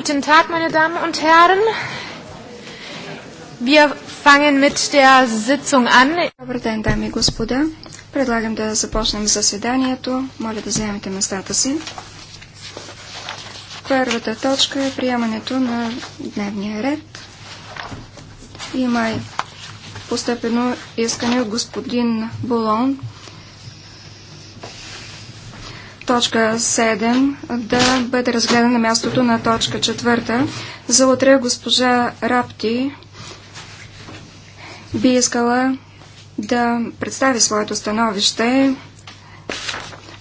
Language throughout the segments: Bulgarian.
Guten Tag, meine Damen und Herren. Wir fangen mit der Sitzung an. Добър ден, дами и господа. Предлагам да започнем заседанието. Моля да вземете местата си. Първата точка е приемането на дневния ред. Има постъпено искане от господин Болон точка 7 да бъде разгледана на мястото на точка 4. За утре госпожа Рапти би искала да представи своето становище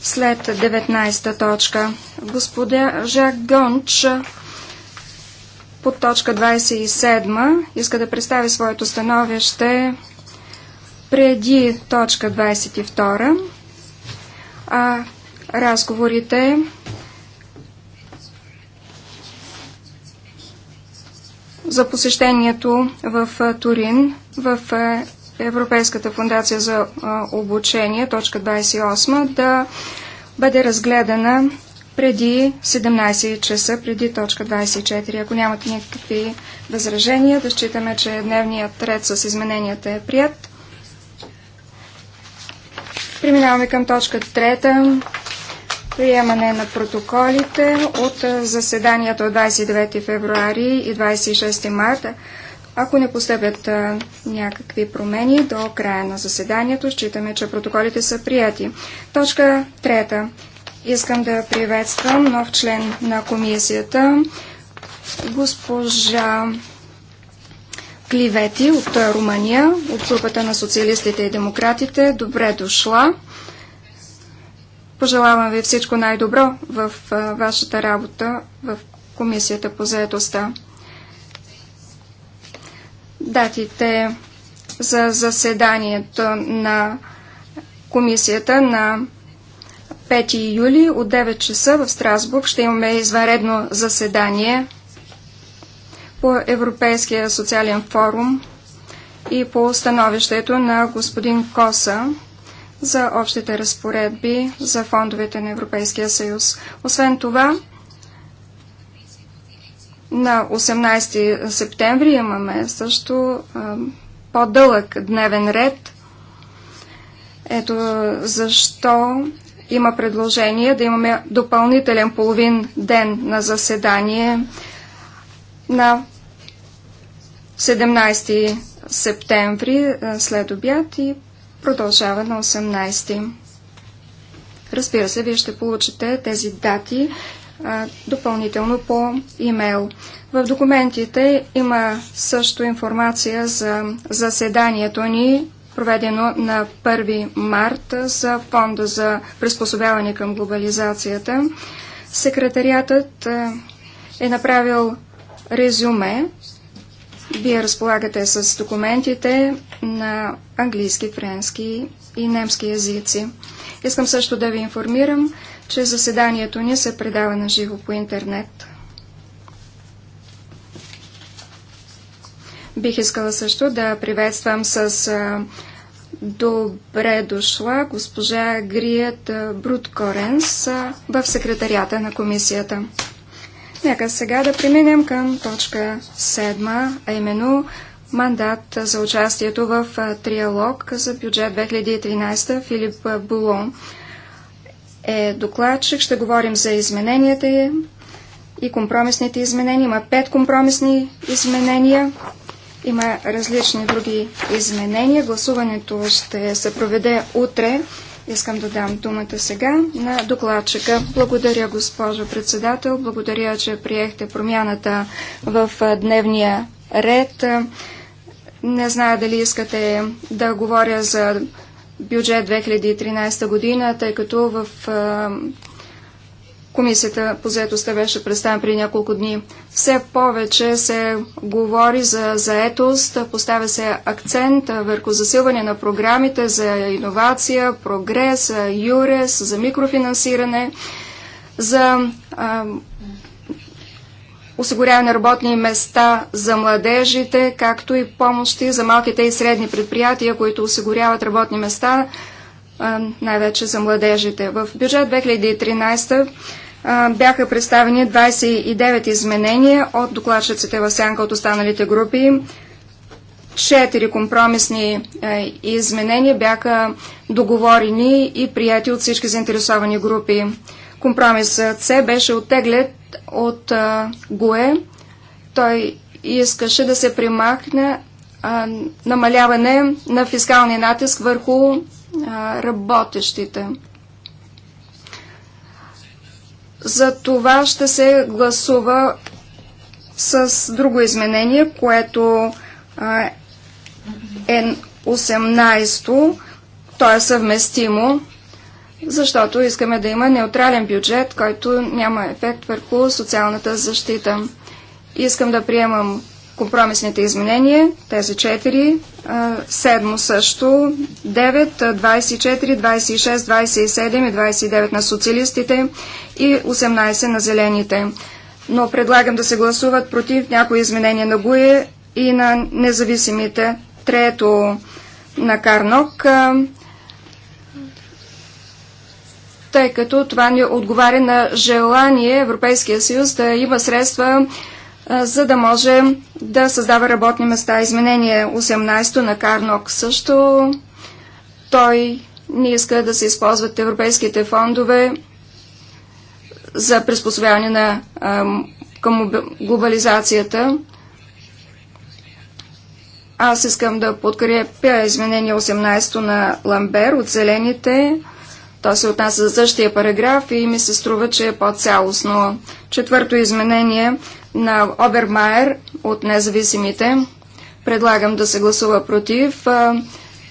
след 19-та точка. Господа Жак Гонч под точка 27 иска да представи своето становище преди точка 22. А разговорите за посещението в Турин в Европейската фундация за обучение, точка 28, да бъде разгледана преди 17 часа, преди точка 24. Ако нямате никакви възражения, да считаме, че дневният ред с измененията е прият. Преминаваме към точка 3 приемане на протоколите от заседанията от 29 февруари и 26 марта. Ако не постъпят някакви промени до края на заседанието, считаме, че протоколите са прияти. Точка трета. Искам да приветствам нов член на комисията, госпожа Кливети от Румъния, от групата на социалистите и демократите. Добре дошла! Пожелавам ви всичко най-добро в вашата работа в Комисията по заедостта. Датите за заседанието на Комисията на 5 юли от 9 часа в Страсбург ще имаме извънредно заседание по Европейския социален форум и по становището на господин Коса за общите разпоредби за фондовете на Европейския съюз. Освен това, на 18 септември имаме също по-дълъг дневен ред. Ето защо има предложение да имаме допълнителен половин ден на заседание на 17 септември след обяд и продължава на 18. Разбира се, вие ще получите тези дати а, допълнително по имейл. В документите има също информация за заседанието ни, проведено на 1 март за Фонда за приспособяване към глобализацията. Секретариатът е направил резюме вие разполагате с документите на английски, френски и немски язици. Искам също да ви информирам, че заседанието ни се предава на живо по интернет. Бих искала също да приветствам с добре дошла госпожа Грият Брут Коренс в секретарията на комисията. Нека сега да преминем към точка 7, а именно мандат за участието в триалог за бюджет 2013 Филип Булон е докладчик. Ще говорим за измененията и компромисните изменения. Има пет компромисни изменения. Има различни други изменения. Гласуването ще се проведе утре Искам да дам думата сега на докладчика. Благодаря, госпожо председател. Благодаря, че приехте промяната в дневния ред. Не зная дали искате да говоря за бюджет 2013 година, тъй като в Комисията по заетостта беше представена при няколко дни. Все повече се говори за заетост, поставя се акцент върху засилване на програмите за иновация, прогрес, юрес, за микрофинансиране, за а, осигуряване на работни места за младежите, както и помощи за малките и средни предприятия, които осигуряват работни места най-вече за младежите. В бюджет 2013 бяха представени 29 изменения от докладчиците в сянка от останалите групи. Четири компромисни е, изменения бяха договорени и прияти от всички заинтересовани групи. Компромис е, С беше оттеглят от е, ГУЕ. Той искаше да се примахне намаляване на фискалния натиск върху работещите. За това ще се гласува с друго изменение, което е 18 то е съвместимо, защото искаме да има неутрален бюджет, който няма ефект върху социалната защита. Искам да приемам компромисните изменения, тези 4, седмо също, 9, 24, 26, 27 и 29 на социалистите и 18 на зелените. Но предлагам да се гласуват против някои изменения на ГУЕ и на независимите. Трето на Карнок, тъй като това не отговаря на желание Европейския съюз да има средства за да може да създава работни места. Изменение 18 на Карнок също. Той не иска да се използват европейските фондове за приспособяване на, към глобализацията. Аз искам да подкрепя изменение 18 на Ламбер от Зелените. То се отнася за същия параграф и ми се струва, че е по-цялостно. Четвърто изменение на Обермайер от независимите. Предлагам да се гласува против,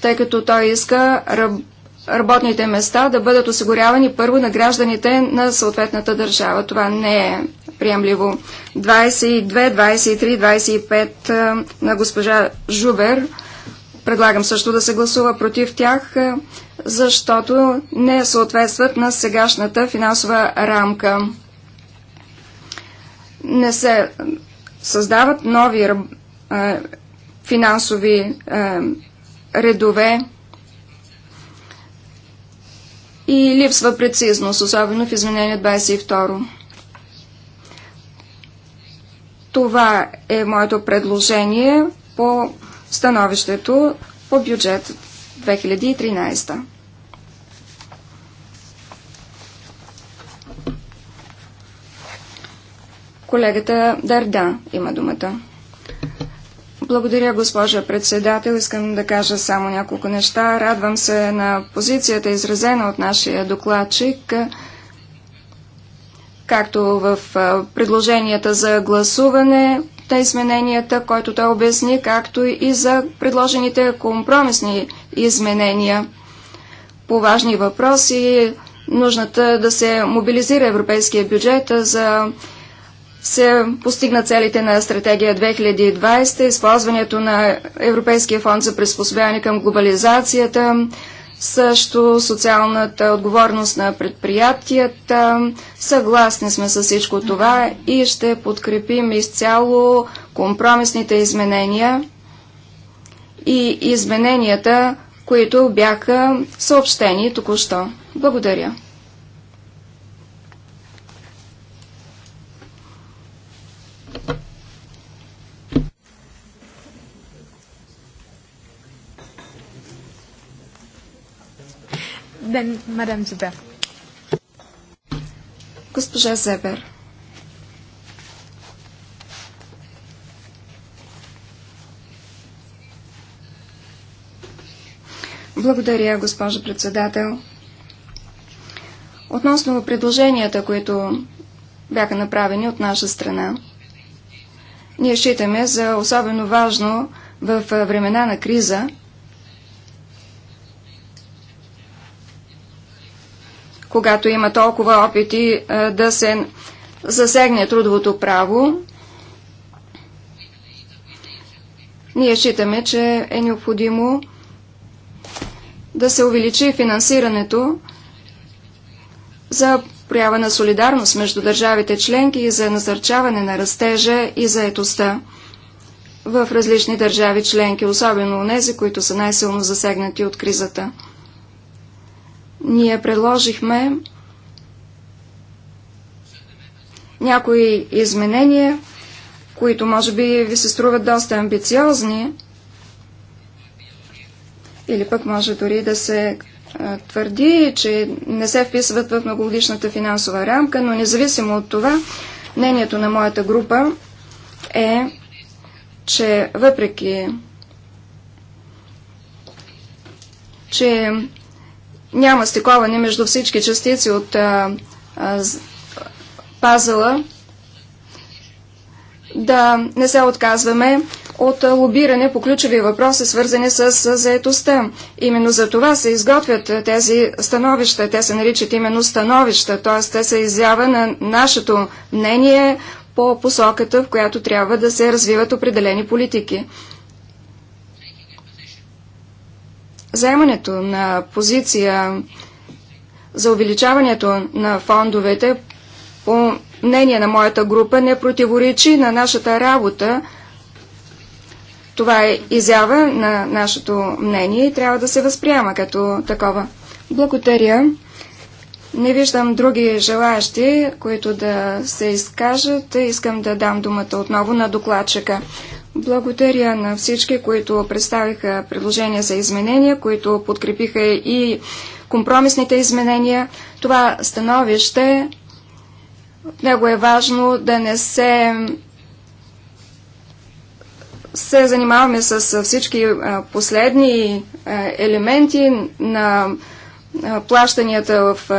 тъй като той иска работните места да бъдат осигурявани първо на гражданите на съответната държава. Това не е приемливо. 22, 23, 25 на госпожа Жубер. Предлагам също да се гласува против тях, защото не съответстват на сегашната финансова рамка. Не се създават нови финансови редове и липсва прецизност, особено в изменение 22. Това е моето предложение по становището по бюджетът. 2013. Колегата Дарда има думата. Благодаря, госпожа председател. Искам да кажа само няколко неща. Радвам се на позицията, изразена от нашия докладчик, както в предложенията за гласуване на измененията, който той обясни, както и за предложените компромисни изменения по важни въпроси. Нужната е да се мобилизира европейския бюджет за се постигна целите на стратегия 2020, използването на Европейския фонд за приспособяване към глобализацията, също социалната отговорност на предприятията. Съгласни сме с всичко това и ще подкрепим изцяло компромисните изменения и измененията, които бяха съобщени току-що. Благодаря. Then, Madame Zuber. Госпожа Зебер. Благодаря, госпожо председател. Относно предложенията, които бяха направени от наша страна, ние считаме за особено важно в времена на криза когато има толкова опити да се засегне трудовото право, ние считаме, че е необходимо да се увеличи финансирането за проява на солидарност между държавите членки и за насърчаване на растежа и заетостта в различни държави членки, особено у нези, които са най-силно засегнати от кризата. Ние предложихме някои изменения, които може би ви се струват доста амбициозни – или пък може дори да се твърди, че не се вписват в многогодишната финансова рамка, но независимо от това, мнението на моята група е, че въпреки, че няма стиковане между всички частици от а, а, пазъла, да не се отказваме от лобиране по ключови въпроси, свързани с заетостта. Именно за това се изготвят тези становища. Те се наричат именно становища, т.е. те са изява на нашето мнение по посоката, в която трябва да се развиват определени политики. Заемането на позиция за увеличаването на фондовете по мнение на моята група не противоречи на нашата работа това е изява на нашето мнение и трябва да се възприема като такова. Благодаря. Не виждам други желаящи, които да се изкажат. Искам да дам думата отново на докладчика. Благодаря на всички, които представиха предложения за изменения, които подкрепиха и компромисните изменения. Това становище, него е важно да не се се занимаваме с всички последни елементи на плащанията в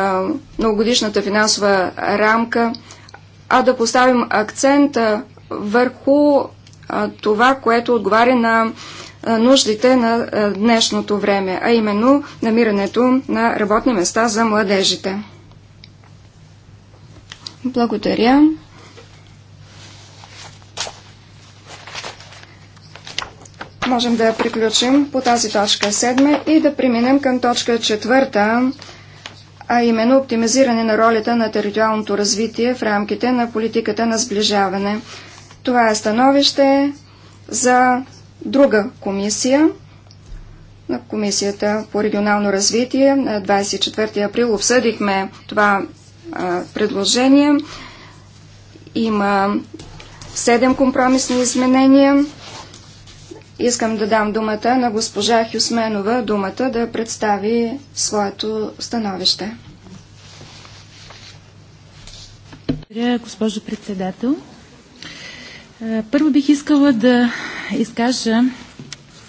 многогодишната финансова рамка, а да поставим акцента върху това, което отговаря на нуждите на днешното време, а именно намирането на работни места за младежите. Благодаря. можем да приключим по тази точка 7 и да преминем към точка 4, а именно оптимизиране на ролята на териториалното развитие в рамките на политиката на сближаване. Това е становище за друга комисия на Комисията по регионално развитие. На 24 април обсъдихме това а, предложение. Има 7 компромисни изменения. Искам да дам думата на госпожа Хюсменова думата да представи своето становище. Благодаря, госпожо председател. Е, първо бих искала да изкажа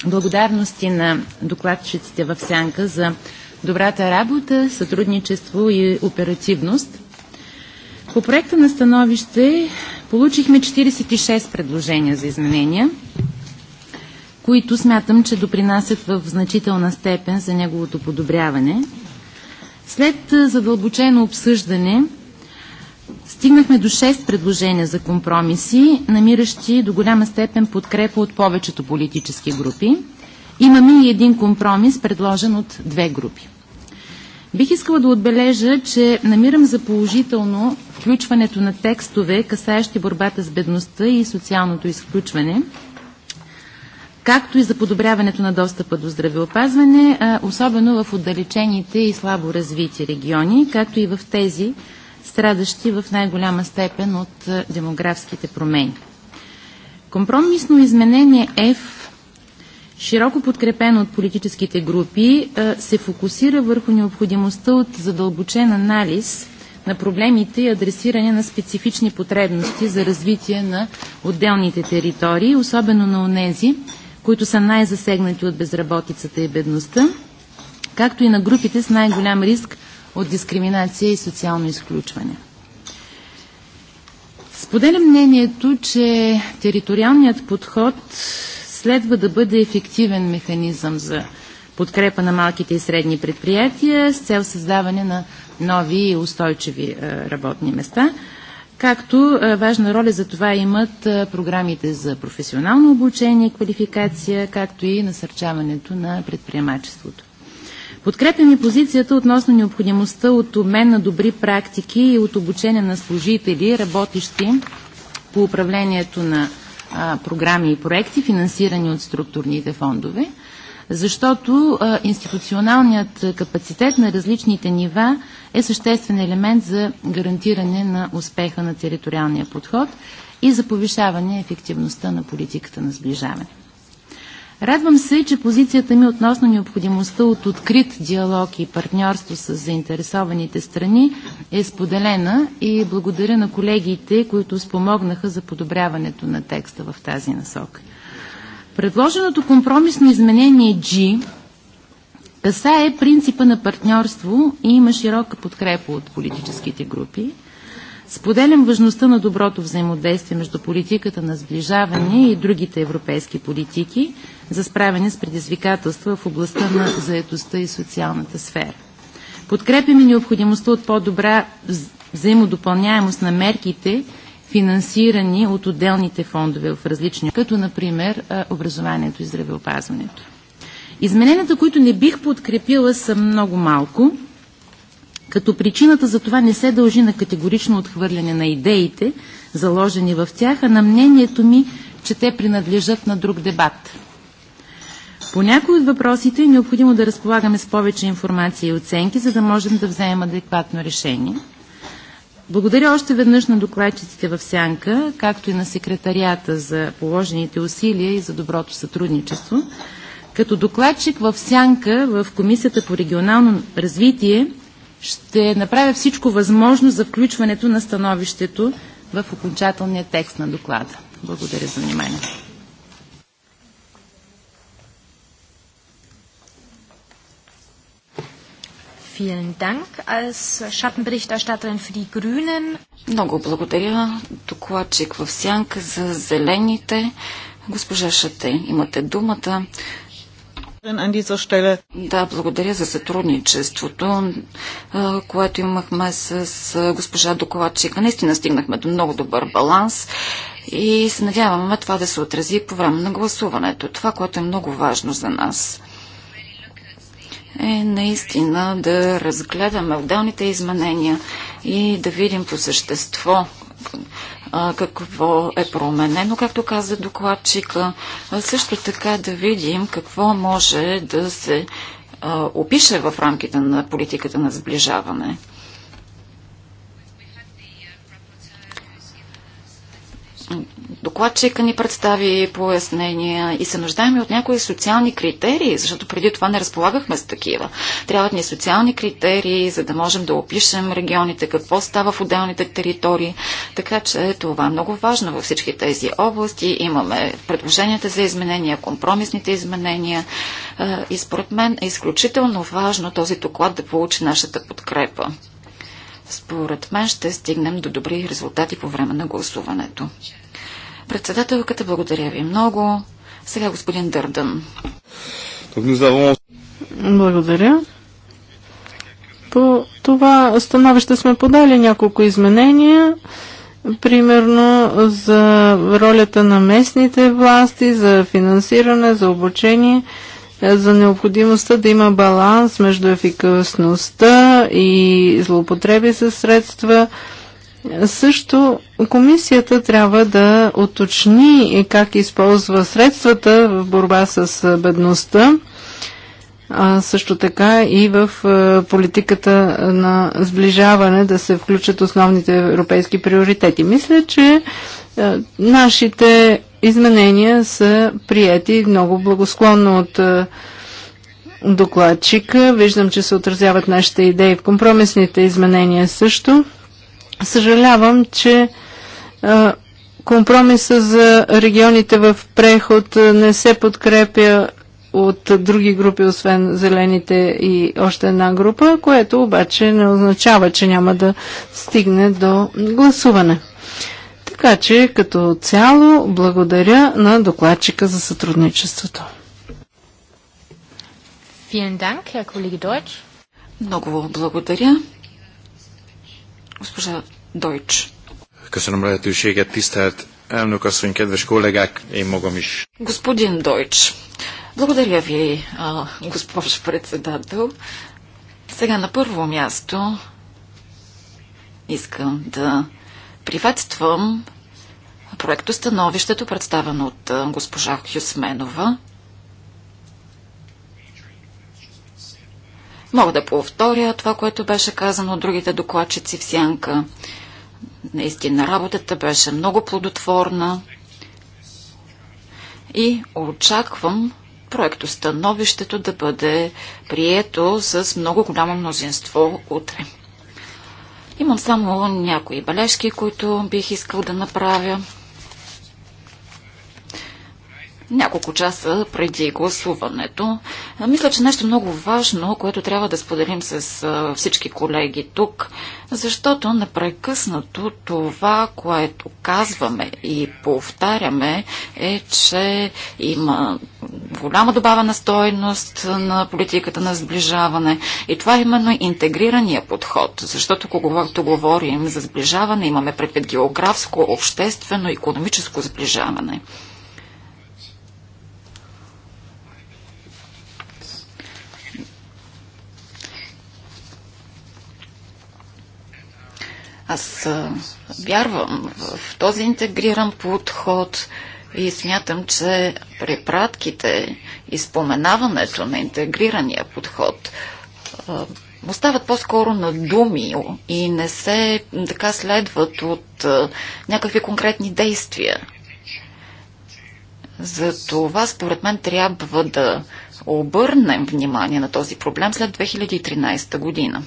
благодарности на докладчиците в Сянка за добрата работа, сътрудничество и оперативност. По проекта на становище получихме 46 предложения за изменения – които смятам, че допринасят в значителна степен за неговото подобряване. След задълбочено обсъждане стигнахме до 6 предложения за компромиси, намиращи до голяма степен подкрепа от повечето политически групи. Имаме и един компромис, предложен от две групи. Бих искала да отбележа, че намирам за положително включването на текстове, касаещи борбата с бедността и социалното изключване – както и за подобряването на достъпа до здравеопазване, особено в отдалечените и слабо развити региони, както и в тези, страдащи в най-голяма степен от демографските промени. Компромисно изменение F, широко подкрепено от политическите групи, се фокусира върху необходимостта от задълбочен анализ на проблемите и адресиране на специфични потребности за развитие на отделните територии, особено на онези, които са най-засегнати от безработицата и бедността, както и на групите с най-голям риск от дискриминация и социално изключване. Споделям мнението, че териториалният подход следва да бъде ефективен механизъм за подкрепа на малките и средни предприятия с цел създаване на нови и устойчиви работни места – както е, важна роля за това имат е, програмите за професионално обучение и квалификация, както и насърчаването на предприемачеството. Подкрепяме позицията относно необходимостта от обмен на добри практики и от обучение на служители, работещи по управлението на програми и проекти, финансирани от структурните фондове защото а, институционалният капацитет на различните нива е съществен елемент за гарантиране на успеха на териториалния подход и за повишаване ефективността на политиката на сближаване. Радвам се, че позицията ми относно необходимостта от открит диалог и партньорство с заинтересованите страни е споделена и благодаря на колегите, които спомогнаха за подобряването на текста в тази насока. Предложеното компромисно изменение G касае принципа на партньорство и има широка подкрепа от политическите групи. Споделям важността на доброто взаимодействие между политиката на сближаване и другите европейски политики за справяне с предизвикателства в областта на заетостта и социалната сфера. Подкрепяме необходимостта от по-добра взаимодопълняемост на мерките финансирани от отделните фондове в различни, като например образованието и здравеопазването. Измененията, които не бих подкрепила, са много малко, като причината за това не се дължи на категорично отхвърляне на идеите, заложени в тях, а на мнението ми, че те принадлежат на друг дебат. По някои от въпросите е необходимо да разполагаме с повече информация и оценки, за да можем да вземем адекватно решение – благодаря още веднъж на докладчиците в Сянка, както и на секретарията за положените усилия и за доброто сътрудничество. Като докладчик в Сянка в Комисията по регионално развитие ще направя всичко възможно за включването на становището в окончателния текст на доклада. Благодаря за вниманието. Vielen Dank. Als Schattenberichterstatterin für die Grünen. Много благодаря. Докладчик в сянка за зелените. Госпожа Шате, имате думата. Да, благодаря за сътрудничеството, което имахме с госпожа докладчика. Наистина стигнахме до много добър баланс и се надяваме това да се отрази по време на гласуването. Това, което е много важно за нас е наистина да разгледаме отделните изменения и да видим по същество какво е променено, както каза докладчика. Също така да видим какво може да се опише в рамките на политиката на сближаване. Докладчика ни представи пояснения и се нуждаем и от някои социални критерии, защото преди това не разполагахме с такива. Трябват ни социални критерии, за да можем да опишем регионите, какво става в отделните територии. Така че това е много важно във всички тези области. Имаме предложенията за изменения, компромисните изменения е, и според мен е изключително важно този доклад да получи нашата подкрепа. Според мен ще стигнем до добри резултати по време на гласуването. Председателката, благодаря ви много. Сега господин Дърдън. Благодаря. По това становище сме подали няколко изменения, примерно за ролята на местните власти, за финансиране, за обучение, за необходимостта да има баланс между ефикасността и злоупотреби с средства, също комисията трябва да оточни как използва средствата в борба с бедността, а също така и в политиката на сближаване да се включат основните европейски приоритети. Мисля, че нашите изменения са прияти много благосклонно от докладчика. Виждам, че се отразяват нашите идеи в компромисните изменения също. Съжалявам, че компромиса за регионите в преход не се подкрепя от други групи, освен зелените и още една група, което обаче не означава, че няма да стигне до гласуване. Така че като цяло благодаря на докладчика за сътрудничеството. Много благодаря. Госпожа Дойч. Köszönöm lehetőséget, tisztelt elnök asszony, kedves kollégák, én magam is. Господин Дойч, благодаря ви, госпожо председател. Сега на първо място искам да приветствам проекто становището, представено от госпожа Хюсменова. Мога да повторя това, което беше казано от другите докладчици в Сянка. Наистина работата беше много плодотворна и очаквам проектостановището да бъде прието с много голямо мнозинство утре. Имам само някои бележки, които бих искал да направя няколко часа преди гласуването. Мисля, че нещо много важно, което трябва да споделим с всички колеги тук, защото непрекъснато това, което казваме и повтаряме, е, че има голяма добавена стойност на политиката на сближаване. И това е именно интегрирания подход, защото когато говорим за сближаване, имаме предвид географско, обществено, економическо сближаване. Аз вярвам в този интегриран подход и смятам, че препратките и споменаването на интегрирания подход остават по-скоро на думи и не се така следват от някакви конкретни действия. За това, според мен, трябва да обърнем внимание на този проблем след 2013 година.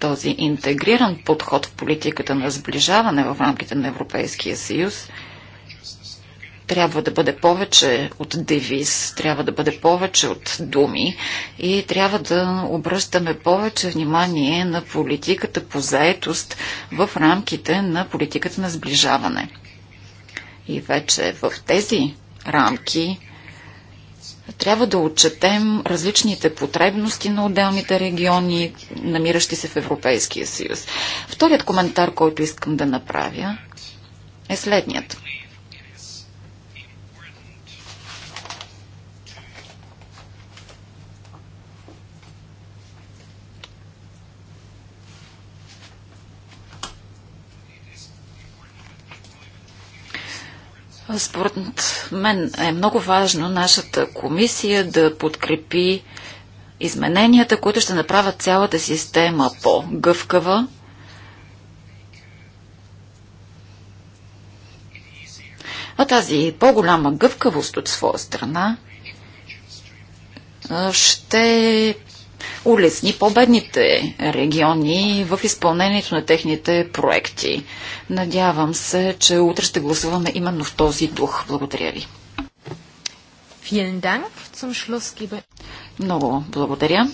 този интегриран подход в политиката на сближаване в рамките на Европейския съюз трябва да бъде повече от девиз, трябва да бъде повече от думи и трябва да обръщаме повече внимание на политиката по заетост в рамките на политиката на сближаване. И вече в тези рамки трябва да отчетем различните потребности на отделните региони, намиращи се в Европейския съюз. Вторият коментар, който искам да направя, е следният – Според мен е много важно нашата комисия да подкрепи измененията, които ще направят цялата система по-гъвкава, А тази по-голяма гъвкавост от своя страна ще улесни победните региони в изпълнението на техните проекти. Надявам се, че утре ще гласуваме именно в този дух. Благодаря ви. Много благодаря.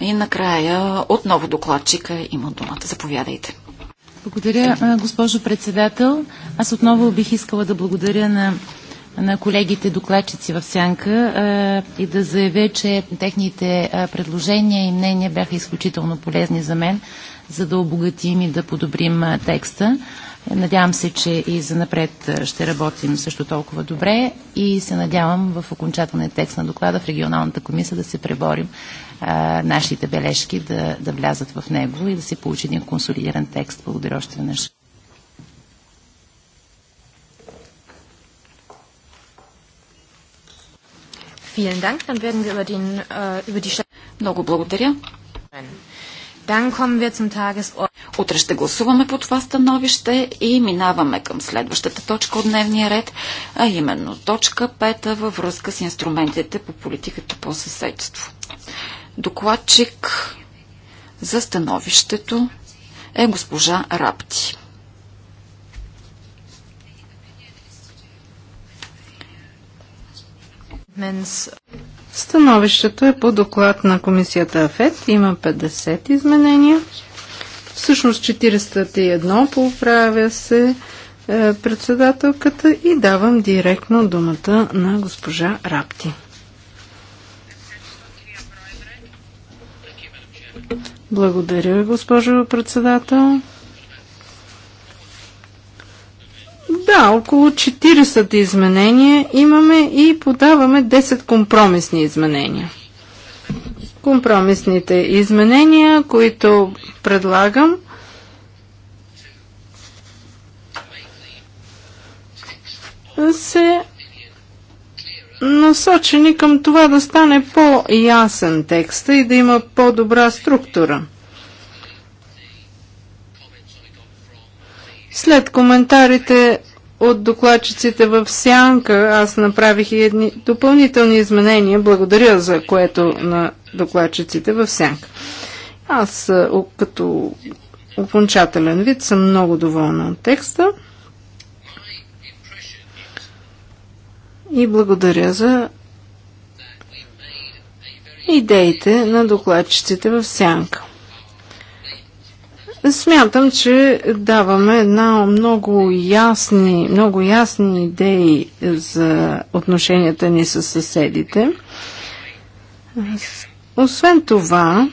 И накрая отново докладчика има думата. Заповядайте. Благодаря, госпожо председател. Аз отново бих искала да благодаря на на колегите докладчици в Сянка е, и да заявя, че техните е, предложения и мнения бяха изключително полезни за мен, за да обогатим и да подобрим е, текста. Надявам се, че и за напред ще работим също толкова добре и се надявам в окончателния текст на доклада в регионалната комисия да се преборим а, нашите бележки да, да влязат в него и да се получи един консолидиран текст. Благодаря още веднъж. Vielen Dank. Dann werden wir über, den, äh, über die... Много благодаря. Утре ще гласуваме по това становище и минаваме към следващата точка от дневния ред, а именно точка 5 във връзка с инструментите по политиката по съседство. Докладчик за становището е госпожа Рапти. Становището е по доклад на комисията АФЕД. Има 50 изменения. Всъщност 41 поправя се е, председателката и давам директно думата на госпожа Рапти. Благодаря, госпожо председател. Да, около 40 изменения имаме и подаваме 10 компромисни изменения. Компромисните изменения, които предлагам, се насочени към това да стане по-ясен текста и да има по-добра структура. След коментарите от докладчиците в Сянка аз направих и едни допълнителни изменения, благодаря за което на докладчиците в Сянка. Аз като окончателен вид съм много доволна от текста и благодаря за идеите на докладчиците в Сянка. Смятам, че даваме една много ясни, много ясни идеи за отношенията ни с съседите. Освен това,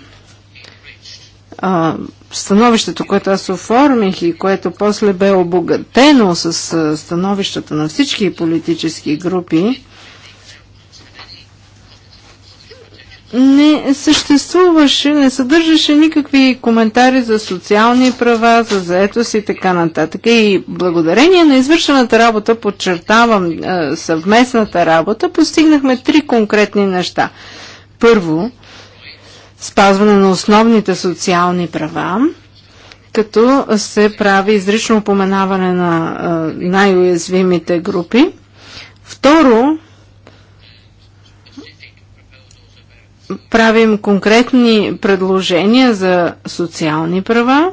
становището, което аз оформих и което после бе обогатено с становищата на всички политически групи, не съществуваше, не съдържаше никакви коментари за социални права, за заетост и така нататък. И благодарение на извършената работа, подчертавам е, съвместната работа, постигнахме три конкретни неща. Първо, спазване на основните социални права, като се прави изрично упоменаване на е, най-уязвимите групи. Второ, правим конкретни предложения за социални права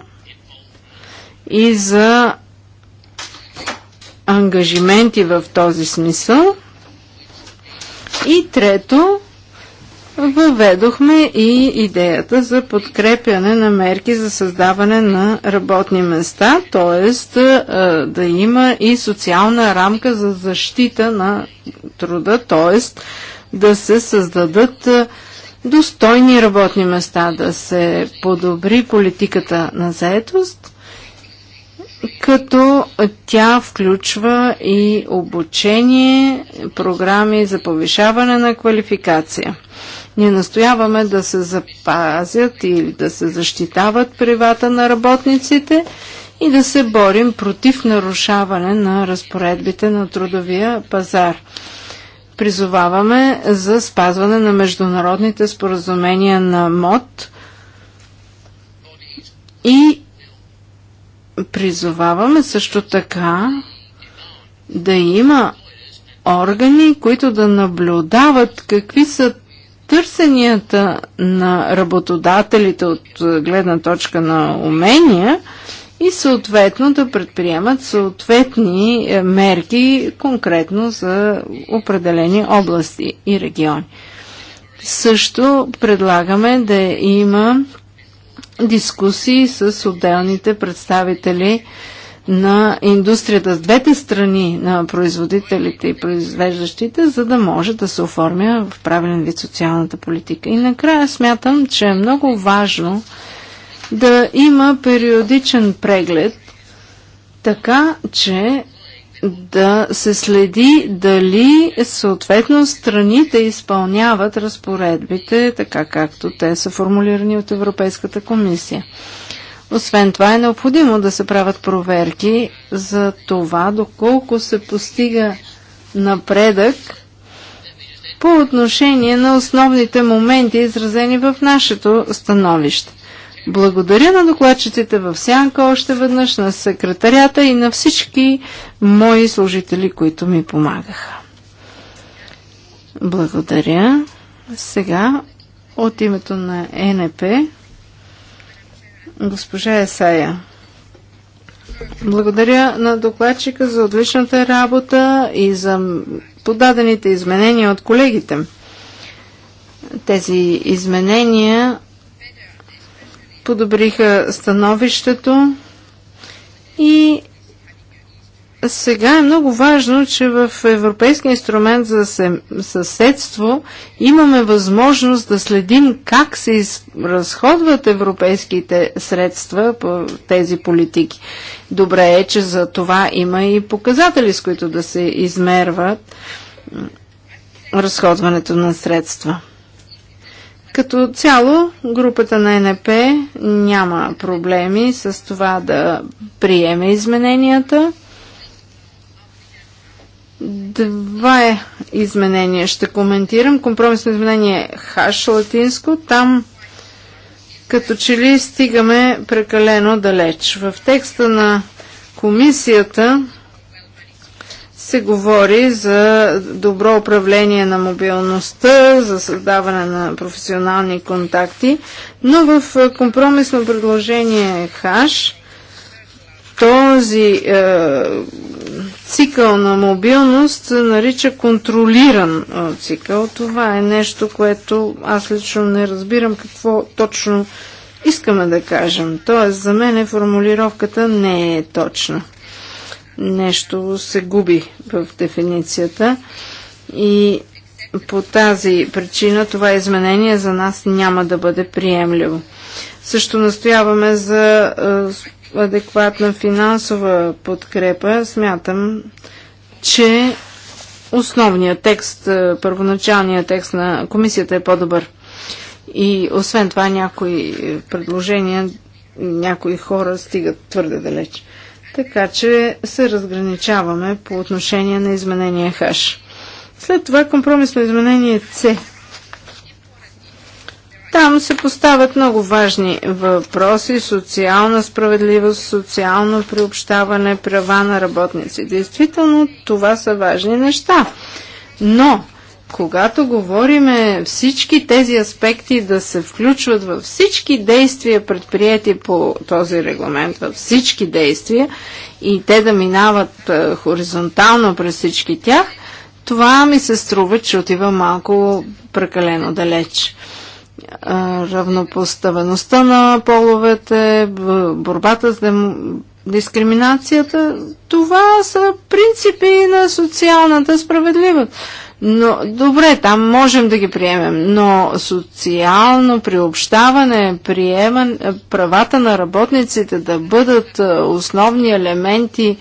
и за ангажименти в този смисъл. И трето, въведохме и идеята за подкрепяне на мерки за създаване на работни места, т.е. да има и социална рамка за защита на труда, т.е. да се създадат достойни работни места, да се подобри политиката на заетост, като тя включва и обучение, програми за повишаване на квалификация. Ние настояваме да се запазят или да се защитават привата на работниците и да се борим против нарушаване на разпоредбите на трудовия пазар призоваваме за спазване на международните споразумения на МОД и призоваваме също така да има органи, които да наблюдават какви са търсенията на работодателите от гледна точка на умения и съответно да предприемат съответни е, мерки конкретно за определени области и региони. Също предлагаме да има дискусии с отделните представители на индустрията с двете страни на производителите и произвеждащите, за да може да се оформя в правилен вид социалната политика. И накрая смятам, че е много важно да има периодичен преглед, така че да се следи дали съответно страните изпълняват разпоредбите, така както те са формулирани от Европейската комисия. Освен това е необходимо да се правят проверки за това доколко се постига напредък по отношение на основните моменти, изразени в нашето становище. Благодаря на докладчиците в Сянка още веднъж, на секретарята и на всички мои служители, които ми помагаха. Благодаря. Сега от името на НП госпожа Есая. Благодаря на докладчика за отличната работа и за подадените изменения от колегите. Тези изменения подобриха становището и сега е много важно, че в Европейския инструмент за съседство имаме възможност да следим как се разходват европейските средства по тези политики. Добре е, че за това има и показатели, с които да се измерват разходването на средства. Като цяло, групата на НП няма проблеми с това да приеме измененията. Два изменения ще коментирам. Компромисно изменение хаш латинско. Там като че ли стигаме прекалено далеч. В текста на комисията се говори за добро управление на мобилността, за създаване на професионални контакти, но в е, компромисно предложение ХАШ този е, цикъл на мобилност се нарича контролиран е, цикъл. Това е нещо, което аз лично не разбирам какво точно искаме да кажем. Тоест, за мен е формулировката не е точна нещо се губи в дефиницията и по тази причина това изменение за нас няма да бъде приемливо. Също настояваме за адекватна финансова подкрепа. Смятам, че основният текст, първоначалният текст на комисията е по-добър. И освен това някои предложения, някои хора стигат твърде далеч. Така че се разграничаваме по отношение на изменение хаш. След това компромисно изменение С. Там се поставят много важни въпроси социална справедливост, социално приобщаване, права на работници. Действително това са важни неща. Но когато говориме всички тези аспекти да се включват във всички действия, предприяти по този регламент, във всички действия и те да минават хоризонтално през всички тях, това ми се струва, че отива малко прекалено далеч. равнопоставеността на половете, борбата с дем... дискриминацията, това са принципи на социалната справедливост. Но, добре, там можем да ги приемем, но социално приобщаване, приеман, е, правата на работниците да бъдат е, основни елементи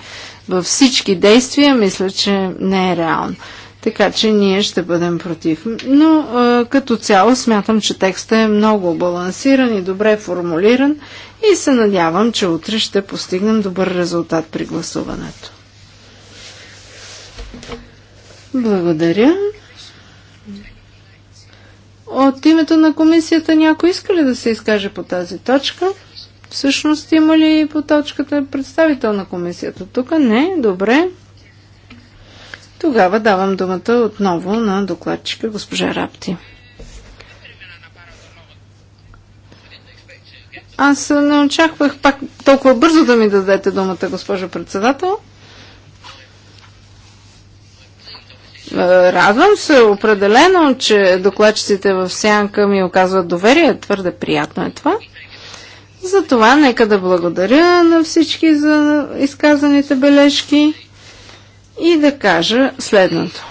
във всички действия, мисля, че не е реално. Така че ние ще бъдем против. Но е, като цяло смятам, че текстът е много балансиран и добре формулиран и се надявам, че утре ще постигнем добър резултат при гласуването. Благодаря. От името на комисията някой иска ли да се изкаже по тази точка? Всъщност има ли по точката представител на комисията? Тук не, добре. Тогава давам думата отново на докладчика госпожа Рапти. Аз не очаквах пак толкова бързо да ми дадете думата, госпожо председател. Е, радвам се определено, че докладчиците в Сянка ми оказват доверие. Твърде приятно е това. Затова нека да благодаря на всички за изказаните бележки и да кажа следното.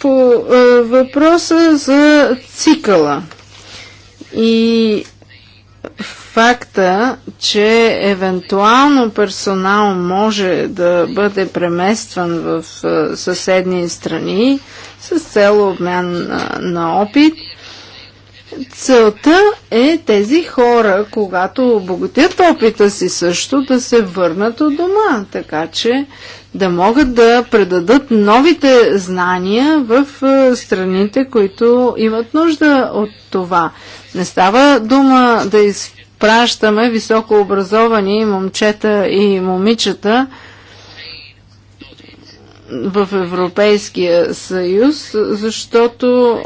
По е, въпроса за цикъла и факта, че евентуално персонал може да бъде преместван в съседни страни с цел обмен на, на опит. Целта е тези хора, когато обогатят опита си също, да се върнат от дома, така че да могат да предадат новите знания в страните, които имат нужда от това. Не става дума да из пращаме високообразовани момчета и момичета в Европейския съюз, защото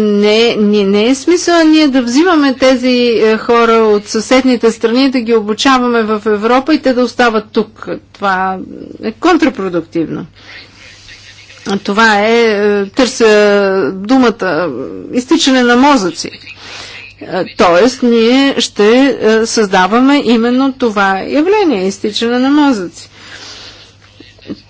не, не, не е смисъл ние да взимаме тези хора от съседните страни, да ги обучаваме в Европа и те да остават тук. Това е контрапродуктивно. Това е, търся думата, изтичане на мозъци. Е, тоест, ние ще е, създаваме именно това явление, изтичане на мозъци.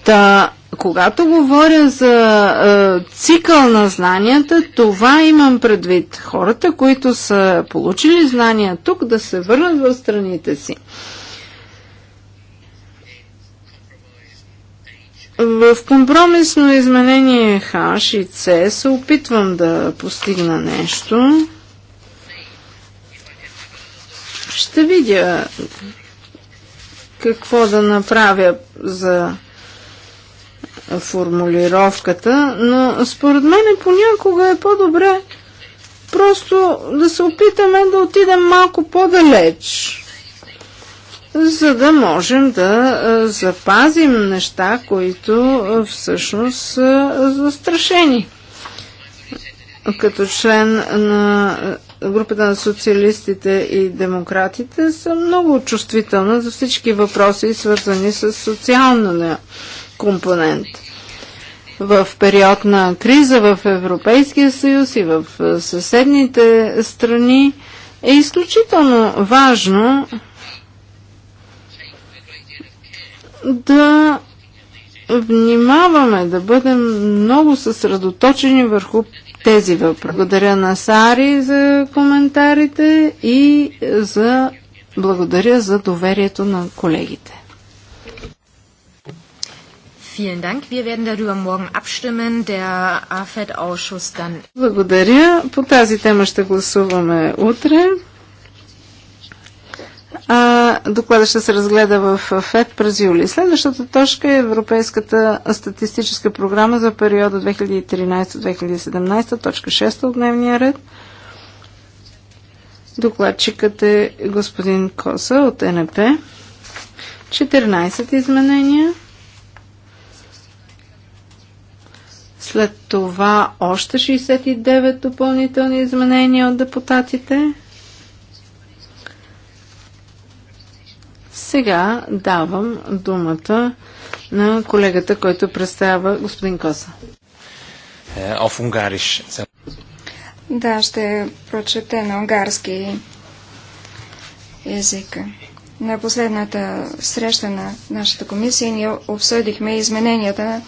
Та, когато говоря за е, цикъл на знанията, това имам предвид. Хората, които са получили знания тук, да се върнат в страните си. В компромисно изменение H и C се опитвам да постигна нещо. Ще видя какво да направя за формулировката, но според мен понякога е по-добре просто да се опитаме да отидем малко по-далеч, за да можем да запазим неща, които всъщност са застрашени. Като член на групата на социалистите и демократите съм много чувствителна за всички въпроси, свързани с социалния компонент. В период на криза в Европейския съюз и в е, съседните страни е изключително важно да внимаваме, да бъдем много съсредоточени върху тези въпроси. Благодаря на Сари за коментарите и за... благодаря за доверието на колегите. E благодаря. По тази тема ще гласуваме утре. А, доклада ще се разгледа в ФЕД през юли. Следващата точка е Европейската статистическа програма за периода 2013-2017, точка 6 от дневния ред. Докладчикът е господин Коса от НП. 14 изменения. След това още 69 допълнителни изменения от депутатите. Сега давам думата на колегата, който представя господин Коса. Е, оф унгариш. Да, ще прочете на унгарски език. На последната среща на нашата комисия ние обсъдихме измененията,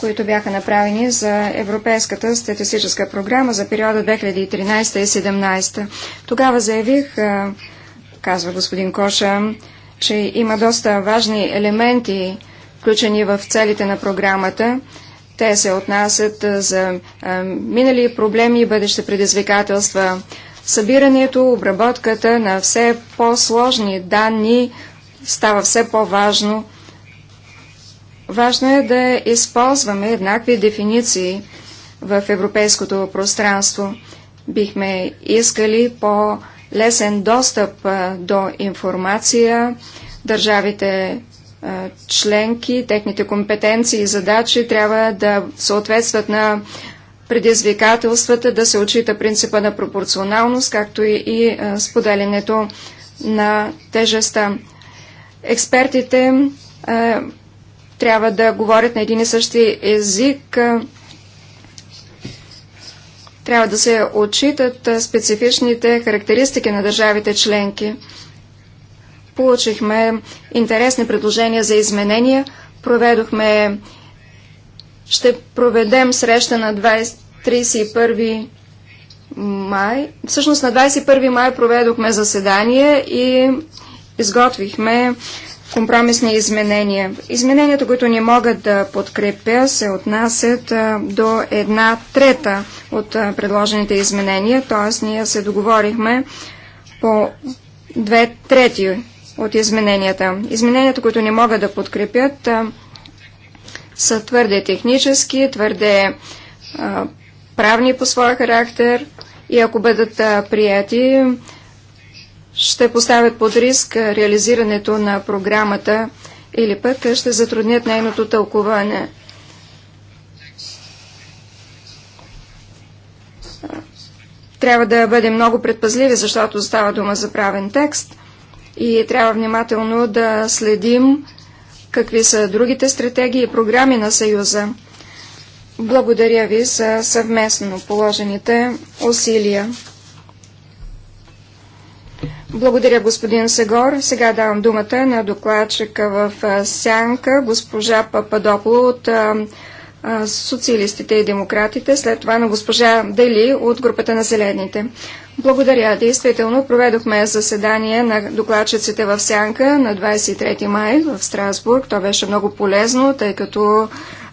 които бяха направени за Европейската статистическа програма за периода 2013-2017. Тогава заявих, казва господин Коша, че има доста важни елементи, включени в целите на програмата. Те се отнасят за минали проблеми и бъдещи предизвикателства. Събирането, обработката на все по-сложни данни става все по-важно. Важно е да използваме еднакви дефиниции в европейското пространство. Бихме искали по-важно лесен достъп до информация. Държавите членки, техните компетенции и задачи трябва да съответстват на предизвикателствата, да се очита принципа на пропорционалност, както и, и споделянето на тежеста. Експертите трябва да говорят на един и същи език, трябва да се отчитат специфичните характеристики на държавите членки. Получихме интересни предложения за изменения. Проведохме ще проведем среща на 20, 31 май. Всъщност на 21 май проведохме заседание и изготвихме компромисни изменения. Измененията, които не могат да подкрепя, се отнасят до една трета от предложените изменения, т.е. ние се договорихме по две трети от измененията. Измененията, които не могат да подкрепят, са твърде технически, твърде правни по своя характер и ако бъдат прияти, ще поставят под риск реализирането на програмата или пък ще затруднят нейното тълкуване. Трябва да бъдем много предпазливи, защото става дума за правен текст и трябва внимателно да следим какви са другите стратегии и програми на Съюза. Благодаря ви за съвместно положените усилия. Благодаря, господин Сегор. Сега давам думата на докладчика в Сянка, госпожа Пападопло от социалистите и демократите, след това на госпожа Дели от групата на зелените. Благодаря. Действително проведохме заседание на докладчиците в Сянка на 23 май в Страсбург. То беше много полезно, тъй като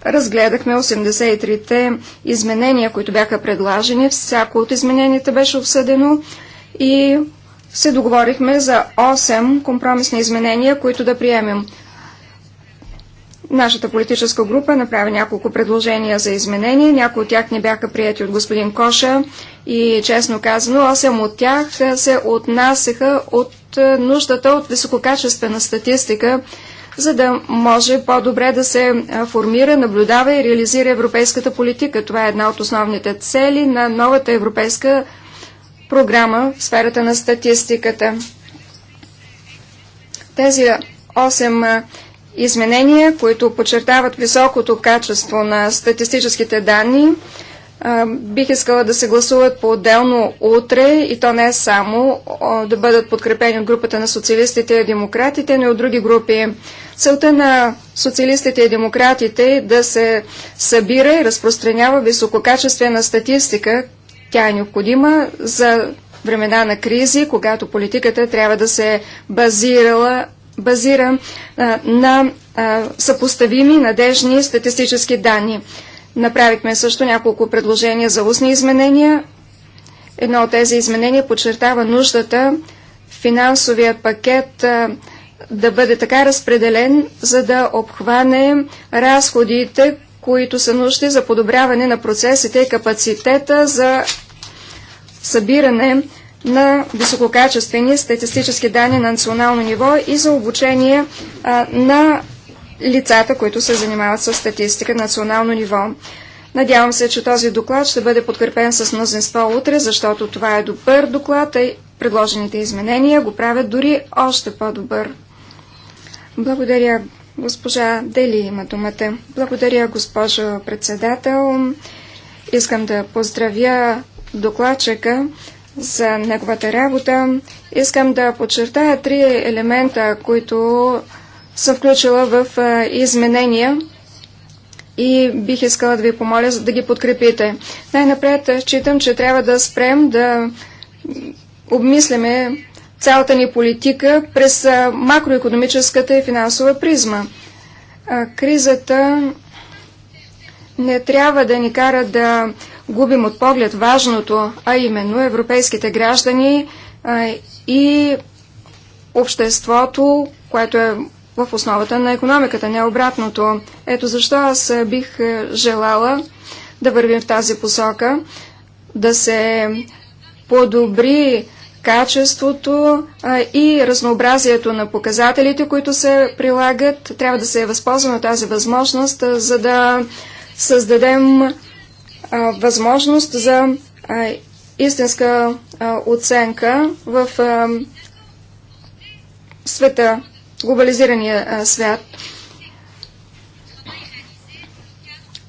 разгледахме 83-те изменения, които бяха предложени. Всяко от измененията беше обсъдено и се договорихме за 8 компромисни изменения, които да приемем. Нашата политическа група направи няколко предложения за изменения. Някои от тях не бяха прияти от господин Коша и честно казано, 8 от тях е, се отнасяха от е, нуждата от висококачествена статистика, за да може по-добре да се е, формира, наблюдава и реализира европейската политика. Това е една от основните цели на новата европейска програма в сферата на статистиката. Тези 8 изменения, които подчертават високото качество на статистическите данни, бих искала да се гласуват по-отделно утре и то не само да бъдат подкрепени от групата на социалистите и демократите, но и от други групи. Целта на социалистите и демократите е да се събира и разпространява висококачествена статистика, тя е необходима за времена на кризи, когато политиката трябва да се базирала, базира а, на а, съпоставими, надежни статистически данни. Направихме също няколко предложения за устни изменения. Едно от тези изменения подчертава нуждата финансовия пакет а, да бъде така разпределен, за да обхване разходите, които са нужни за подобряване на процесите и капацитета за събиране на висококачествени статистически данни на национално ниво и за обучение а, на лицата, които се занимават с статистика на национално ниво. Надявам се, че този доклад ще бъде подкрепен с мнозинство утре, защото това е добър доклад, а предложените изменения го правят дори още по-добър. Благодаря, Госпожа Дели има думата. Благодаря, госпожо председател. Искам да поздравя докладчика за неговата работа. Искам да подчертая три елемента, които са включила в изменения и бих искала да ви помоля за да ги подкрепите. Най-напред считам, че трябва да спрем да обмисляме цялата ни политика през макроекономическата и финансова призма. Кризата не трябва да ни кара да губим от поглед важното, а именно европейските граждани и обществото, което е в основата на економиката, не обратното. Ето защо аз бих желала да вървим в тази посока, да се подобри качеството и разнообразието на показателите, които се прилагат. Трябва да се възползваме от тази възможност, за да създадем възможност за истинска оценка в света, глобализирания свят.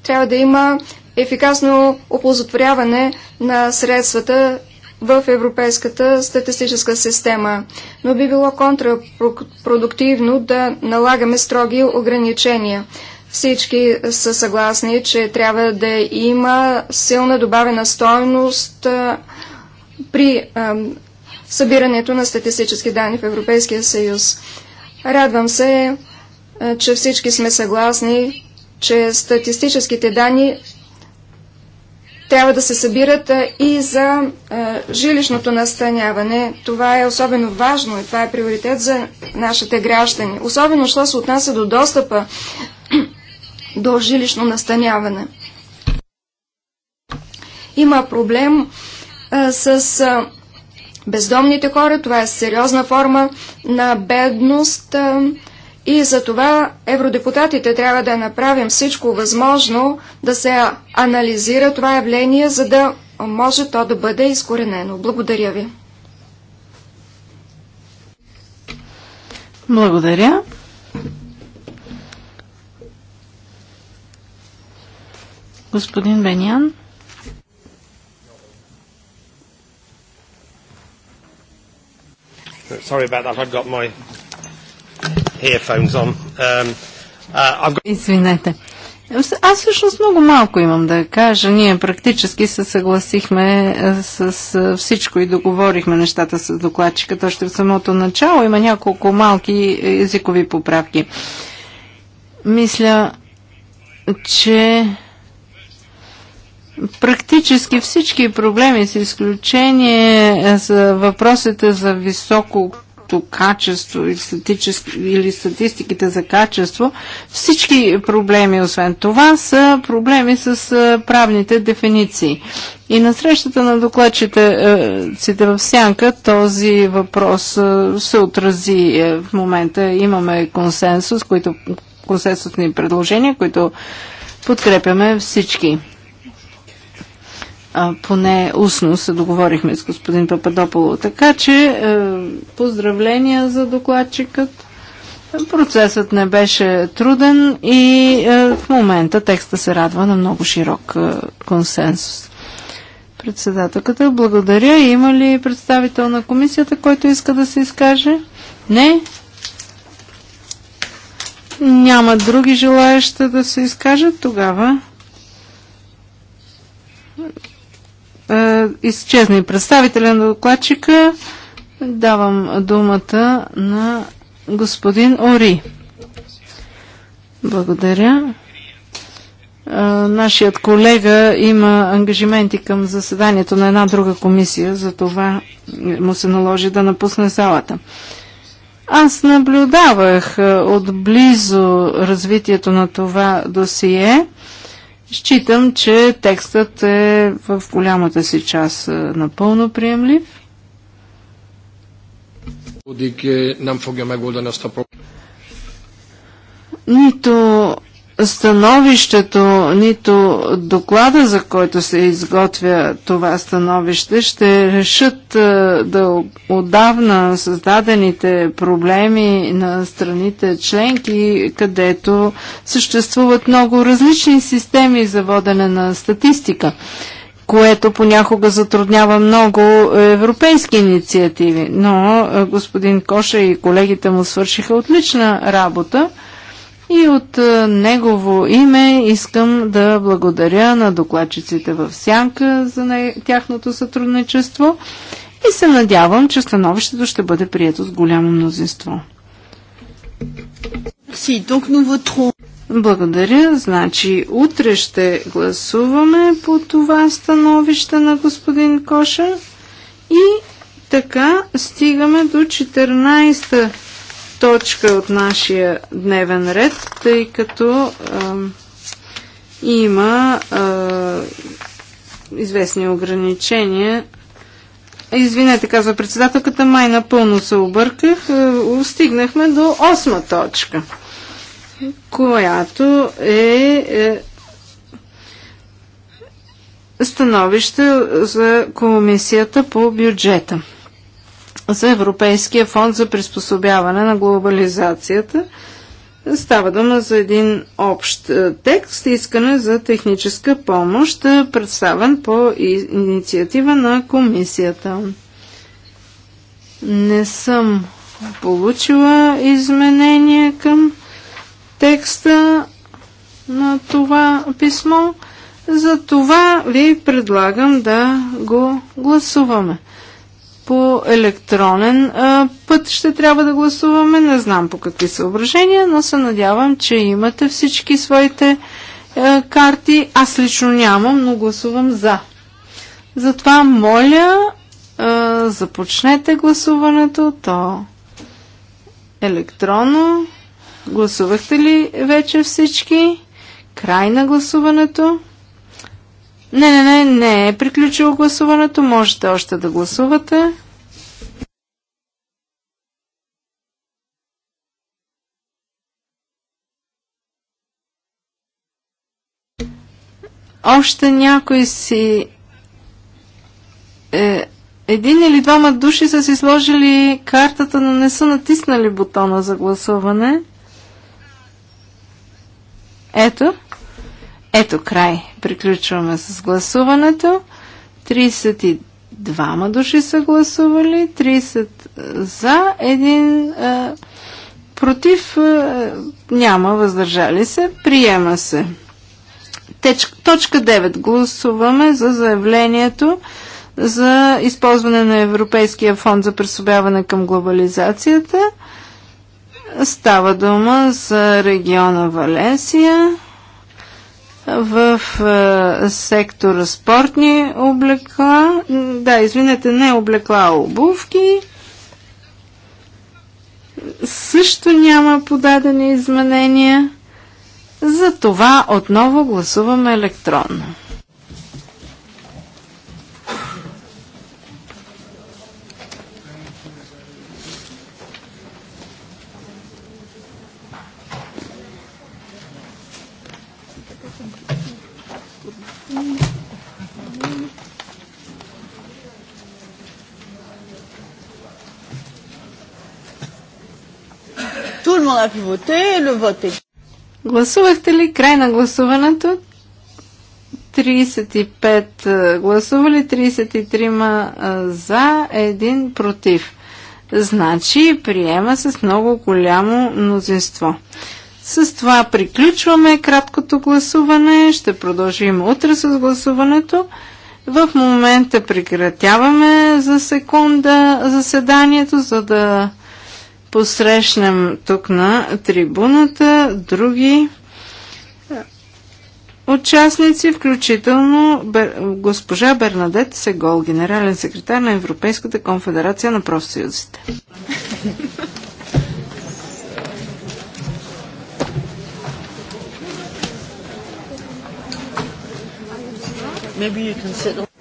Трябва да има ефикасно оползотворяване на средствата в европейската статистическа система, но би било контрапродуктивно да налагаме строги ограничения. Всички са съгласни, че трябва да има силна добавена стойност при събирането на статистически данни в Европейския съюз. Радвам се, че всички сме съгласни, че статистическите данни трябва да се събират и за жилищното настаняване. Това е особено важно и това е приоритет за нашите граждани. Особено, що се отнася до достъпа до жилищно настаняване. Има проблем с бездомните хора. Това е сериозна форма на бедност. бедност, и за това евродепутатите трябва да направим всичко възможно да се анализира това явление, за да може то да бъде изкоренено. Благодаря ви. Благодаря. Господин Бениан. Sorry about that, I've got my earphones on. Um, uh, I've got... Извинете. Аз всъщност много малко имам да кажа. Ние практически се съгласихме е, е, с всичко и договорихме нещата с докладчика. Още в самото начало има няколко малки езикови поправки. Мисля, че практически всички проблеми, с изключение е, за въпросите за високо високото качество или, или статистиките за качество, всички проблеми, освен това, са проблеми с правните дефиниции. И на срещата на докладчиците в Сянка този въпрос се отрази в момента. Имаме консенсус, които, консенсусни предложения, които подкрепяме всички а, поне устно се договорихме с господин Пападополо. Така че а, е, поздравления за докладчикът. Процесът не беше труден и е, в момента текста се радва на много широк е, консенсус. Председателката, благодаря. Има ли представител на комисията, който иска да се изкаже? Не? Няма други желаящи да се изкажат тогава. Е, изчезна и представителя на докладчика. Давам думата на господин Ори. Благодаря. Е, нашият колега има ангажименти към заседанието на една друга комисия, за това му се наложи да напусне салата. Аз наблюдавах е, отблизо развитието на това досие. Считам, че текстът е в голямата си част е, напълно приемлив. Е Нито становището, нито доклада, за който се изготвя това становище, ще решат е, да отдавна създадените проблеми на страните членки, където съществуват много различни системи за водене на статистика което понякога затруднява много европейски инициативи. Но е, господин Коша и колегите му свършиха отлична работа. И от е, негово име искам да благодаря на докладчиците в Сянка за тяхното сътрудничество и се надявам, че становището ще бъде прието с голямо мнозинство. Благодаря. Значи утре ще гласуваме по това становище на господин Коша и така стигаме до 14-та точка от нашия дневен ред, тъй като а, има а, известни ограничения. Извинете, казва председателката, май напълно се обърках. Е, стигнахме до осма точка, която е, е становище за комисията по бюджета за Европейския фонд за приспособяване на глобализацията. Става дума за един общ е, текст, искане за техническа помощ, е, представен по инициатива на комисията. Не съм получила изменения към текста на това писмо, за това ви предлагам да го гласуваме по електронен а, път ще трябва да гласуваме. Не знам по какви съображения, но се надявам, че имате всички своите а, карти. Аз лично нямам, но гласувам за. Затова моля, а, започнете гласуването. То електронно. Гласувахте ли вече всички? Край на гласуването. Не, не, не, не е приключило гласуването. Можете още да гласувате. Още някой си... Е, един или двама души са си сложили картата, но не са натиснали бутона за гласуване. Ето. Ето край. Приключваме с гласуването. 32 души са гласували, 30 е, за, 1 а, е, против, а, е, няма въздържали се, приема се. Теч, точка 9. Гласуваме за заявлението за използване на Европейския фонд за присобяване към глобализацията. Става дума за региона Валенсия в а, е, сектор спортни облекла, да, извинете, не облекла, а обувки. Също няма подадени изменения. За това отново гласуваме електронно. Tout le monde a pu voter, le vote est... Гласувахте ли край на гласуването? 35 гласували, 33 за, 1 против. Значи приема с много голямо мнозинство. С това приключваме краткото гласуване. Ще продължим утре с гласуването. В момента прекратяваме за секунда заседанието, за да посрещнем тук на трибуната други участници, включително Бер... госпожа Бернадет Сегол, генерален секретар на Европейската конфедерация на профсъюзите. Maybe you can sit on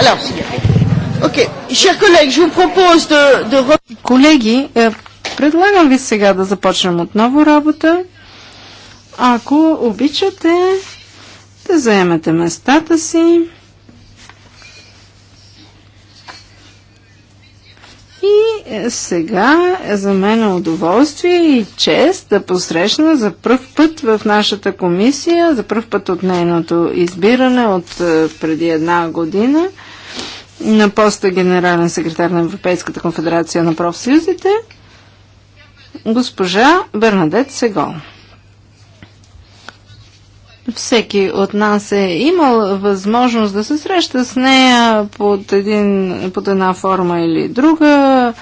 Alors, okay. Chers collègues, je vous propose de, de... Колеги, е, предлагам ви сега да започнем отново работа. Ако обичате, да заемете местата си. И е, сега е за мен е удоволствие и чест да посрещна за първ път в нашата комисия, за първ път от нейното избиране от е, преди една година, на поста генерален секретар на Европейската конфедерация на профсъюзите госпожа Бернадет Сегол. Всеки от нас е имал възможност да се среща с нея под, един, под една форма или друга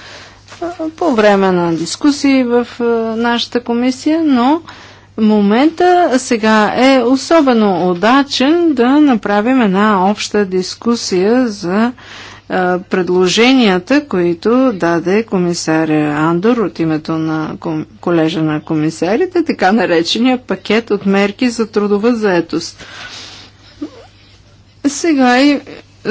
по време на дискусии в нашата комисия, но момента сега е особено удачен да направим една обща дискусия за предложенията, които даде комисаря Андор от името на колежа на комисарите, така наречения пакет от мерки за трудова заетост. Сега и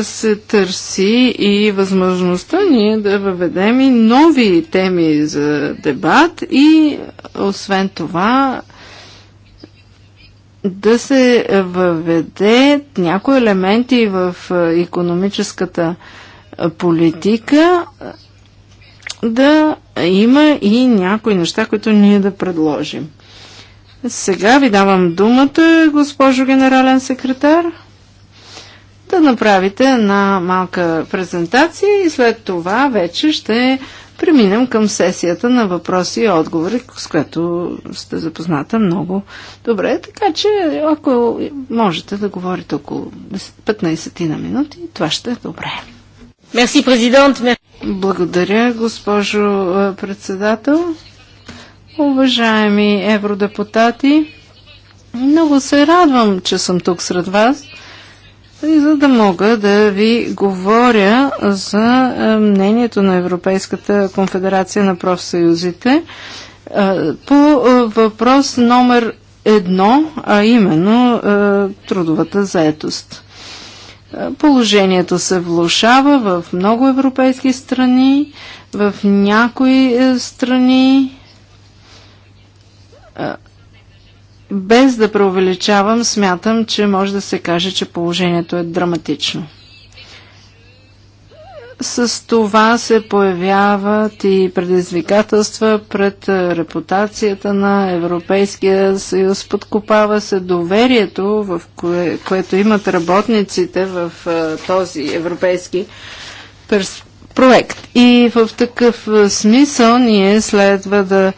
се търси и възможността ние да въведем и нови теми за дебат и освен това да се въведе някои елементи в економическата политика, да има и някои неща, които ние да предложим. Сега ви давам думата, госпожо генерален секретар, да направите една малка презентация и след това вече ще преминем към сесията на въпроси и отговори, с което сте запозната много добре. Така че, ако можете да говорите около 15 на минути, това ще е добре. Мерси, президент. Благодаря, госпожо председател. Уважаеми евродепутати, много се радвам, че съм тук сред вас за да мога да ви говоря за е, мнението на Европейската конфедерация на профсъюзите е, по е, въпрос номер едно, а именно трудовата заетост. Положението се влушава в много европейски страни, в някои страни без да преувеличавам, смятам, че може да се каже, че положението е драматично. С това се появяват и предизвикателства пред е, репутацията на Европейския съюз. Подкопава се доверието, в кое, което имат работниците в е, този европейски проект. И в такъв е, смисъл ние следва да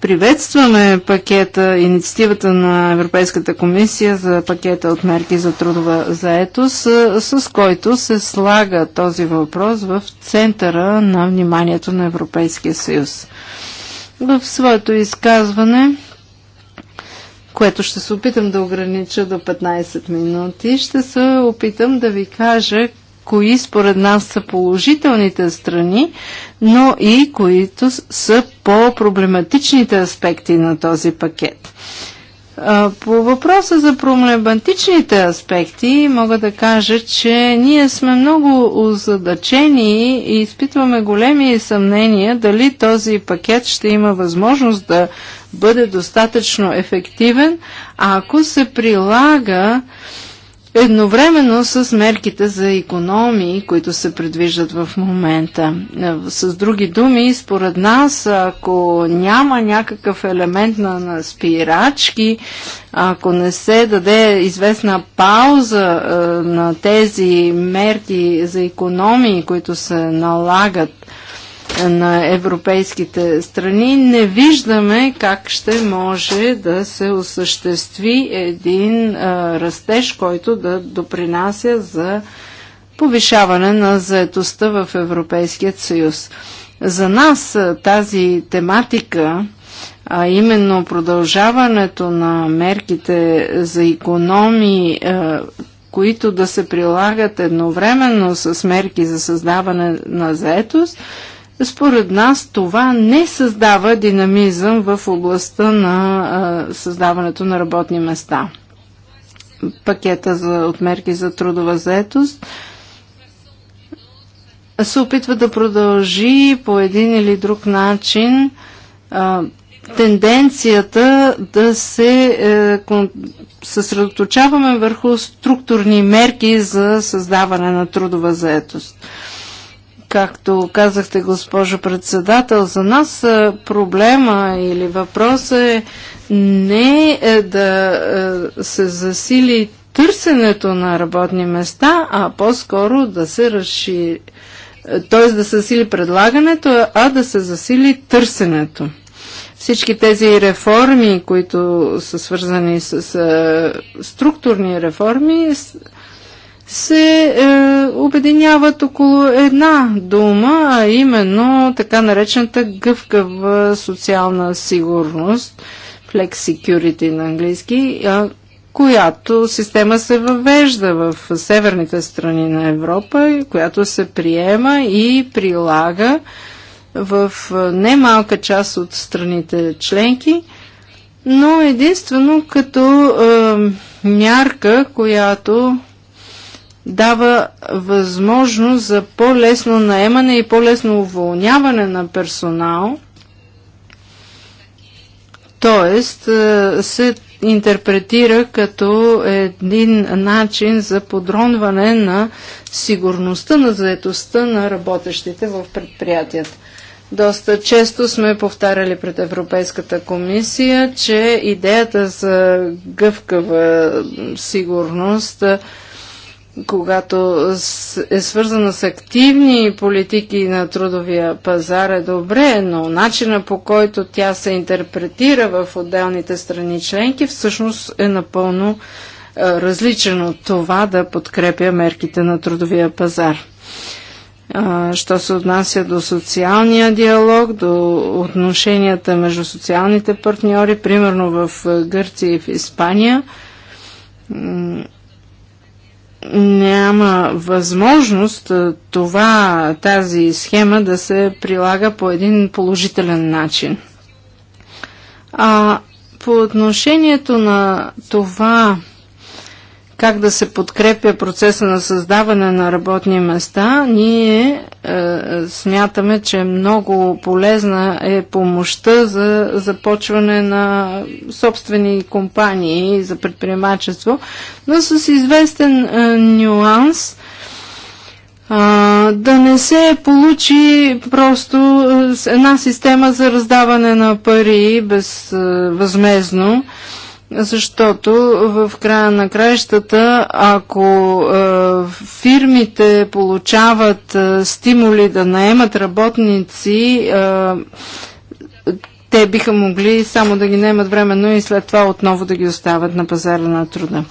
Приветстваме пакета, инициативата на Европейската комисия за пакета от мерки за трудова заетост, с, с който се слага този въпрос в центъра на вниманието на Европейския съюз. В своето изказване, което ще се опитам да огранича до 15 минути, ще се опитам да ви кажа кои според нас са положителните страни, но и които са по-проблематичните аспекти на този пакет. По въпроса за проблематичните аспекти мога да кажа, че ние сме много озадачени и изпитваме големи съмнения дали този пакет ще има възможност да бъде достатъчно ефективен, ако се прилага а, едновременно с мерките за економии, които се предвиждат в момента. Е, с други думи, според нас, ако няма някакъв елемент на, на спирачки, ако не се даде известна пауза е, на тези мерки за економии, които се налагат, на европейските страни, не виждаме как ще може да се осъществи един а, растеж, който да допринася за повишаване на заетостта в Европейският съюз. За нас тази тематика, а именно продължаването на мерките за економии, които да се прилагат едновременно с мерки за създаване на заетост, според нас това не създава динамизъм в областта на създаването на работни места. Пакета за отмерки за трудова заетост се опитва да продължи по един или друг начин а, тенденцията да се е, съсредоточаваме върху структурни мерки за създаване на трудова заетост. Както казахте, госпожо председател, за нас проблема или въпрос е не е да е, се засили търсенето на работни места, а по-скоро да се разшири, е, т.е. да се засили предлагането, а да се засили търсенето. Всички тези реформи, които са свързани с е, структурни реформи, се е, обединяват около една дума, а именно така наречената гъвкава социална сигурност, flex security на английски, а, която система се въвежда в северните страни на Европа, която се приема и прилага в е, немалка част от страните членки, но единствено като е, мярка, която дава възможност за по-лесно наемане и по-лесно уволняване на персонал, т.е. се интерпретира като един начин за подронване на сигурността на заетостта на работещите в предприятията. Доста често сме повтаряли пред Европейската комисия, че идеята за гъвкава сигурност – когато е свързана с активни политики на трудовия пазар е добре, но начина по който тя се интерпретира в отделните страни членки всъщност е напълно е, различен от това да подкрепя мерките на трудовия пазар. Що се отнася до социалния диалог, до отношенията между социалните партньори, примерно в е, Гърция и в Испания, няма възможност това, тази схема да се прилага по един положителен начин. А по отношението на това как да се подкрепя процеса на създаване на работни места, ние е, смятаме, че много полезна е помощта за започване на собствени компании за предприемачество, но с известен е, нюанс е, да не се получи просто е, една система за раздаване на пари безвъзмезно. Е, защото в края на краищата, ако е, фирмите получават е, стимули да наемат работници, е, те биха могли само да ги наемат временно и след това отново да ги оставят на пазара на труда. Е,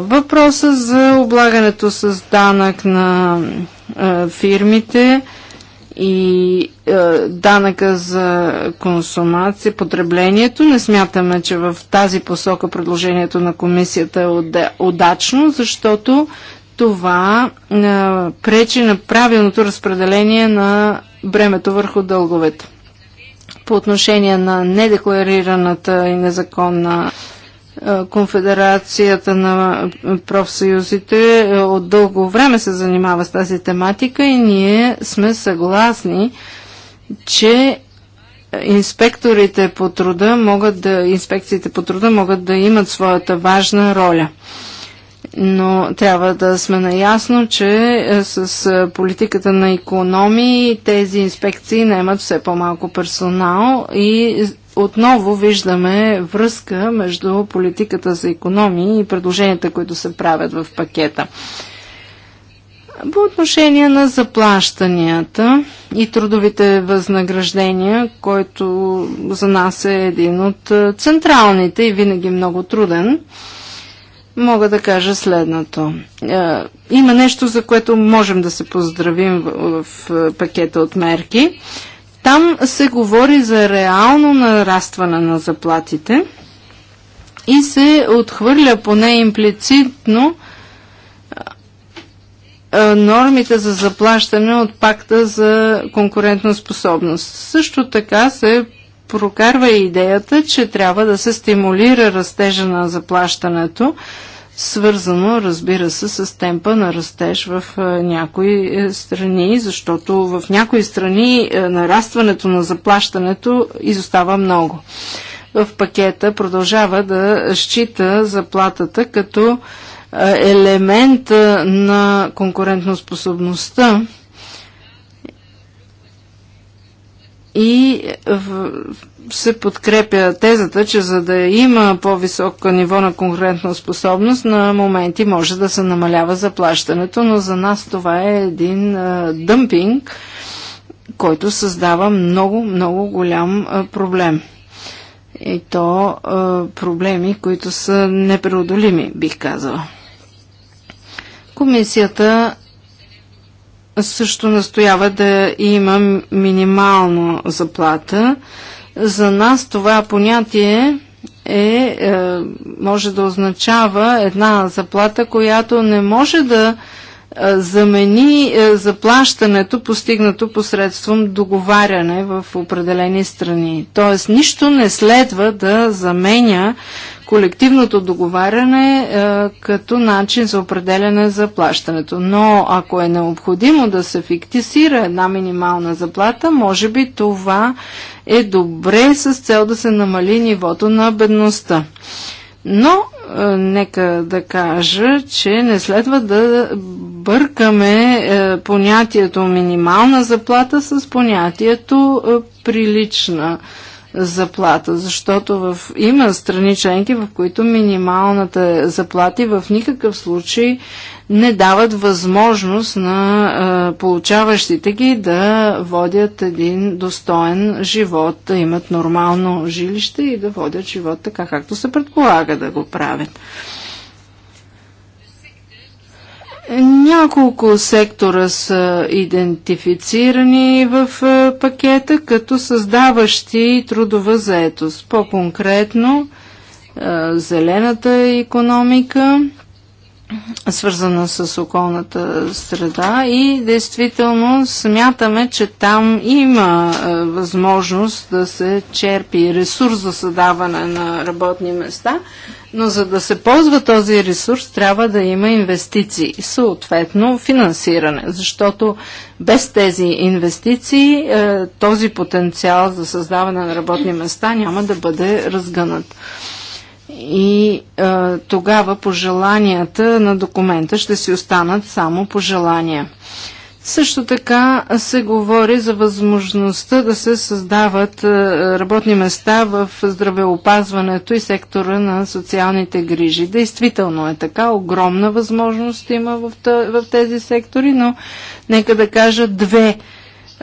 въпросът за облагането с данък на е, фирмите – и е, данъка за консумация, потреблението. Не смятаме, че в тази посока предложението на комисията е удачно, защото това е, пречи на правилното разпределение на бремето върху дълговете. По отношение на недекларираната и незаконна е, Конфедерацията на профсъюзите е, от дълго време се занимава с тази тематика и ние сме съгласни, че инспекторите по труда могат да, инспекциите по труда могат да имат своята важна роля. Но трябва да сме наясно, че е, с политиката на економии тези инспекции не имат все по-малко персонал и отново виждаме връзка между политиката за економии и предложенията, които се правят в пакета. По отношение на заплащанията и трудовите възнаграждения, който за нас е един от е, централните и винаги много труден, мога да кажа следното. Е, има нещо, за което можем да се поздравим в пакета от мерки. Там се говори за реално нарастване на заплатите и се отхвърля поне имплицитно нормите за заплащане от пакта за конкурентна способност. Също така се прокарва идеята, че трябва да се стимулира растежа на заплащането, свързано, разбира се, с темпа на растеж в е, някои е, страни, защото в някои страни е, нарастването на заплащането изостава много. В пакета продължава да счита заплатата като елемент на конкурентоспособността и се подкрепя тезата, че за да има по-високо ниво на конкурентна способност, на моменти може да се намалява заплащането, но за нас това е един а, дъмпинг, който създава много, много голям а, проблем. И то а, проблеми, които са непреодолими, бих казала. Комисията също настоява да има минимална заплата. За нас това понятие е, е, може да означава една заплата, която не може да замени заплащането, постигнато посредством договаряне в определени страни. Тоест, нищо не следва да заменя колективното договаряне като начин за определяне заплащането. Но ако е необходимо да се фиктисира една минимална заплата, може би това е добре с цел да се намали нивото на бедността. Но, нека да кажа, че не следва да бъркаме е, понятието минимална заплата с понятието е, прилична заплата, защото в, има страни членки, в които минималната заплата в никакъв случай не дават възможност на е, получаващите ги да водят един достоен живот, да имат нормално жилище и да водят живот така, както се предполага да го правят. Няколко сектора са идентифицирани в е, пакета като създаващи трудова заетост. По-конкретно е, зелената економика, свързана с околната среда и действително смятаме, че там има е, възможност да се черпи ресурс за създаване на работни места – но за да се ползва този ресурс, трябва да има инвестиции, съответно финансиране, защото без тези инвестиции е, този потенциал за създаване на работни места няма да бъде разгънат. И е, тогава пожеланията на документа ще си останат само пожелания. Също така се говори за възможността да се създават е, работни места в здравеопазването и сектора на социалните грижи. Действително е така, огромна възможност има в тези сектори, но нека да кажа две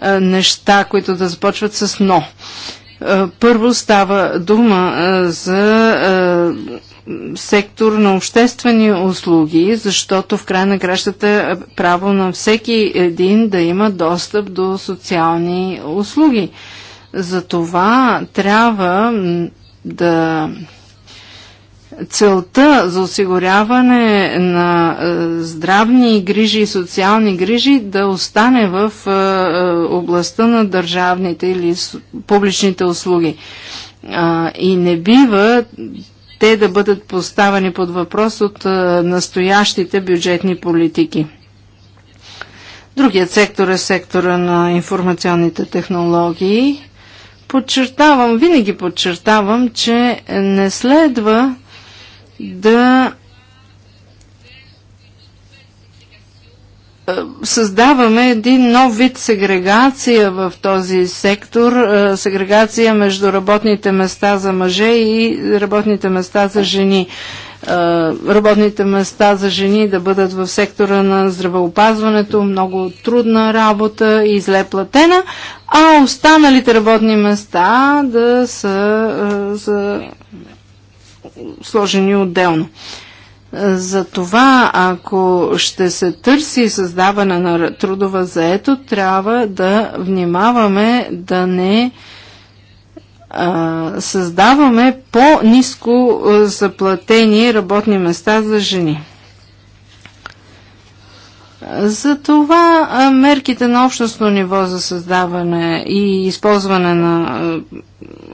е, неща, които да започват с но. Е, първо става дума е, за е, сектор на обществени услуги, защото в край на кращата е право на всеки един да има достъп до социални услуги. За това трябва да целта за осигуряване на е, здравни грижи и социални грижи да остане в е, е, областта на държавните или публичните услуги. И не бива те да бъдат поставени под въпрос от настоящите бюджетни политики. Другият сектор е сектора на информационните технологии. Подчертавам, винаги подчертавам, че не следва да е, създаваме един нов вид сегрегация в този сектор, е, сегрегация между работните места за мъже и работните места за жени. Е, работните места за жени да бъдат в сектора на здравеопазването, много трудна работа и зле платена, а останалите работни места да са за сложени отделно. Затова, ако ще се търси създаване на трудова заето, трябва да внимаваме да не а, създаваме по-низко заплатени работни места за жени. Затова мерките на общностно ниво за създаване и използване на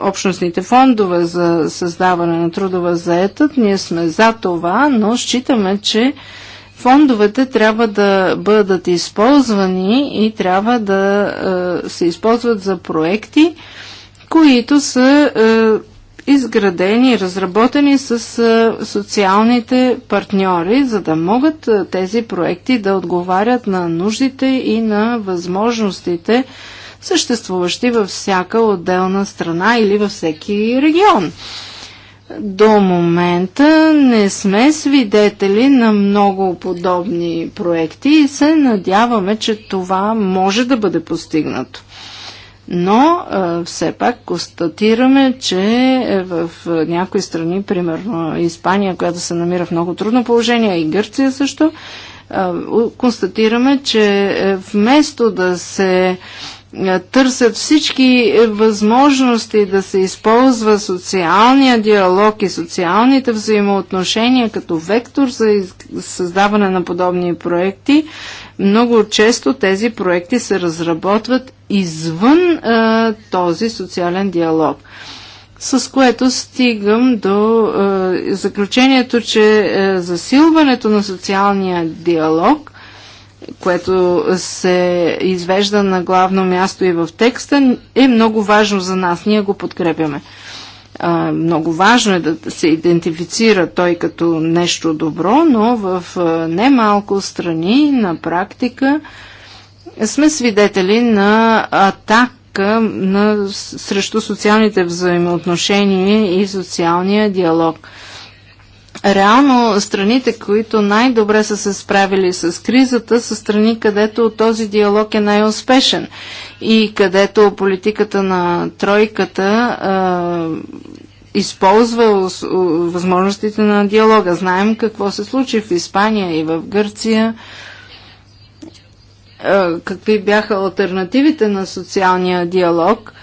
общностните фондове за създаване на трудова заетът, ние сме за това, но считаме, че фондовете трябва да бъдат използвани и трябва да се използват за проекти, които са изградени, разработени с социалните партньори, за да могат тези проекти да отговарят на нуждите и на възможностите, съществуващи във всяка отделна страна или във всеки регион. До момента не сме свидетели на много подобни проекти и се надяваме, че това може да бъде постигнато. Но а, все пак констатираме, че е, в някои страни, примерно Испания, която се намира в много трудно положение, и Гърция също, а, констатираме, че е, вместо да се е, търсят всички възможности да се използва социалния диалог и социалните взаимоотношения като вектор за създаване на подобни проекти, много често тези проекти се разработват извън а, е, този социален диалог. С което стигам до а, е, заключението, че а, засилването на социалния диалог което се извежда на главно място и в текста, е много важно за нас. Ние го подкрепяме. А, много важно е да се идентифицира той като нещо добро, но в немалко страни на практика сме свидетели на атака на, срещу социалните взаимоотношения и социалния диалог. Реално страните, които най-добре са се справили с кризата, са страни, където този диалог е най-успешен и където политиката на тройката е, използва възможностите на диалога. Знаем какво се случи в Испания и в Гърция какви бяха альтернативите на социалния диалог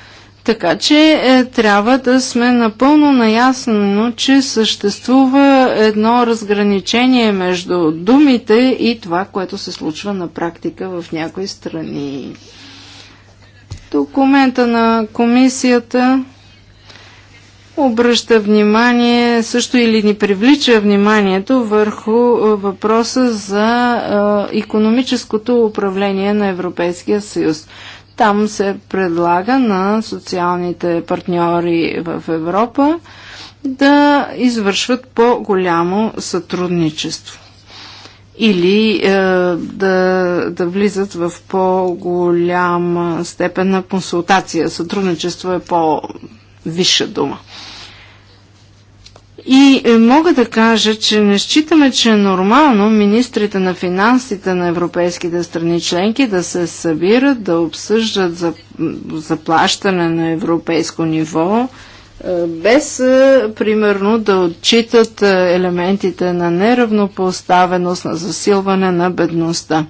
така че е, трябва да сме напълно наясно, че съществува едно разграничение между думите и това, което се случва на практика в някои страни. Документа на комисията обръща внимание, също или ни привлича вниманието върху е, въпроса за економическото управление на Европейския съюз. Там се предлага на социалните партньори в Европа да извършват по-голямо сътрудничество или е, да, да влизат в по-голяма степен на консултация. Сътрудничество е по-висша дума. И е, мога да кажа, че не считаме, че е нормално министрите на финансите на европейските страни членки да се събират, да обсъждат заплащане за на европейско ниво, е, без е, примерно да отчитат елементите на неравнопоставеност, на засилване на бедността.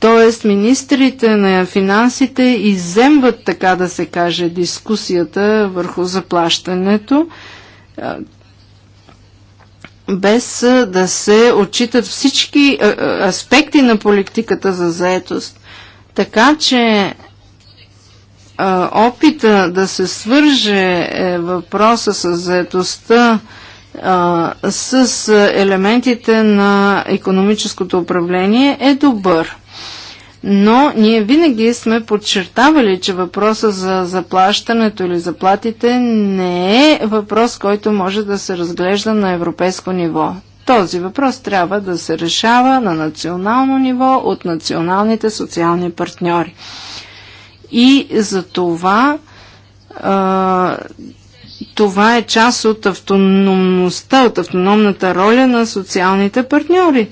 Тоест, министрите на финансите иземват, така да се каже, дискусията върху заплащането, е, без е, да се отчитат всички е, аспекти на политиката за заетост. Така че опита да се свърже въпроса с заетостта с елементите на економическото управление е добър но ние винаги сме подчертавали, че въпроса за заплащането или заплатите не е въпрос, който може да се разглежда на европейско ниво. Този въпрос трябва да се решава на национално ниво от националните социални партньори. И за това това е част от автономността, от автономната роля на социалните партньори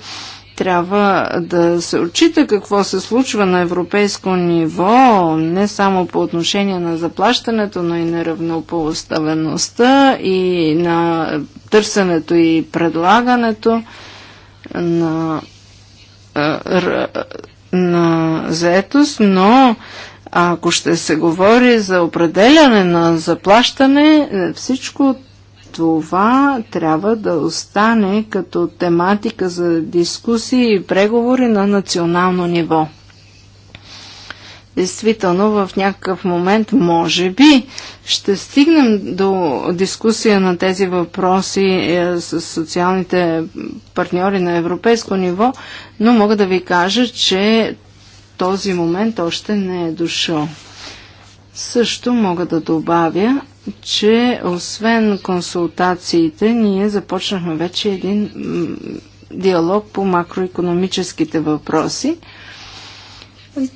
трябва да се отчита какво се случва на европейско ниво, не само по отношение на заплащането, но и на равнопоставеността и на търсенето и предлагането на, на заетост, но ако ще се говори за определяне на заплащане, всичко това трябва да остане като тематика за дискусии и преговори на национално ниво. Действително, в някакъв момент, може би, ще стигнем до дискусия на тези въпроси е, с социалните партньори на европейско ниво, но мога да ви кажа, че този момент още не е дошъл. Също мога да добавя, че освен консултациите, ние започнахме вече един диалог по макроекономическите въпроси.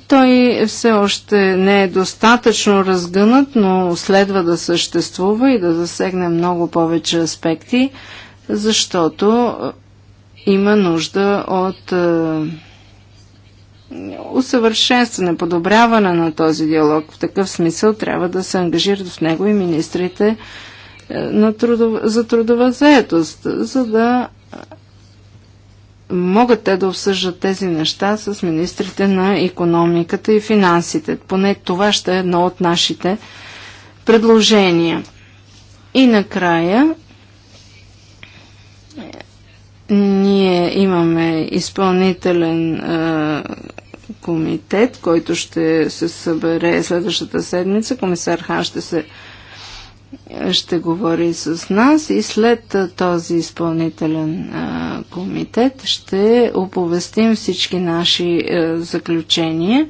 Той все още не е достатъчно разгънат, но следва да съществува и да засегне много повече аспекти, защото има нужда от е, усъвършенстване, подобряване на този диалог. В такъв смисъл трябва да се ангажират в него и министрите е, на трудов... за трудова заетост, за да могат те да обсъждат тези неща с министрите на економиката и финансите. Поне това ще е едно от нашите предложения. И накрая ние имаме изпълнителен е, комитет, който ще се събере следващата седмица. Комисар Хан ще се ще говори с нас и след този изпълнителен а, комитет ще оповестим всички наши а, заключения.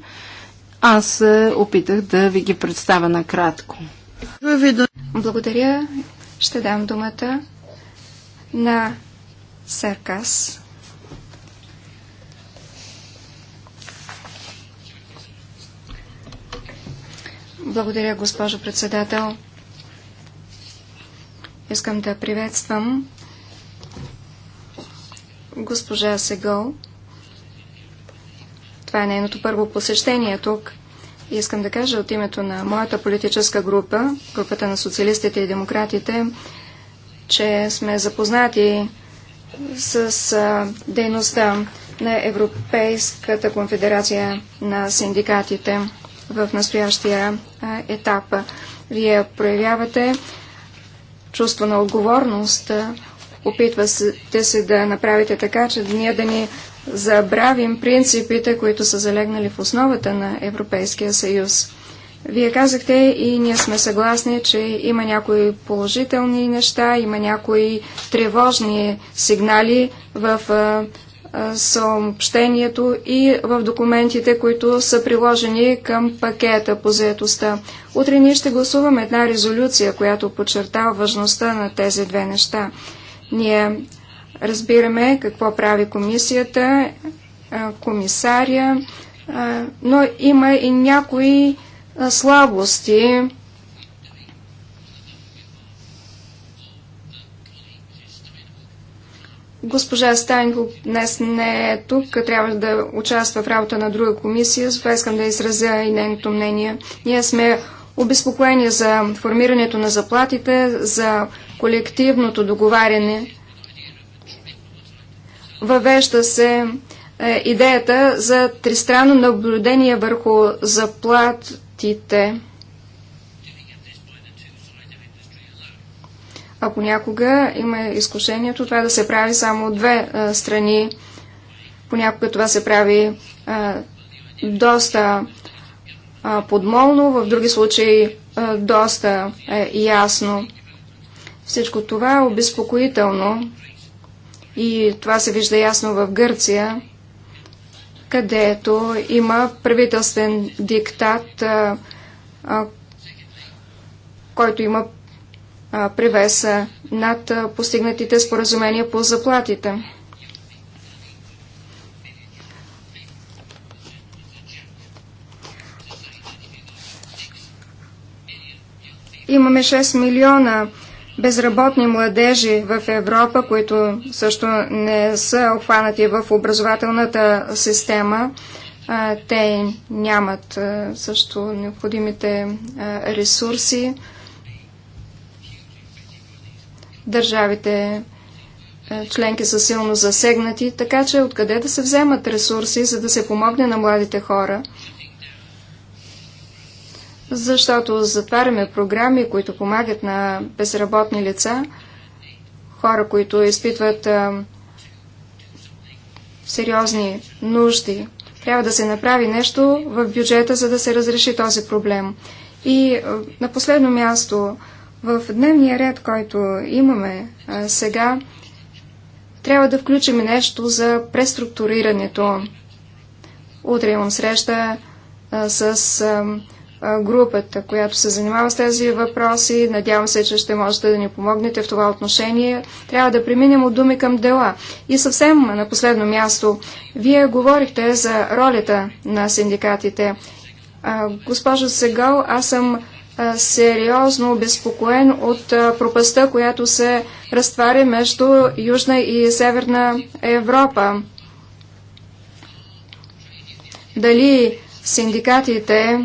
Аз а, опитах да ви ги представя накратко. Благодаря. Ще дам думата на Серкас. Благодаря, госпожо председател. Искам да приветствам госпожа Сегол. Това е нейното първо посещение тук. И искам да кажа от името на моята политическа група, групата на социалистите и демократите, че сме запознати с дейността на Европейската конфедерация на синдикатите в настоящия етап. Вие проявявате чувство на отговорност, опитвате се да направите така, че ние да ни забравим принципите, които са залегнали в основата на Европейския съюз. Вие казахте и ние сме съгласни, че има някои положителни неща, има някои тревожни сигнали в съобщението и в документите, които са приложени към пакета по заедостта. Утре ние ще гласуваме една резолюция, която подчертава важността на тези две неща. Ние разбираме какво прави комисията, комисаря, но има и някои слабости Госпожа Стайнко днес не е тук, трябва да участва в работа на друга комисия, затова искам да изразя и нейното мнение. Ние сме обезпокоени за формирането на заплатите, за колективното договаряне. Въвежда се е, идеята за тристранно наблюдение върху заплатите. А понякога има изкушението това да се прави само от две а, страни. Понякога това се прави а, доста а, подмолно, в други случаи а, доста е, ясно. Всичко това е обезпокоително и това се вижда ясно в Гърция, където има правителствен диктат, а, а, който има превеса над постигнатите споразумения по заплатите. Имаме 6 милиона безработни младежи в Европа, които също не са обхванати в образователната система. Те нямат също необходимите ресурси. Държавите е, членки са силно засегнати, така че откъде да се вземат ресурси, за да се помогне на младите хора? Защото затваряме програми, които помагат на безработни лица, хора, които изпитват а, е, сериозни нужди. Трябва да се направи нещо в бюджета, за да се разреши този проблем. И а, е, на последно място, в дневния ред, който имаме а, сега, трябва да включим нещо за преструктурирането. Утре имам среща а, с а, групата, която се занимава с тези въпроси. Надявам се, че ще можете да ни помогнете в това отношение. Трябва да преминем от думи към дела. И съвсем на последно място, вие говорихте за ролята на синдикатите. Госпожо Сегал, аз съм е, сериозно обезпокоен от е, пропаста, която се разтваря между Южна и Северна Европа. Дали синдикатите е,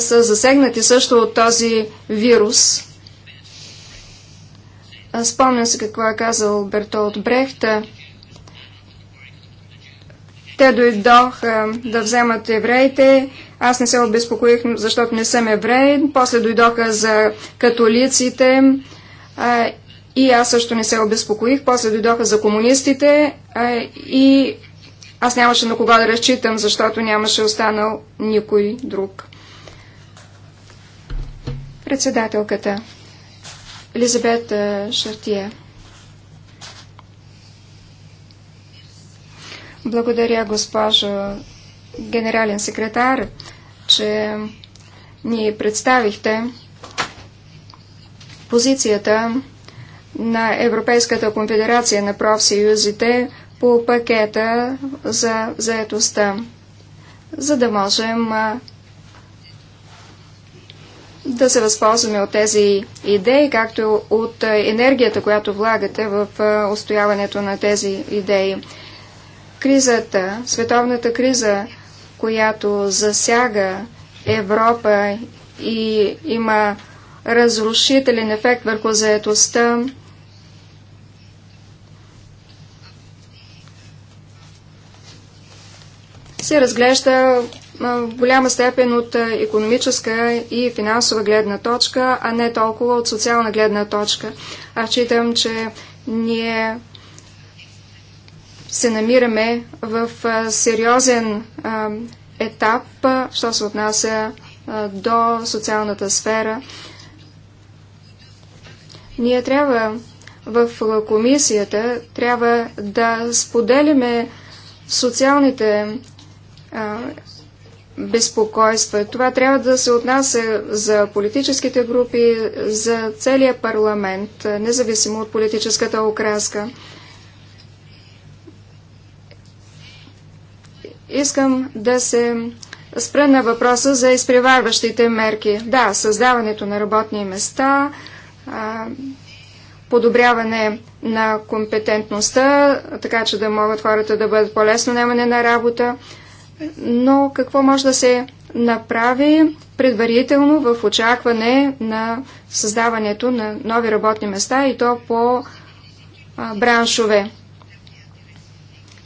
са засегнати също от този вирус? Спомням се какво е казал Бертолд Брехта. Те дойдоха да вземат евреите аз не се обезпокоих, защото не съм еврей. После дойдоха за католиците а, и аз също не се обезпокоих. После дойдоха за комунистите а, и аз нямаше на кого да разчитам, защото нямаше останал никой друг. Председателката Елизабет Шартия. Благодаря, госпожо генерален секретар, че ни представихте позицията на Европейската конфедерация на профсъюзите по пакета за заетостта, за да можем да се възползваме от тези идеи, както от енергията, която влагате в устояването на тези идеи. Кризата, световната криза която засяга Европа и има разрушителен ефект върху заетостта, се разглежда в голяма степен от економическа и финансова гледна точка, а не толкова от социална гледна точка. Аз считам, че ние се намираме в сериозен етап, що се отнася до социалната сфера. Ние трябва в комисията трябва да споделяме социалните безпокойства. Това трябва да се отнася за политическите групи, за целия парламент, независимо от политическата окраска. Искам да се спра на въпроса за изпреварващите мерки. Да, създаването на работни места, подобряване на компетентността, така че да могат хората да бъдат по-лесно нямане на работа. Но какво може да се направи предварително в очакване на създаването на нови работни места и то по браншове?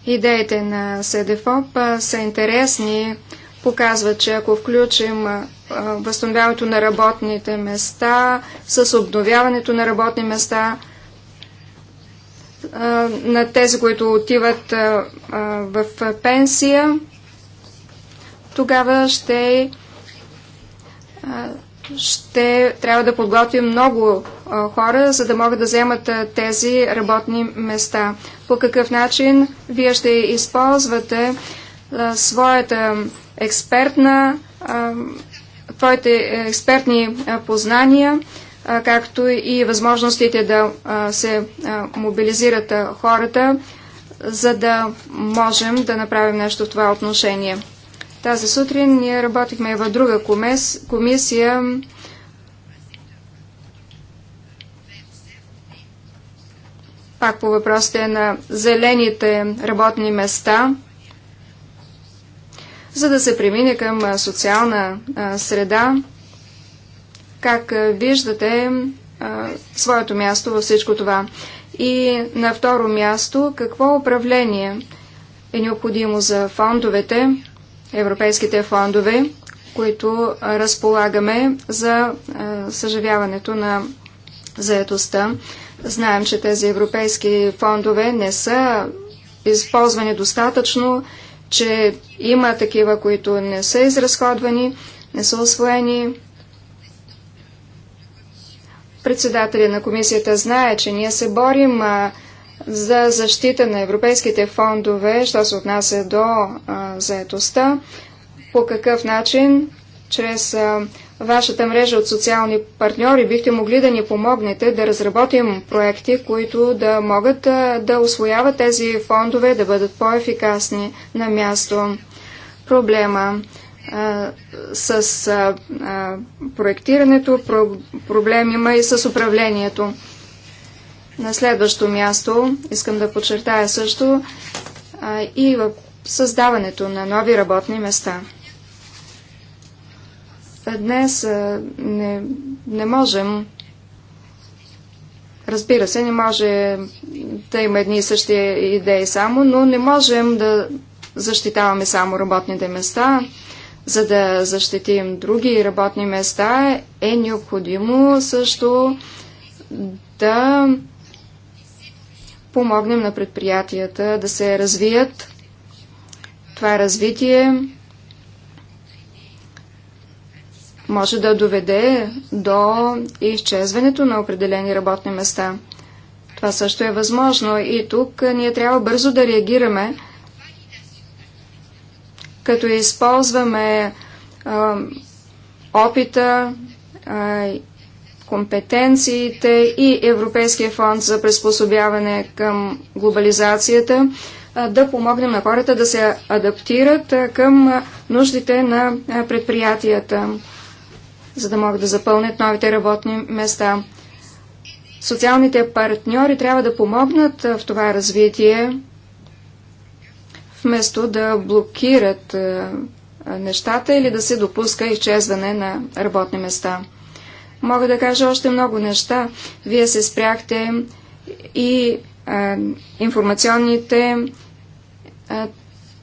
Идеите на СДФОП са интересни, показват, че ако включим възстановяването на работните места с обновяването на работни места, на тези, които отиват в пенсия, тогава ще ще трябва да подготвим много а, хора, за да могат да вземат а, тези работни места. По какъв начин вие ще използвате а, своята експертна, твоите експертни познания, както и възможностите да се мобилизират хората, за да можем да направим нещо в това отношение. Тази сутрин ние работихме в друга комисия. Пак по въпросите на зелените работни места, за да се премине към социална среда. Как виждате своето място във всичко това? И на второ място, какво управление е необходимо за фондовете? европейските фондове, които разполагаме за съживяването на заедостта. Знаем, че тези европейски фондове не са използвани достатъчно, че има такива, които не са изразходвани, не са освоени. Председателя на комисията знае, че ние се борим а, за защита на европейските фондове, що се отнася до а, заетостта, по какъв начин чрез а, вашата мрежа от социални партньори бихте могли да ни помогнете да разработим проекти, които да могат а, да освояват тези фондове, да бъдат по-ефикасни на място. Проблема а, с а, проектирането, про проблем има и с управлението. На следващо място искам да подчертая също а, и в създаването на нови работни места. Днес а, не, не можем, разбира се, не може да има едни и същи идеи само, но не можем да защитаваме само работните места. За да защитим други работни места е необходимо също да помогнем на предприятията да се развият. Това развитие може да доведе до изчезването на определени работни места. Това също е възможно и тук ние трябва бързо да реагираме, като използваме а, опита а, компетенциите и Европейския фонд за приспособяване към глобализацията, да помогнем на хората да се адаптират към нуждите на предприятията, за да могат да запълнят новите работни места. Социалните партньори трябва да помогнат в това развитие, вместо да блокират нещата или да се допуска изчезване на работни места. Мога да кажа още много неща. Вие се спряхте и а, информационните а,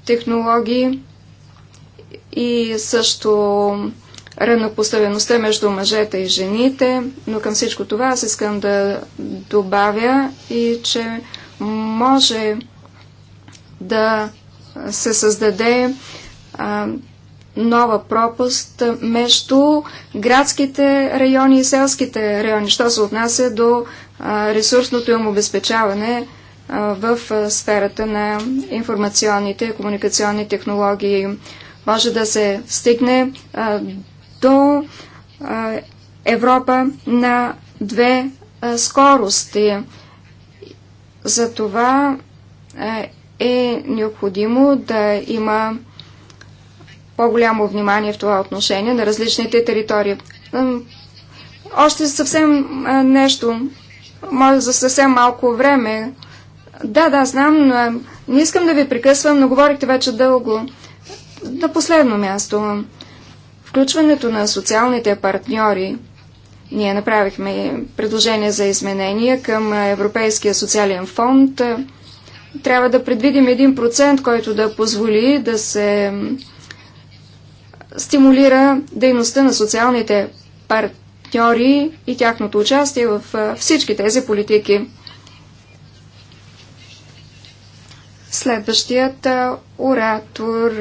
технологии и също равнопоставеността между мъжете и жените, но към всичко това аз искам да добавя и че може да се създаде а, нова пропаст между градските райони и селските райони, що се отнася до ресурсното им обезпечаване в сферата на информационните и комуникационни технологии. Може да се стигне до Европа на две скорости. За това е необходимо да има по-голямо внимание в това отношение на различните територии. Още съвсем нещо, може за съвсем малко време. Да, да, знам, но не искам да ви прекъсвам, но говорихте вече дълго. На последно място, включването на социалните партньори. Ние направихме предложение за изменения към Европейския социален фонд. Трябва да предвидим един процент, който да позволи да се стимулира дейността на социалните партньори и тяхното участие в всички тези политики. Следващият оратор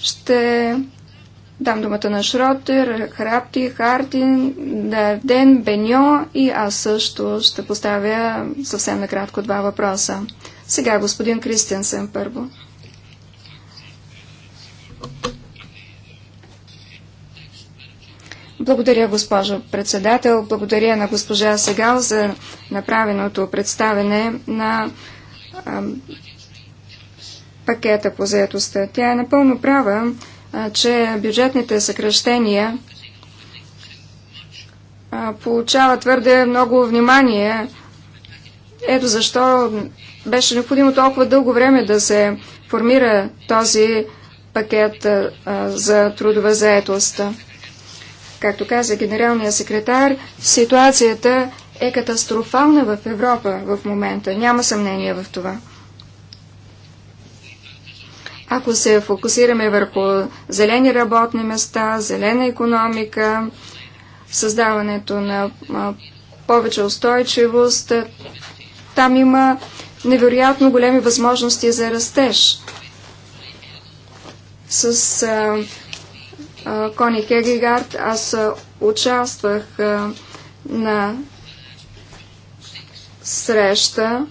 ще дам думата на Шротер, Храпти, Хартин, Дарден, Беньо и аз също ще поставя съвсем накратко два въпроса. Сега господин Кристиансен първо. Благодаря, госпожо председател. Благодаря на госпожа Сегал за направеното представене на а, пакета по заетостта. Тя е напълно права, а, че бюджетните съкръщения а, получава твърде много внимание. Ето защо беше необходимо толкова дълго време да се формира този пакет а, за трудова заетост. Както каза генералния секретар, ситуацията е катастрофална в Европа в момента. Няма съмнение в това. Ако се фокусираме върху зелени работни места, зелена економика, създаването на повече устойчивост, там има невероятно големи възможности за растеж. С Кони Хегигард. Аз участвах на среща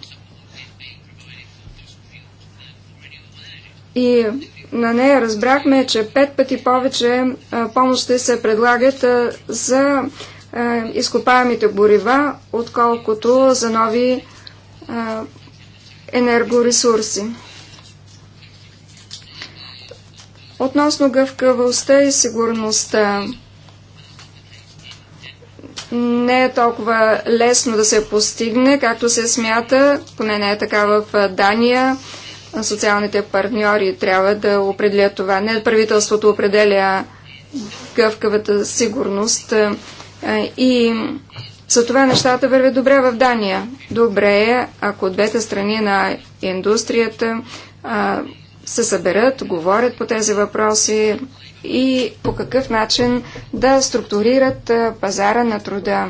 и на нея разбрахме, че пет пъти повече помощи се предлагат за изкопаемите горива, отколкото за нови енергоресурси. Относно гъвкавостта и сигурността, не е толкова лесно да се постигне, както се смята, поне не е така в Дания. Социалните партньори трябва да определят това. Не правителството определя гъвкавата сигурност и за това нещата вървят добре в Дания. Добре е, ако двете страни на индустрията се съберат, говорят по тези въпроси и по какъв начин да структурират пазара на труда.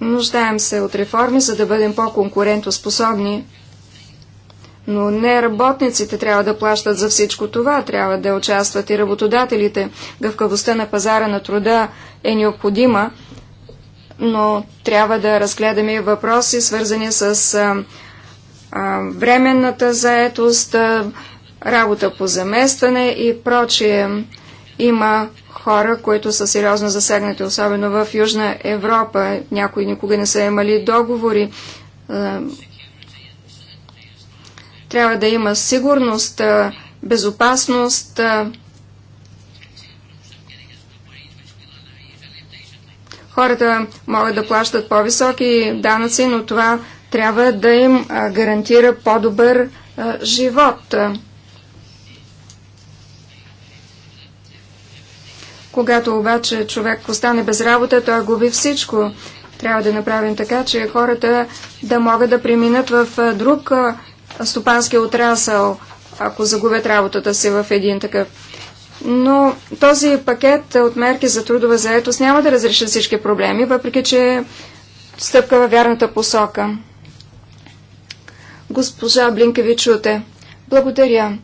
Нуждаем се от реформи, за да бъдем по-конкурентоспособни. Но не работниците трябва да плащат за всичко това, трябва да участват и работодателите. Гъвкавостта на пазара на труда е необходима, но трябва да разгледаме въпроси, свързани с а, а, временната заетост, а, работа по заместване и прочие. Има хора, които са сериозно засегнати, особено в Южна Европа. Някои никога не са имали договори. Трябва да има сигурност, безопасност, безопасност Хората могат да плащат по-високи данъци, но това трябва да им гарантира по-добър живот. Когато обаче човек остане без работа, той губи всичко. Трябва да направим така, че хората да могат да преминат в друг стопански отрасъл, ако загубят работата си в един такъв но този пакет от мерки за трудова заетост няма да разреши всички проблеми, въпреки че стъпка във вярната посока. Госпожа Блинкевичуте, Благодаря,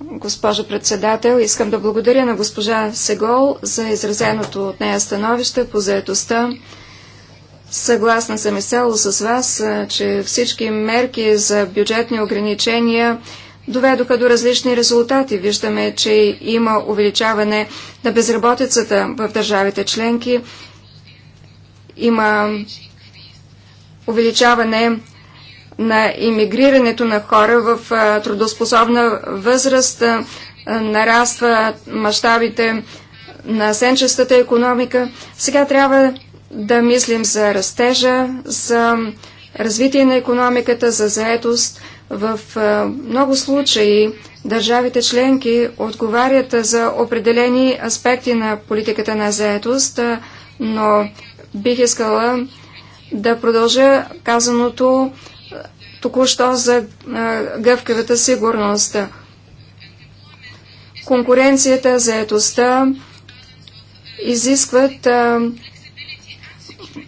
госпожа председател. Искам да благодаря на госпожа Сегол за изразеното от нея становище по заетостта. Съгласна съм изцяло с вас, че всички мерки за бюджетни ограничения доведоха до различни резултати. Виждаме, че има увеличаване на безработицата в държавите членки, има увеличаване на иммигрирането на хора в трудоспособна възраст, нараства мащабите на сенчестата економика. Сега трябва да мислим за растежа, за развитие на економиката, за заетост – в много случаи държавите членки отговарят за определени аспекти на политиката на заедост, но бих искала да продължа казаното току-що за гъвкавата сигурност. Конкуренцията, заедостта изискват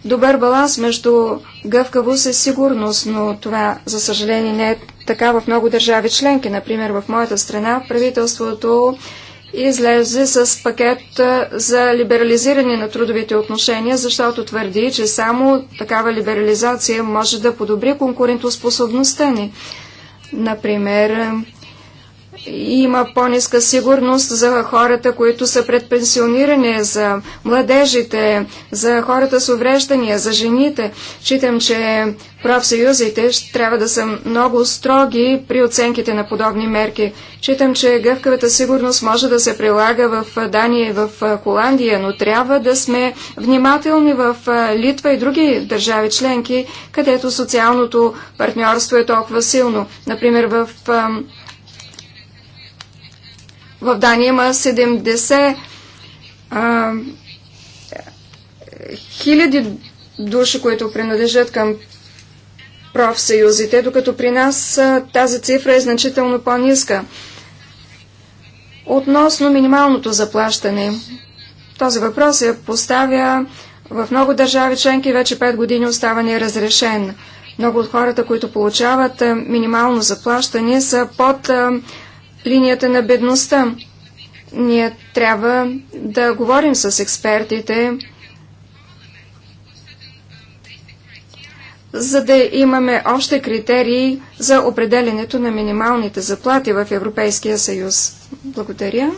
добър баланс между гъвкавост и сигурност, но това, за съжаление, не е така в много държави членки. Например, в моята страна правителството излезе с пакет за либерализиране на трудовите отношения, защото твърди, че само такава либерализация може да подобри конкурентоспособността ни. Например, има по-ниска сигурност за хората, които са предпенсионирани, за младежите, за хората с увреждания, за жените. Читам, че профсъюзите трябва да са много строги при оценките на подобни мерки. Читам, че гъвкавата сигурност може да се прилага в Дания и в Холандия, но трябва да сме внимателни в Литва и други държави членки, където социалното партньорство е толкова силно. Например, в в Дания има 70 а, хиляди души, които принадлежат към профсъюзите, докато при нас а, тази цифра е значително по-ниска. Относно минималното заплащане, този въпрос се поставя в много държави членки вече 5 години остава неразрешен. Много от хората, които получават минимално заплащане, са под линията на бедността. Ние трябва да говорим с експертите, за да имаме още критерии за определенето на минималните заплати в Европейския съюз. Благодаря.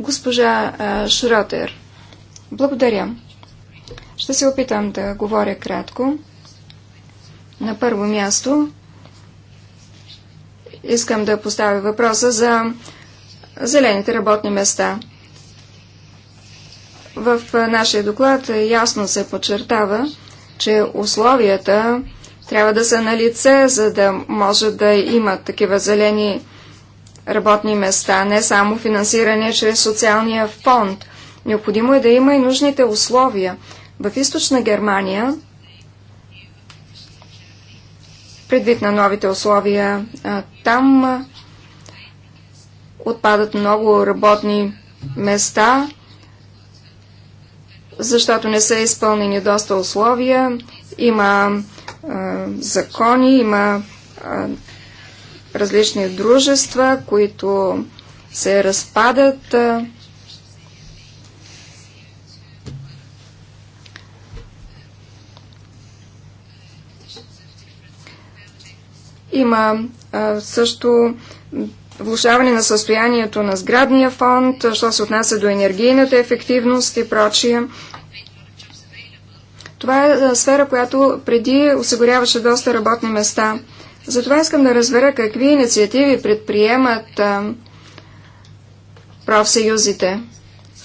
Госпожа Шротер, благодаря. Ще се опитам да говоря кратко. На първо място Искам да поставя въпроса за зелените работни места. В нашия доклад ясно се подчертава, че условията трябва да са на лице, за да може да има такива зелени работни места, не само финансиране чрез социалния фонд. Необходимо е да има и нужните условия. В източна Германия предвид на новите условия. Там отпадат много работни места, защото не са изпълнени доста условия. Има а, закони, има а, различни дружества, които се разпадат. А, Има а, също влушаване на състоянието на сградния фонд, що се отнася до енергийната ефективност и прочие. Това е сфера, която преди осигуряваше доста работни места. Затова искам да разбера какви инициативи предприемат а, профсъюзите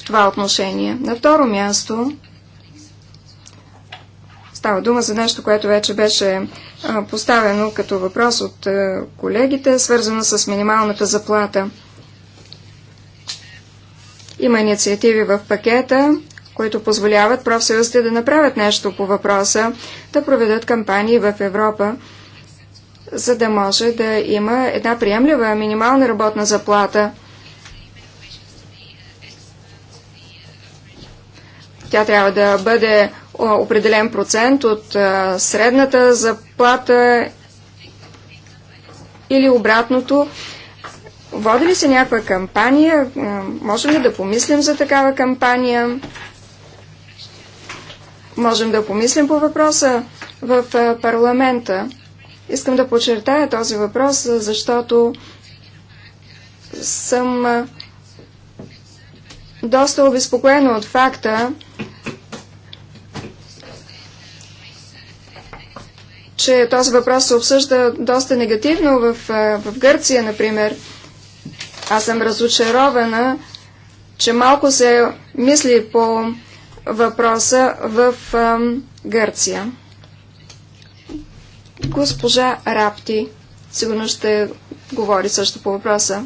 в това отношение. На второ място става дума за нещо, което вече беше поставено като въпрос от колегите, свързано с минималната заплата. Има инициативи в пакета, които позволяват профсъюзите да направят нещо по въпроса, да проведат кампании в Европа, за да може да има една приемлива минимална работна заплата. Тя трябва да бъде определен процент от средната заплата или обратното. Води ли се някаква кампания? Можем ли да помислим за такава кампания? Можем да помислим по въпроса в парламента. Искам да подчертая този въпрос, защото съм доста обезпокоена от факта, че този въпрос се обсъжда доста негативно в, е, в Гърция, например. Аз съм разочарована, че малко се мисли по въпроса в е, Гърция. Госпожа Рапти сигурно ще говори също по въпроса.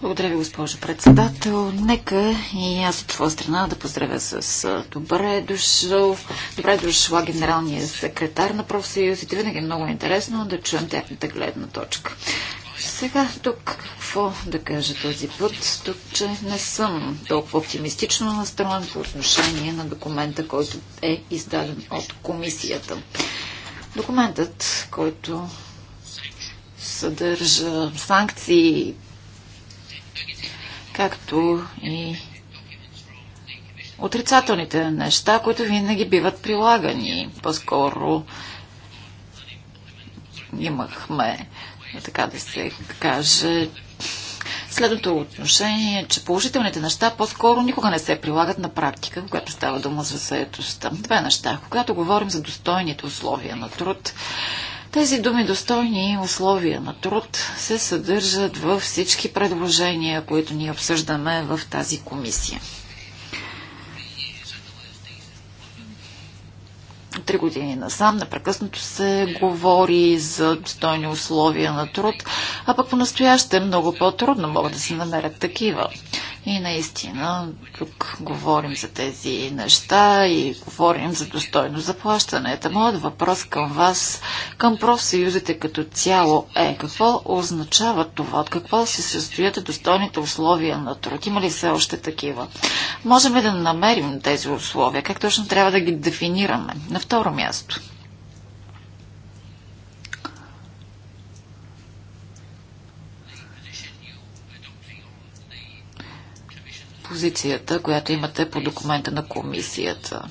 Благодаря ви, госпожо председател. Нека и аз от твоя страна да поздравя с добре дошъл, добре дошла генералния секретар на профсъюзите. Винаги е много интересно да чуем тяхната гледна точка. Сега тук какво да кажа този път? Тук, че не съм толкова оптимистично настроен по отношение на документа, който е издаден от комисията. Документът, който съдържа санкции както и отрицателните неща, които винаги биват прилагани. По-скоро имахме, така да се каже, следното отношение, че положителните неща по-скоро никога не се прилагат на практика, когато става дума за съедостта. Две неща. Когато говорим за достойните условия на труд, тези думи достойни условия на труд се съдържат във всички предложения, които ние обсъждаме в тази комисия. три години насам непрекъснато се говори за достойни условия на труд, а пък по-настояще е много по-трудно могат да се намерят такива. И наистина, тук говорим за тези неща и говорим за достойно заплащане. Та моят въпрос към вас, към профсъюзите като цяло е какво означава това? От какво се състоят достойните условия на труд? Има ли все още такива? Можем ли да намерим тези условия? Как точно трябва да ги дефинираме? На второ място – позицията, която имате по документа на комисията?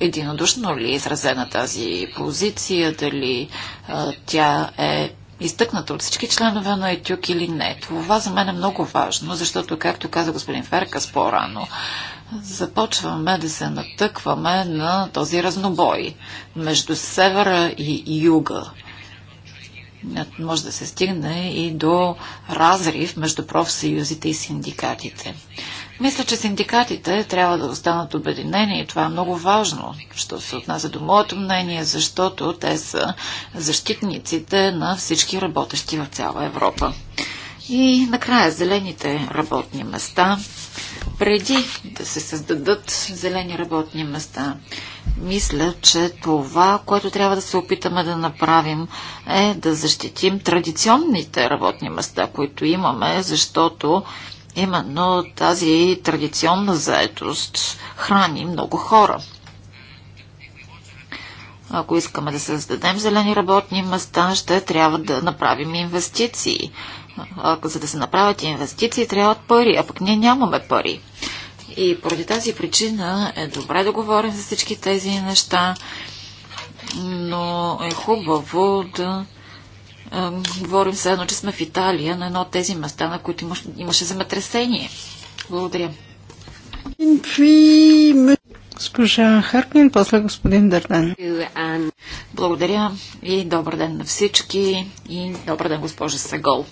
Единодушно ли е изразена тази позиция? Дали а, тя е изтъкната от всички членове на ЕТЮК или не? Това за мен е много важно, защото, както каза господин Феркас по-рано, започваме да се натъкваме на този разнобой между севера и юга може да се стигне и до разрив между профсъюзите и синдикатите. Мисля, че синдикатите трябва да останат обединени и това е много важно, що се отнася до моето мнение, защото те са защитниците на всички работещи в цяла Европа. И накрая зелените работни места. Преди да се създадат зелени работни места, мисля, че това, което трябва да се опитаме да направим, е да защитим традиционните работни места, които имаме, защото Именно тази традиционна заетост храни много хора. Ако искаме да създадем зелени работни места, ще трябва да направим инвестиции. Ако за да се направят инвестиции, трябват пари, а пък ние нямаме пари. И поради тази причина е добре да говорим за всички тези неща, но е хубаво да говорим се едно, че сме в Италия, на едно от тези места, на които имаш, имаше земетресение. Благодаря. Госпожа Харкин, после господин Дърден. Благодаря и добър ден на всички и добър ден, госпожа Сегол.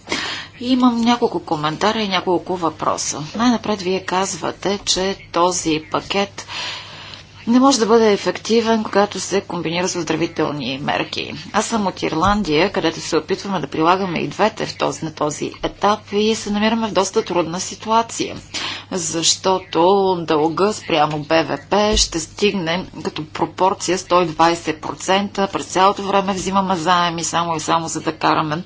И имам няколко коментара и няколко въпроса. Най-напред вие казвате, че този пакет не може да бъде ефективен, когато се комбинира с оздравителни мерки. Аз съм от Ирландия, където се опитваме да прилагаме и двете в този, на този етап и се намираме в доста трудна ситуация, защото дълга спрямо БВП ще стигне като пропорция 120%. През цялото време взимаме заеми само и само за да караме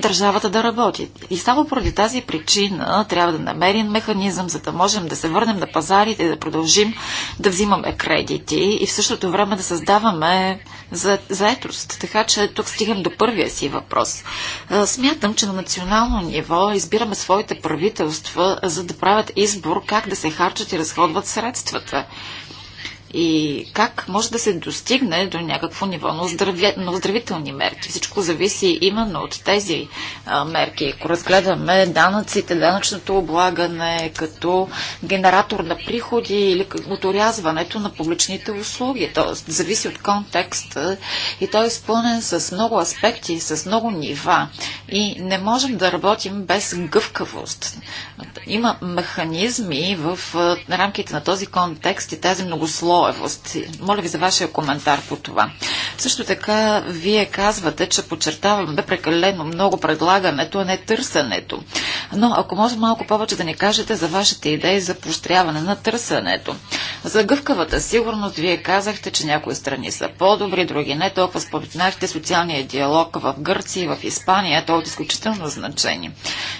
държавата да работи. И само поради тази причина трябва да намерим механизъм, за да можем да се върнем на пазарите и да продължим да взимаме кредити и в същото време да създаваме за, заетост. Така че тук стигам до първия си въпрос. Смятам, че на национално ниво избираме своите правителства, за да правят избор как да се харчат и разходват средствата и как може да се достигне до някакво ниво на, оздравя... на оздравителни мерки. Всичко зависи именно от тези а, мерки. Ако разгледаме данъците, данъчното облагане като генератор на приходи или от урязването на публичните услуги, т.е. зависи от контекста и той е изпълнен с много аспекти, с много нива и не можем да работим без гъвкавост. Има механизми в рамките на този контекст и тази многослойност двоевост. Моля ви за вашия коментар по това. Също така, вие казвате, че подчертаваме прекалено много предлагането, а не търсенето. Но ако може малко повече да ни кажете за вашите идеи за поощряване на търсенето. За гъвкавата сигурност вие казахте, че някои страни са по-добри, други не. Толкова споменахте социалния диалог в Гърция и в Испания. Той е от изключително значение.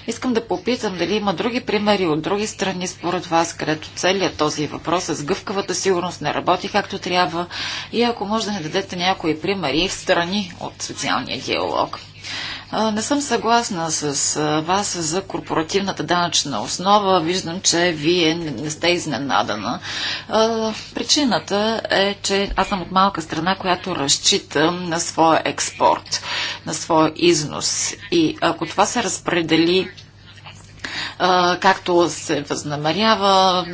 Искам да попитам дали има други примери от други страни според вас, където целият този въпрос с гъвкавата сигурност не работи както трябва и ако може да не дадете някои примери в страни от социалния диалог. Не съм съгласна с вас за корпоративната данъчна основа. Виждам, че вие не сте изненадана. Причината е, че аз съм от малка страна, която разчита на своя експорт, на своя износ. И ако това се разпредели както се възнамерява,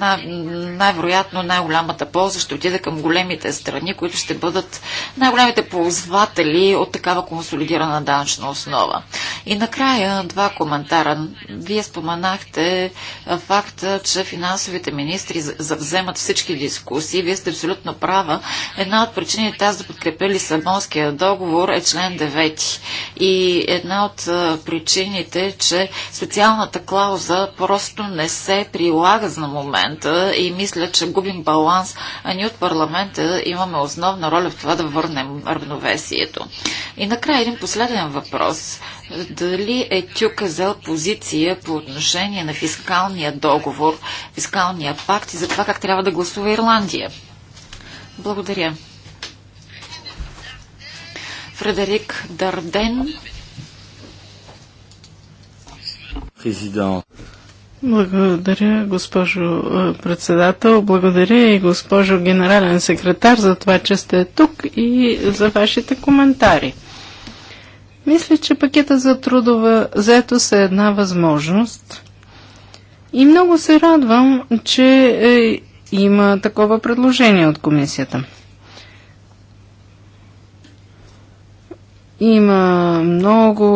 най-вероятно най-голямата полза ще отиде към големите страни, които ще бъдат най-големите ползватели от такава консолидирана данъчна основа. И накрая два коментара. Вие споменахте факта, че финансовите министри завземат всички дискусии. Вие сте абсолютно права. Една от причините аз да подкрепя Лисабонския договор е член 9. И една от причините, че специалната клауза база просто не се прилага за момента и мисля, че губим баланс, а ние от парламента имаме основна роля в това да върнем равновесието. И накрая един последен въпрос. Дали е Тюк взел позиция по отношение на фискалния договор, фискалния пакт и за това как трябва да гласува Ирландия? Благодаря. Фредерик Дарден президент. Благодаря, госпожо е, председател. Благодаря и госпожо генерален секретар за това, че сте тук и за вашите коментари. Мисля, че пакета за трудова заето е една възможност. И много се радвам, че е, има такова предложение от комисията. Има много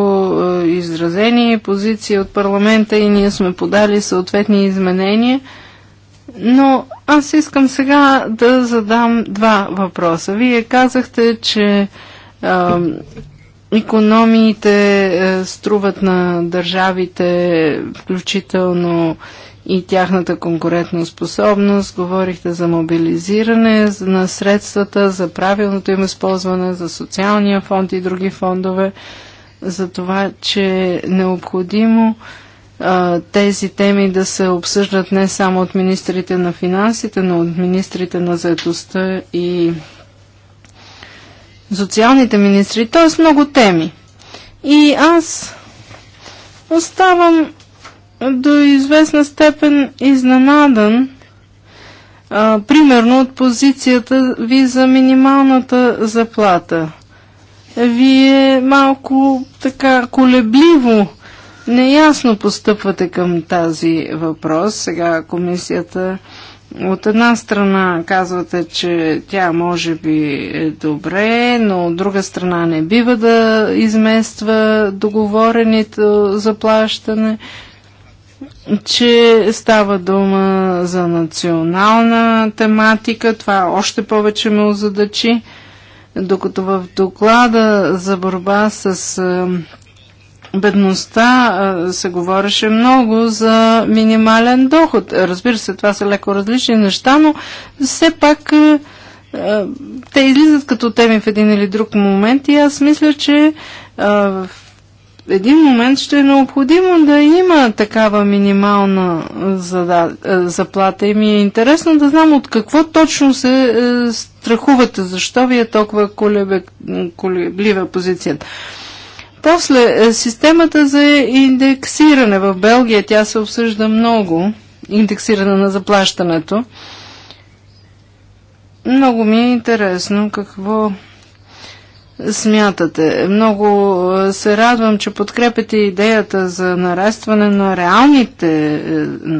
е, изразени позиции от парламента и ние сме подали съответни изменения. Но аз искам сега да задам два въпроса. Вие казахте, че а, е, економиите е, струват на държавите, включително и тяхната конкурентна способност. Говорихте за мобилизиране на средствата, за правилното им използване, за социалния фонд и други фондове, за това, че е необходимо а, тези теми да се обсъждат не само от министрите на финансите, но от министрите на заедостта и социалните министри, т.е. много теми. И аз оставам до известна степен изненадан, а, примерно от позицията ви за минималната заплата. Вие малко така колебливо, неясно постъпвате към тази въпрос. Сега комисията от една страна казвате, че тя може би е добре, но от друга страна не бива да измества договорените заплащане. плащане че става дума за национална тематика. Това още повече ме озадачи, докато в доклада за борба с е, бедността е, се говореше много за минимален доход. Разбира се, това са леко различни неща, но все пак е, те излизат като теми в един или друг момент и аз мисля, че в един момент ще е необходимо да има такава минимална зада, е, заплата и ми е интересно да знам от какво точно се е, страхувате, защо ви е толкова колеблива позицията. После, е, системата за индексиране в Белгия, тя се обсъжда много, индексиране на заплащането. Много ми е интересно какво смятате. Много е, се радвам, че подкрепяте идеята за нарастване на реалните, е,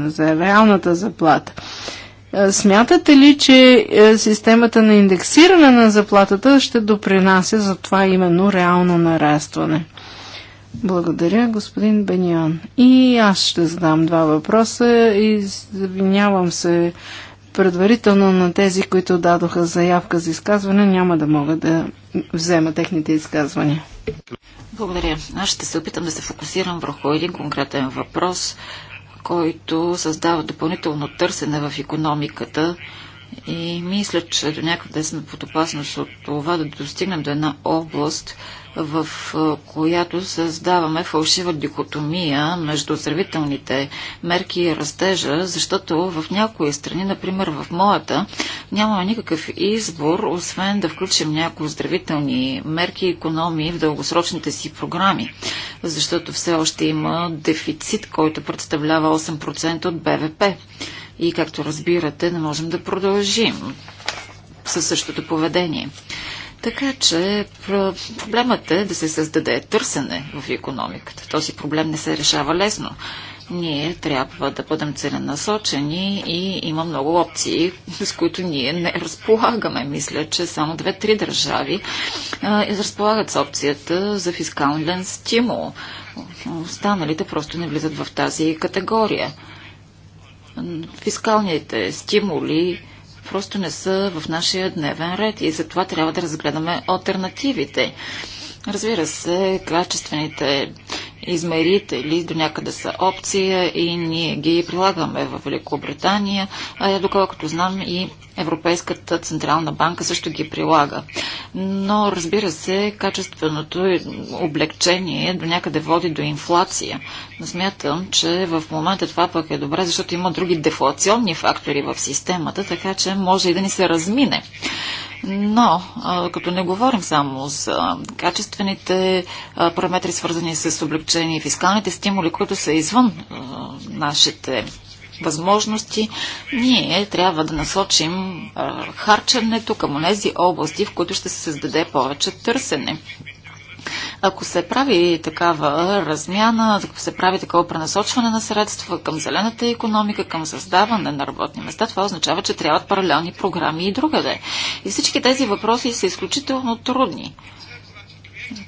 за реалната заплата. Е, смятате ли, че системата на индексиране на заплатата ще допринася за това именно реално нарастване? Благодаря, господин Бениан. И аз ще задам два въпроса. и Извинявам се, предварително на тези, които дадоха заявка за изказване, няма да мога да взема техните изказвания. Благодаря. Аз ще се опитам да се фокусирам върху един конкретен въпрос, който създава допълнително търсене в економиката и мисля, че до някъде сме под опасност от това да достигнем до една област, в която създаваме фалшива дикотомия между оздравителните мерки и растежа, защото в някои страни, например в моята, нямаме никакъв избор, освен да включим някои оздравителни мерки и економии в дългосрочните си програми, защото все още има дефицит, който представлява 8% от БВП. И както разбирате, не можем да продължим със същото поведение. Така че проблемът е да се създаде търсене в економиката. Този проблем не се решава лесно. Ние трябва да бъдем целенасочени и има много опции, с които ние не разполагаме. Мисля, че само две-три държави а, разполагат с опцията за фискален стимул. Останалите просто не влизат в тази категория. Фискалните стимули просто не са в нашия дневен ред и затова трябва да разгледаме альтернативите. Разбира се, качествените измерители до някъде са опция и ние ги прилагаме в Великобритания, а доколкото знам и Европейската Централна банка също ги прилага. Но разбира се, качественото облегчение до някъде води до инфлация. Но смятам, че в момента това пък е добре, защото има други дефлационни фактори в системата, така че може и да ни се размине. Но, като не говорим само за качествените параметри, свързани с облегчението, отношение фискалните стимули, които са извън а, нашите възможности, ние трябва да насочим а, харченето към тези области, в които ще се създаде повече търсене. Ако се прави такава размяна, ако се прави такова пренасочване на средства към зелената економика, към създаване на работни места, това означава, че трябват паралелни програми и другаде. И всички тези въпроси са изключително трудни.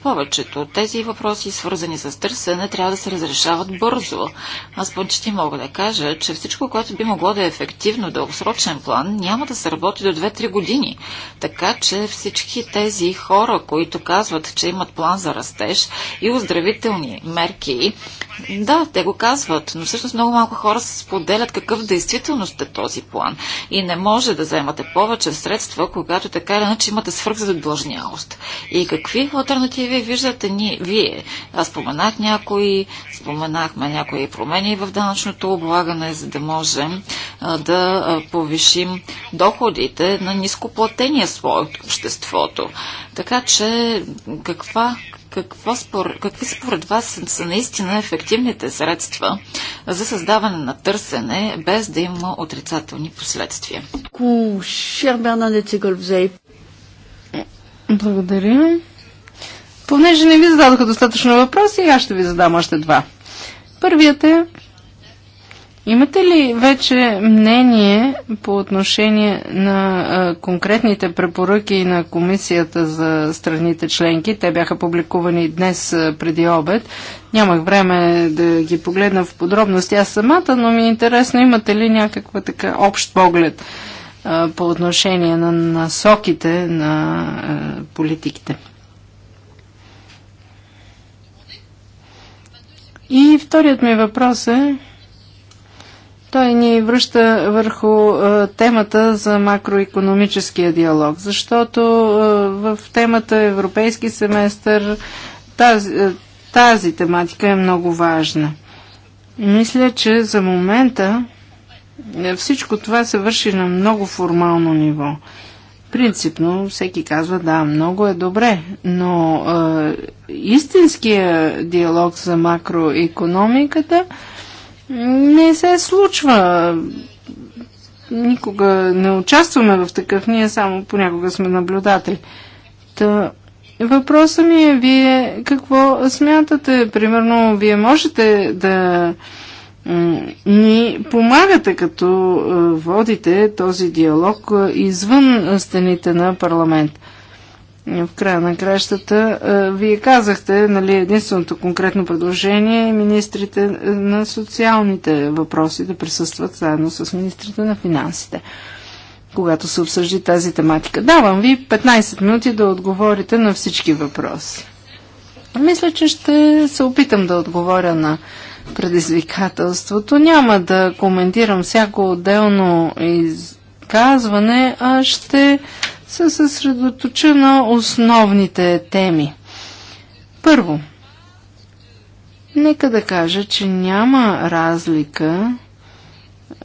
Повечето от тези въпроси, свързани с търсене, трябва да се разрешават бързо. Аз почти мога да кажа, че всичко, което би могло да е ефективно дългосрочен план, няма да се работи до 2-3 години. Така че всички тези хора, които казват, че имат план за растеж и оздравителни мерки, да, те го казват, но всъщност много малко хора се споделят какъв действителност е този план. И не може да вземате повече средства, когато така или иначе имате свръхзадлъжнялост. И какви альтернативи минути. Вие виждате, ние, вие, аз споменах някои, споменахме някои промени в данъчното облагане, за да можем а, да повишим доходите на нископлатения слой от обществото. Така че каква, какво спор, какви според вас са, са наистина ефективните средства за създаване на търсене, без да има отрицателни последствия? Благодаря. Понеже не ви зададоха достатъчно въпроси, аз ще ви задам още два. Първият е, имате ли вече мнение по отношение на а, конкретните препоръки на комисията за страните членки? Те бяха публикувани днес а, преди обед. Нямах време да ги погледна в подробности аз самата, но ми е интересно, имате ли някаква така общ поглед а, по отношение на насоките на политиките? И вторият ми въпрос е, той ни връща върху темата за макроекономическия диалог, защото в темата Европейски семестър тази, тази тематика е много важна. Мисля, че за момента е, всичко това се върши на много формално ниво. Принципно всеки казва, да, много е добре, но е, истинския диалог за макроекономиката не се случва. Никога не участваме в такъв, ние само понякога сме наблюдатели. Та, въпросът ми е, вие какво смятате? Примерно, вие можете да ни помагате, като водите този диалог извън стените на парламент. В края на кращата, вие казахте, нали, единственото конкретно предложение е министрите на социалните въпроси да присъстват заедно с министрите на финансите, когато се обсъжди тази тематика. Давам ви 15 минути да отговорите на всички въпроси. Мисля, че ще се опитам да отговоря на предизвикателството. Няма да коментирам всяко отделно изказване, а ще се съсредоточа на основните теми. Първо, нека да кажа, че няма разлика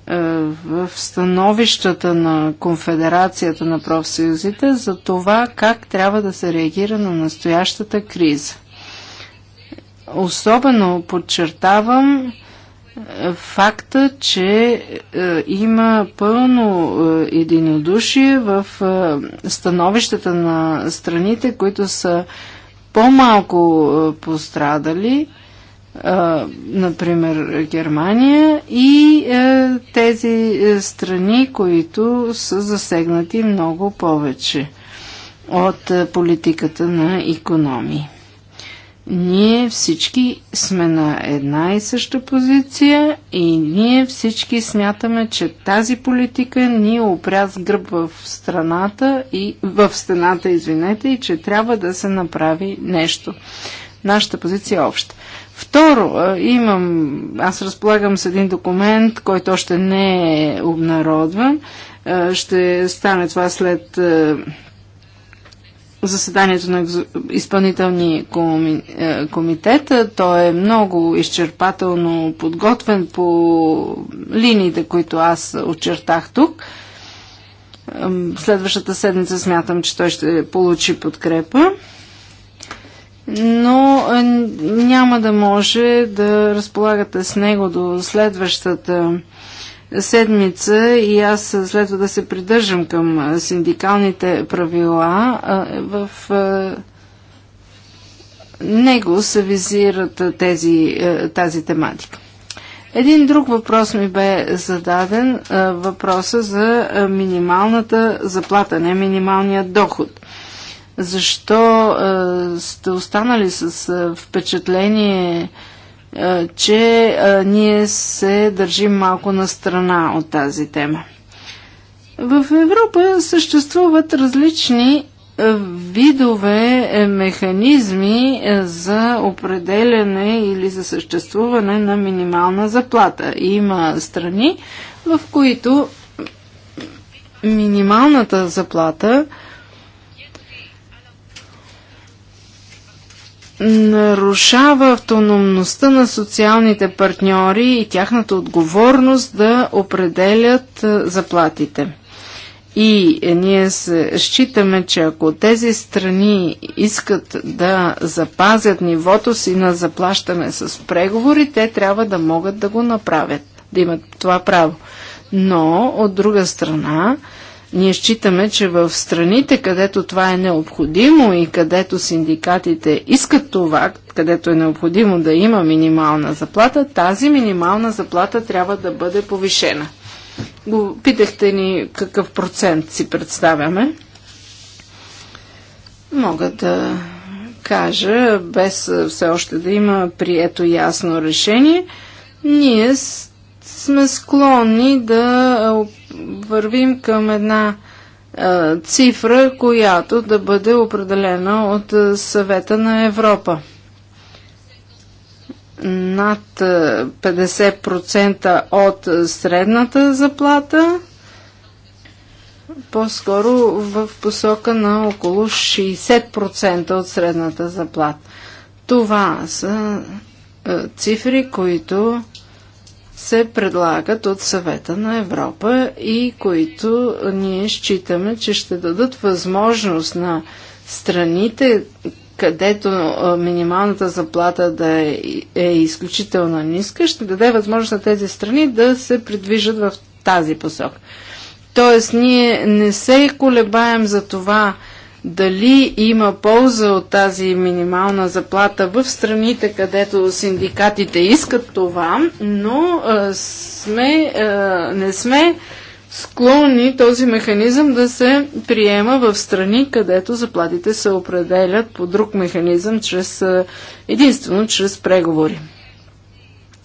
е, в становищата на Конфедерацията на профсъюзите за това как трябва да се реагира на настоящата криза. Особено подчертавам е, факта, че е, има пълно е, единодушие в становищата на страните, които са по-малко пострадали, например Германия, и тези страни, които са засегнати много повече от политиката на економии. Ние всички сме на една и съща позиция и ние всички смятаме, че тази политика ни опря с гръб в страната и в стената, извинете, и че трябва да се направи нещо. Нашата позиция е обща. Второ, имам, аз разполагам с един документ, който още не е обнародван. Ще стане това след заседанието на изпълнителния е, комитет. Е, той е много изчерпателно подготвен по линиите, които аз очертах тук. Следващата седмица смятам, че той ще получи подкрепа, но е, няма да може да разполагате с него до следващата седмица и аз следва да се придържам към синдикалните правила. В него се визират тези, тази тематика. Един друг въпрос ми бе зададен, въпроса за минималната заплата, не минималния доход. Защо сте останали с впечатление, е, че е, ние се държим малко на страна от тази тема. В Европа съществуват различни е, видове механизми за определене или за съществуване на минимална заплата. Има страни, в които минималната заплата нарушава автономността на социалните партньори и тяхната отговорност да определят заплатите. И е, ние се считаме, че ако тези страни искат да запазят нивото си на заплащане с преговори, те трябва да могат да го направят, да имат това право. Но, от друга страна, ние считаме, че в страните, където това е необходимо и където синдикатите искат това, където е необходимо да има минимална заплата, тази минимална заплата трябва да бъде повишена. Го питахте ни какъв процент си представяме. Мога да кажа, без все още да има прието ясно решение, ние сме склонни да вървим към една а, цифра, която да бъде определена от а, съвета на Европа. Над 50% от средната заплата, по-скоро в посока на около 60% от средната заплата. Това са цифри, които се предлагат от съвета на Европа и които ние считаме, че ще дадат възможност на страните, където минималната заплата да е, е изключително ниска, ще даде възможност на тези страни да се придвижат в тази посока. Тоест, ние не се колебаем за това, дали има полза от тази минимална заплата в страните, където синдикатите искат това, но сме, не сме склонни този механизъм да се приема в страни, където заплатите се определят по друг механизъм, чрез, единствено чрез преговори.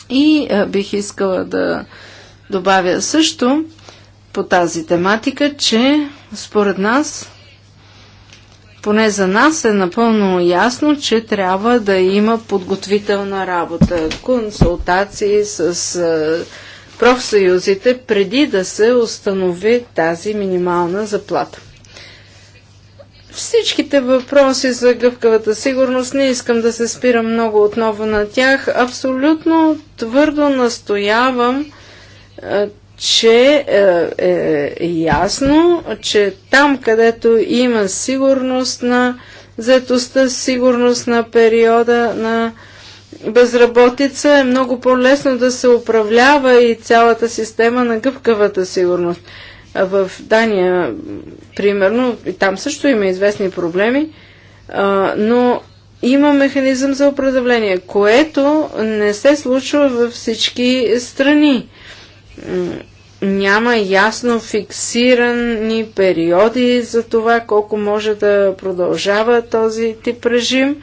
И бих искала да добавя също по тази тематика, че според нас поне за нас е напълно ясно, че трябва да има подготвителна работа, консултации с е, профсъюзите преди да се установи тази минимална заплата. Всичките въпроси за гъвкавата сигурност, не искам да се спирам много отново на тях, абсолютно твърдо настоявам е, че е, е ясно, че там, където има сигурност на заетостта, сигурност на периода на безработица, е много по-лесно да се управлява и цялата система на гъвкавата сигурност. В Дания, примерно, и там също има известни проблеми, а, но има механизъм за управление, което не се случва във всички страни няма ясно фиксирани периоди за това колко може да продължава този тип режим.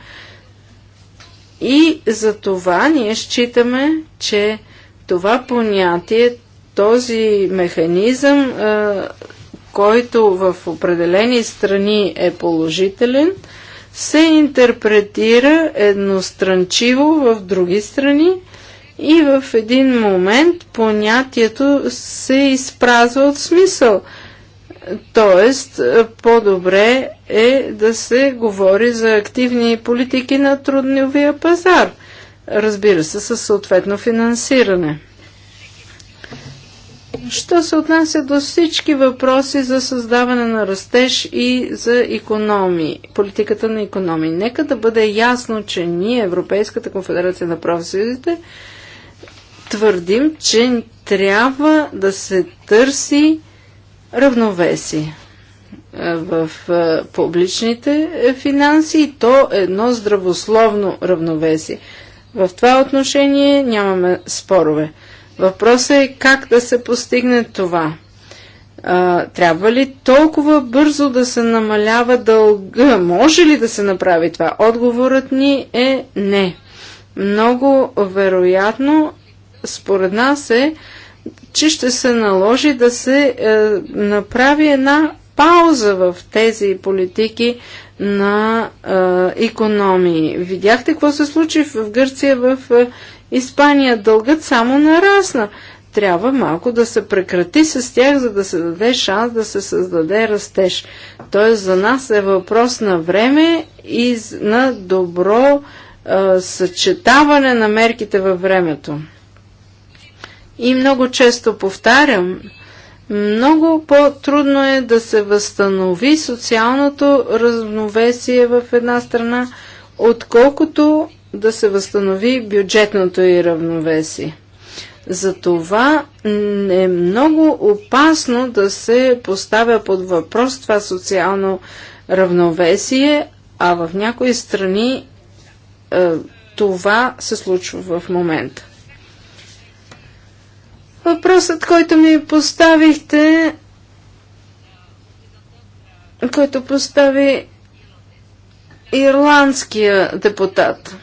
И за това ние считаме, че това понятие, този механизъм, който в определени страни е положителен, се интерпретира едностранчиво в други страни – и в един момент понятието се изпразва от смисъл. Тоест, по-добре е да се говори за активни политики на трудновия пазар. Разбира се, със съответно финансиране. Що се отнася до всички въпроси за създаване на растеж и за економии, политиката на економии, нека да бъде ясно, че ние, Европейската конфедерация на профсъюзите, твърдим, че трябва да се търси равновесие е, в е, публичните финанси и то едно здравословно равновесие. В това отношение нямаме спорове. Въпросът е как да се постигне това. трябва ли толкова бързо да се намалява дълга? Може ли да се направи това? Отговорът ни е не. Много вероятно според нас е, че ще се наложи да се е, направи една пауза в тези политики на е, економии. Видяхте какво се случи в Гърция, в е, Испания. Дългът само нарасна. Трябва малко да се прекрати с тях, за да се даде шанс да се създаде растеж. Тоест за нас е въпрос на време и на добро е, съчетаване на мерките във времето и много често повтарям, много по-трудно е да се възстанови социалното равновесие в една страна, отколкото да се възстанови бюджетното и равновесие. Затова е много опасно да се поставя под въпрос това социално равновесие, а в някои страни е, това се случва в момента. Въпросът, който ми поставихте, който постави ирландския депутат.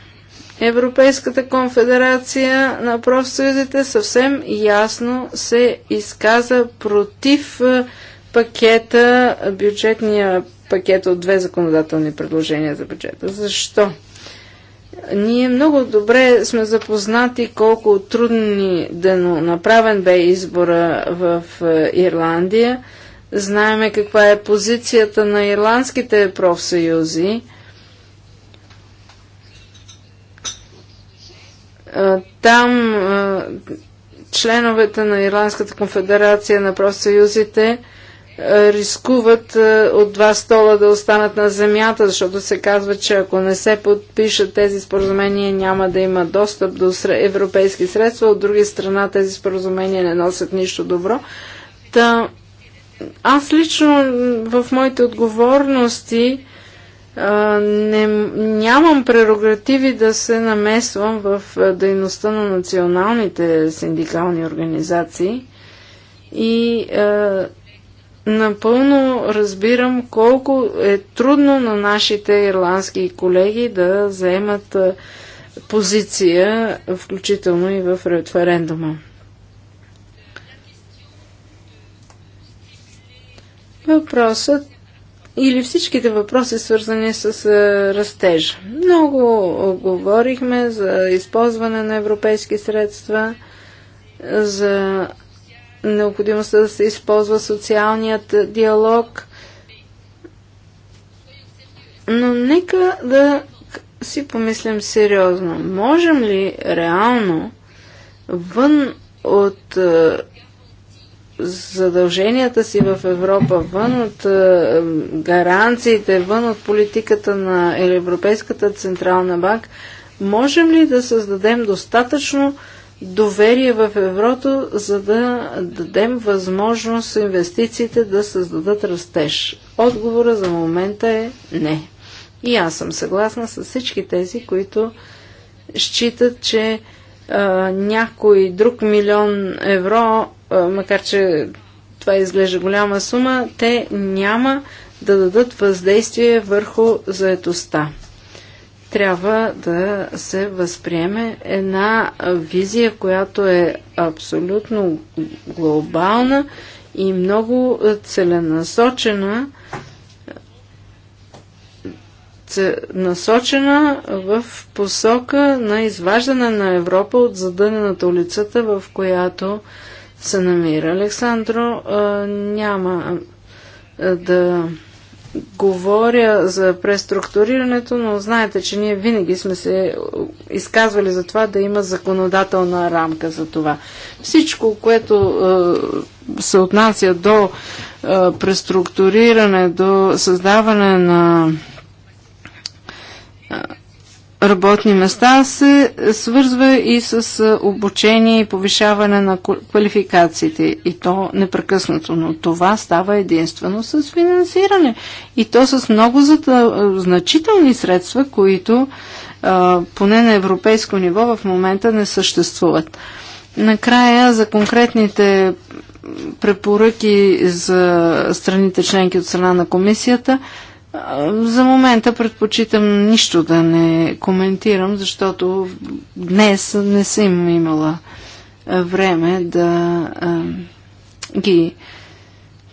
Европейската конфедерация на профсъюзите съвсем ясно се изказа против е, пакета, бюджетния пакет от две законодателни предложения за бюджета. Защо? Ние много добре сме запознати колко трудни дено направен бе избора в е, Ирландия. Знаеме каква е позицията на ирландските профсъюзи. Е, там е, членовете на Ирландската конфедерация на профсъюзите рискуват е, от два стола да останат на земята, защото се казва, че ако не се подпишат тези споразумения, няма да има достъп до европейски средства. От друга страна, тези споразумения не носят нищо добро. Та, аз лично в моите отговорности а, е, не, нямам прерогативи да се намесвам в е, дейността на националните синдикални организации и а, Напълно разбирам колко е трудно на нашите ирландски колеги да заемат позиция, включително и в референдума. Въпросът или всичките въпроси, свързани с растежа. Много говорихме за използване на европейски средства, за необходимостта да се използва социалният диалог. Но нека да си помислим сериозно. Можем ли реално вън от е, задълженията си в Европа, вън от е, гаранциите, вън от политиката на Европейската Централна банка, можем ли да създадем достатъчно доверие в еврото, за да дадем възможност инвестициите да създадат растеж? Отговора за момента е не. И аз съм съгласна с всички тези, които считат, че а, някой друг милион евро, а, макар че това изглежда голяма сума, те няма да дадат въздействие върху заетостта трябва да се възприеме една визия, която е абсолютно глобална и много целенасочена насочена в посока на изваждане на Европа от задънената улицата, в която се намира. Александро, няма да говоря за преструктурирането, но знаете, че ние винаги сме се изказвали за това да има законодателна рамка за това. Всичко, което е, се отнася до е, преструктуриране, до създаване на е, работни места се свързва и с обучение и повишаване на квалификациите. И то непрекъснато. Но това става единствено с финансиране. И то с много значителни средства, които поне на европейско ниво в момента не съществуват. Накрая за конкретните препоръки за страните членки от страна на комисията – за момента предпочитам нищо да не коментирам, защото днес не съм имала време да а, ги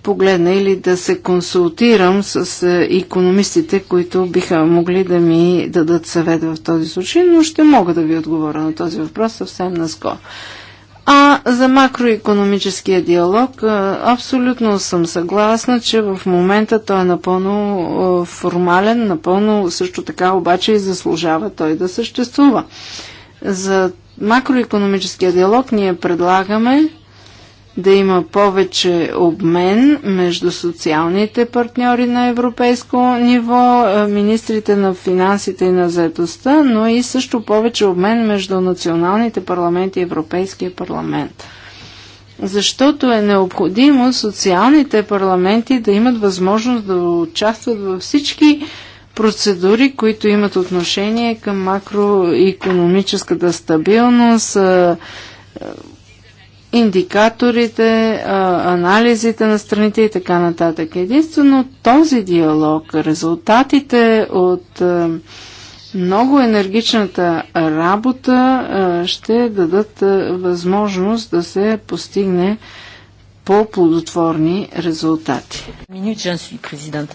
погледна или да се консултирам с економистите, които биха могли да ми дадат съвет в този случай, но ще мога да ви отговоря на този въпрос съвсем наскоро. А за макроекономическия диалог абсолютно съм съгласна, че в момента той е напълно формален, напълно също така обаче и заслужава той да съществува. За макроекономическия диалог ние предлагаме да има повече обмен между социалните партньори на европейско ниво, е, министрите на финансите и на заедостта, но и също повече обмен между националните парламенти и Европейския парламент. Защото е необходимо социалните парламенти да имат възможност да участват във всички процедури, които имат отношение към макроекономическата стабилност, е, е, индикаторите, анализите на страните и така нататък. Единствено този диалог, резултатите от много енергичната работа ще дадат възможност да се постигне по-плодотворни резултати. президент.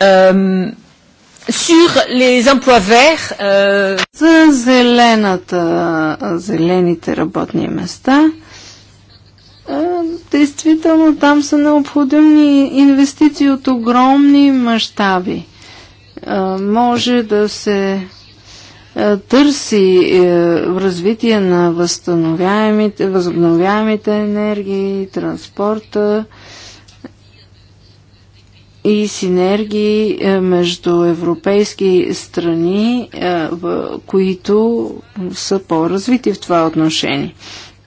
um, Sur les emplois verts, euh... За зелената, зелените работни места, действително там са необходими инвестиции от огромни мащаби. Може да се търси е, развитие на възстановяемите, възобновяемите енергии, транспорта, и синергии е, между европейски страни, е, които са по-развити в това отношение.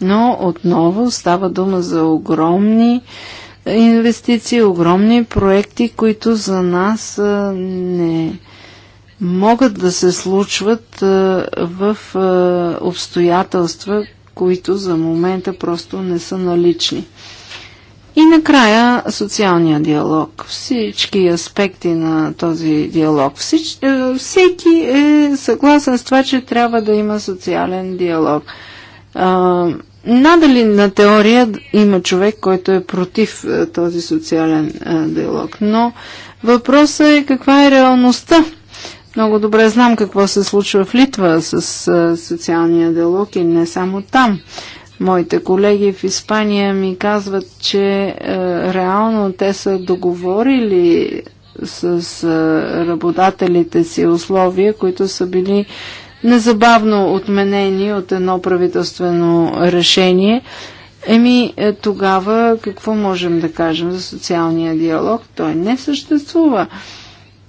Но отново става дума за огромни инвестиции, огромни проекти, които за нас е, не могат да се случват в обстоятелства, които за момента просто не са налични. И накрая социалния диалог. Всички аспекти на този диалог. Всич, е, всеки е съгласен с това, че трябва да има социален диалог. Е, надали на теория има човек, който е против е, този социален е, диалог. Но въпросът е каква е реалността. Много добре знам какво се случва в Литва с е, социалния диалог и не само там. Е, Моите колеги в Испания ми казват, че е, реално те са договорили с е, работодателите си условия, които са били незабавно отменени от едно правителствено решение. Еми, е, тогава какво можем да кажем за социалния диалог? Той не съществува. Е,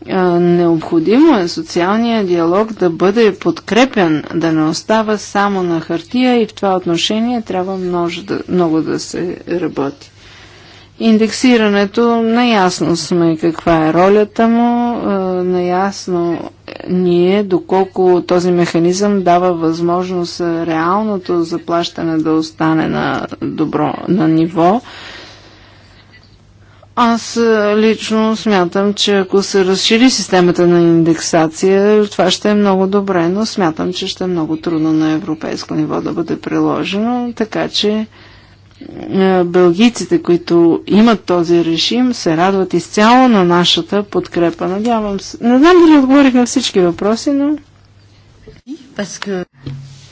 Необходимо е социалният диалог да бъде подкрепен, да не остава само на хартия и в това отношение трябва много да, много да се работи. Индексирането, наясно сме каква е ролята му, наясно ние, доколко този механизъм дава възможност реалното заплащане да остане на добро на ниво, аз е, лично смятам, че ако се разшири системата на индексация, това ще е много добре, но смятам, че ще е много трудно на европейско ниво да бъде приложено, така че е, белгийците, които имат този режим, се радват изцяло на нашата подкрепа. Надявам се. Не знам дали отговорих на всички въпроси, но...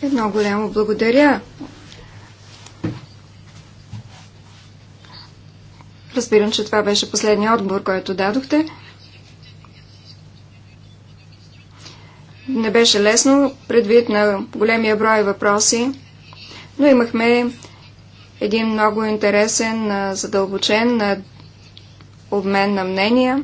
Едно голямо благодаря. Разбирам, че това беше последния отговор, който дадохте. Не беше лесно, предвид на големия брой въпроси, но имахме един много интересен, задълбочен обмен на мнения,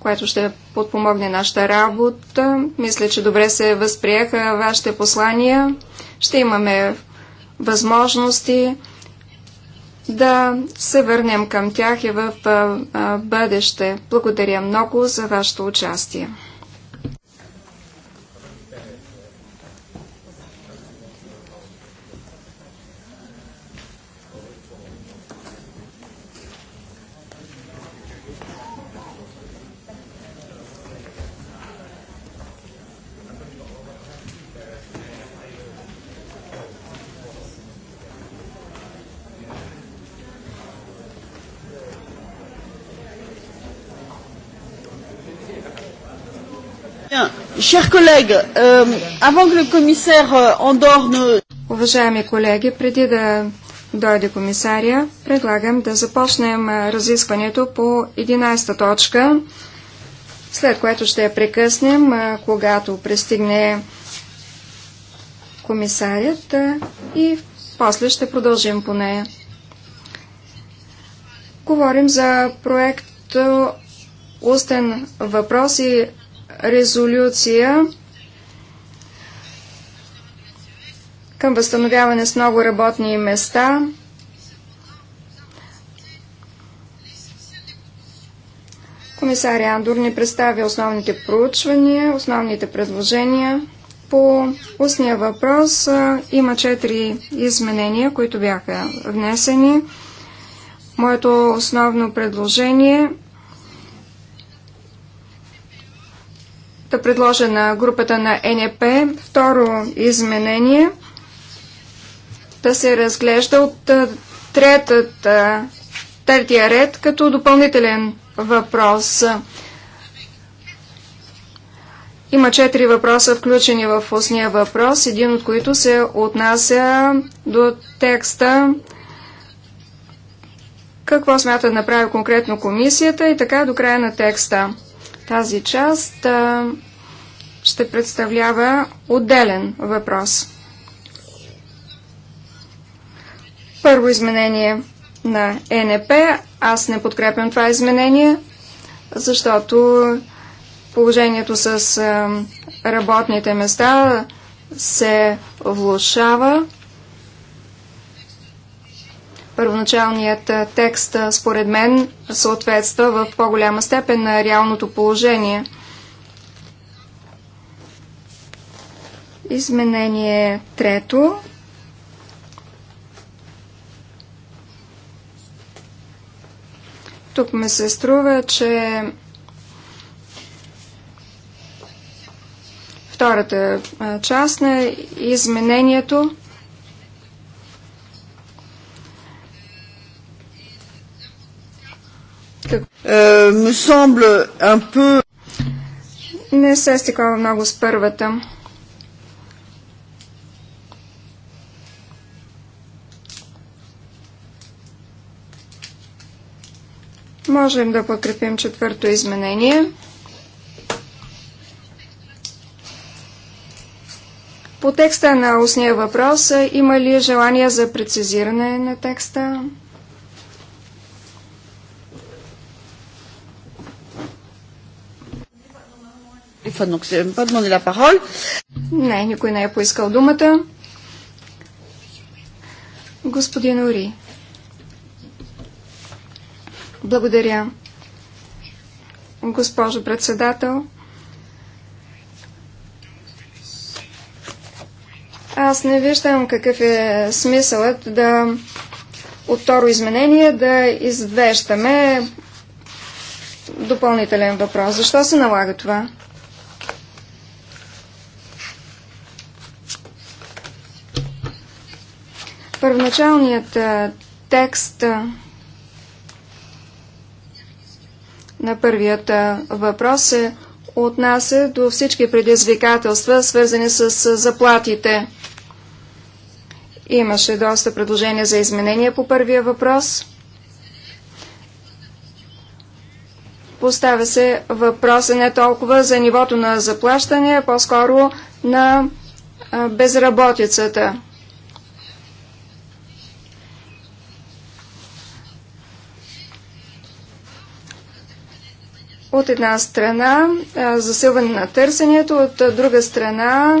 което ще подпомогне нашата работа. Мисля, че добре се възприеха вашите послания. Ще имаме възможности да се върнем към тях и в бъдеще. Благодаря много за вашето участие. Chers collègues, euh, avant que le commissaire euh, Уважаеми колеги, преди да дойде комисария, предлагам да започнем разискването по 11 та точка, след което ще я прекъснем, когато пристигне комисарият и после ще продължим по нея. Говорим за проект устен въпрос и резолюция към възстановяване с много работни места. Комисар Андор ни представи основните проучвания, основните предложения. По устния въпрос има четири изменения, които бяха внесени. Моето основно предложение да предложа на групата на НЕП второ изменение да се разглежда от третата, третия ред като допълнителен въпрос. Има четири въпроса включени в устния въпрос, един от които се отнася до текста какво смята да направи конкретно комисията и така до края на текста. Тази част а, ще представлява отделен въпрос. Първо изменение на ЕНП. Аз не подкрепям това изменение, защото положението с а, работните места се влушава Първоначалният текст, според мен, съответства в по-голяма степен на реалното положение. Изменение трето. Тук ми се струва, че втората част на изменението Е, Не се е стикава много с първата. Можем да подкрепим четвърто изменение. По текста на устния въпрос е, има ли желание за прецизиране на текста? Не, никой не е поискал думата. Господин Ори. Благодаря. Госпожо председател, аз не виждам какъв е смисълът да от второ изменение да извеждаме допълнителен въпрос. Защо се налага това? Първоначалният текст на първият въпрос се отнася до всички предизвикателства, свързани с заплатите. Имаше доста предложения за изменения по първия въпрос. Поставя се въпроса не толкова за нивото на заплащане, а по-скоро на безработицата. От една страна засилване на търсенето, от друга страна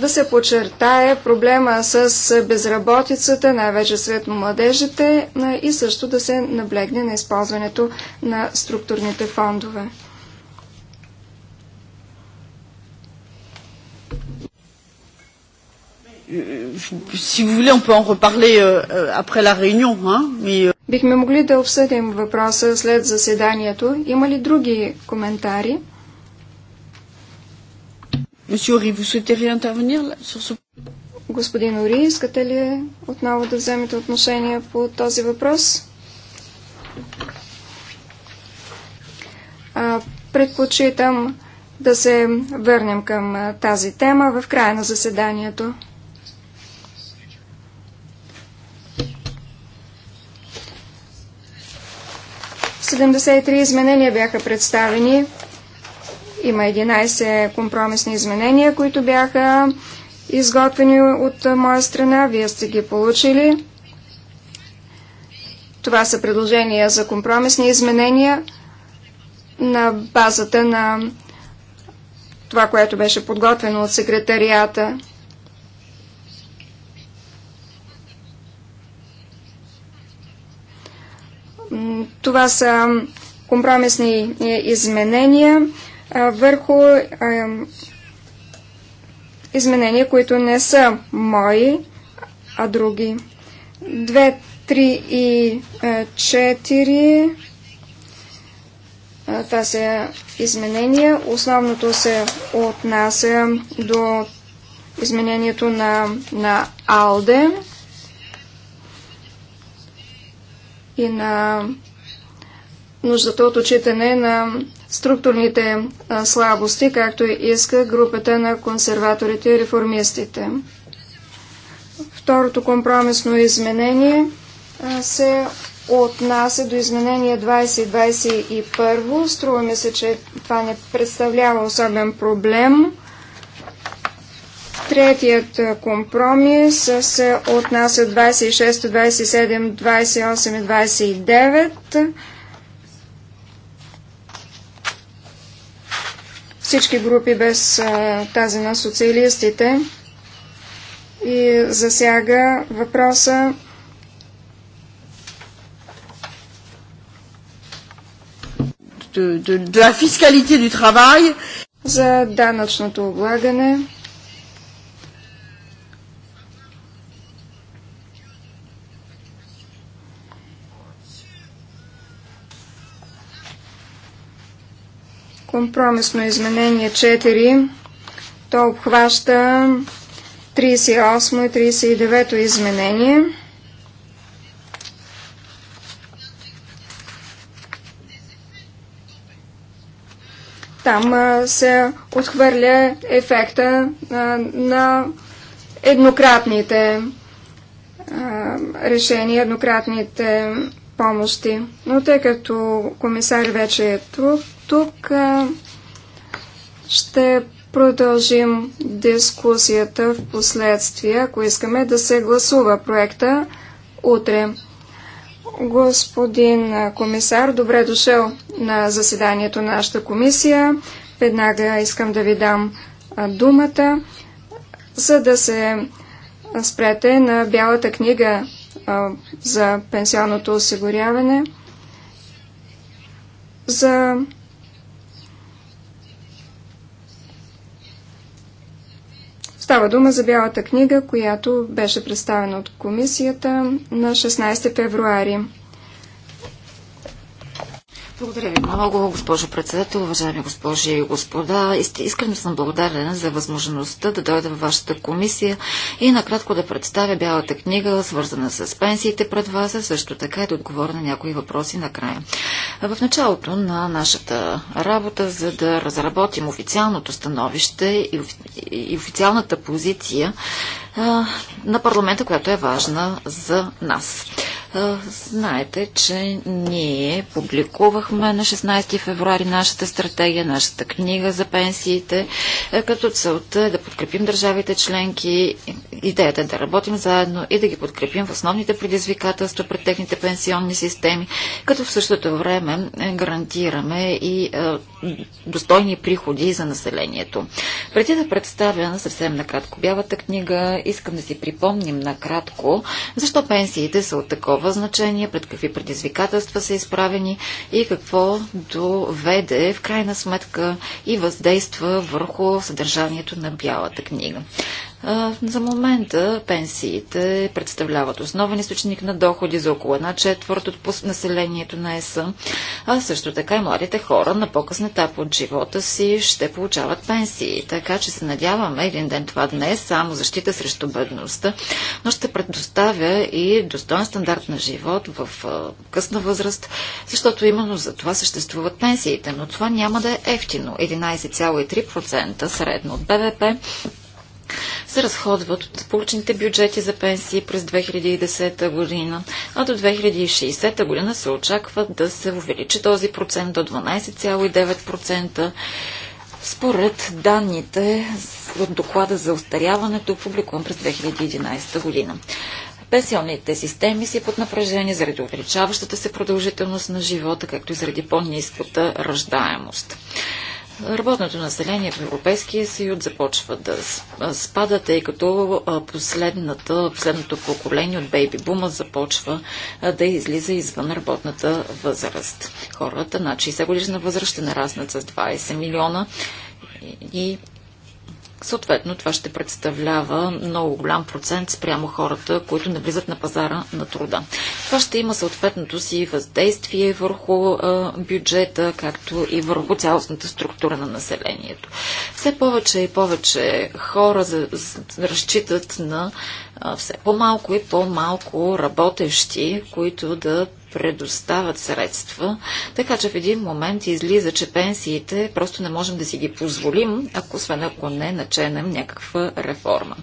да се подчертае проблема с безработицата, най-вече сред младежите и също да се наблегне на използването на структурните фондове. si vous voulez, on peut en reparler е, е, après la réunion, hein, mais. Бихме могли да обсъдим въпроса след заседанието. Има ли други коментари? Господин Ори, искате ли отново да вземете отношение по този въпрос? предпочитам да се върнем към тази тема в края на заседанието. 73 изменения бяха представени. Има 11 компромисни изменения, които бяха изготвени от моя страна. Вие сте ги получили. Това са предложения за компромисни изменения на базата на това, което беше подготвено от секретарията. Това са компромисни е, изменения върху изменения, които не са мои, а други. Две, 3 и четири Това са изменения. Основното се отнася до изменението на, на Алде. и на нуждата от отчитане на структурните слабости, както иска групата на консерваторите и реформистите. Второто компромисно изменение се отнася до изменение 2021. Струва ми се, че това не представлява особен проблем. Третият компромис се отнася 26, 27, 28 и 29. Всички групи без тази на социалистите и засяга въпроса de, de, de la fiscalité du travail. За данъчното облагане. Компромисно изменение 4. То обхваща 38 и 39 изменение. Там се отхвърля ефекта на еднократните решения, еднократните помощи. Но тъй като комисар вече е тук, тук ще продължим дискусията в последствие, ако искаме да се гласува проекта утре. Господин комисар, добре дошъл на заседанието на нашата комисия. Веднага искам да ви дам думата, за да се спрете на бялата книга за пенсионното осигуряване, за Става дума за Бялата книга, която беше представена от комисията на 16 февруари. Благодаря ви много, госпожо председател, уважаеми госпожи и господа. Искрено съм благодарен за възможността да дойда в вашата комисия и накратко да представя бялата книга, свързана с пенсиите пред вас, а също така и да отговоря на някои въпроси накрая. В началото на нашата работа, за да разработим официалното становище и официалната позиция на парламента, която е важна за нас. Знаете, че ние публикувахме на 16 февруари нашата стратегия, нашата книга за пенсиите, е, като целта е да подкрепим държавите членки, идеята е да работим заедно и да ги подкрепим в основните предизвикателства пред техните пенсионни системи, като в същото време е, гарантираме и е, достойни приходи за населението. Преди да представя съвсем накратко бялата книга, искам да си припомним накратко защо пенсиите са от такова такова значение, пред какви предизвикателства са изправени и какво доведе в крайна сметка и въздейства върху съдържанието на Бялата книга. За момента пенсиите представляват основен източник на доходи за около една четвърт от населението на ЕС, а също така и младите хора на по-късен етап от живота си ще получават пенсии. Така че се надяваме един ден това не е само защита срещу бедността, но ще предоставя и достоен стандарт на живот в късна възраст, защото именно за това съществуват пенсиите. Но това няма да е ефтино. 11,3% средно от БВП се разходват от получените бюджети за пенсии през 2010 година, а до 2060 година се очаква да се увеличи този процент до 12,9% според данните от доклада за устаряването, публикуван през 2011 година. Пенсионните системи си под напрежение заради увеличаващата се продължителност на живота, както и заради по-низката ръждаемост. Работното население в Европейския съюз започва да спада, тъй като последното поколение от бейби бума започва да излиза извън работната възраст. Хората на 60 годишна възраст ще нараснат с 20 милиона и Съответно, това ще представлява много голям процент спрямо хората, които не влизат на пазара на труда. Това ще има съответното си въздействие върху бюджета, както и върху цялостната структура на населението. Все повече и повече хора разчитат на все по-малко и по-малко работещи, които да предоставят средства, така че в един момент излиза, че пенсиите просто не можем да си ги позволим, ако освен ако не наченем някаква реформа.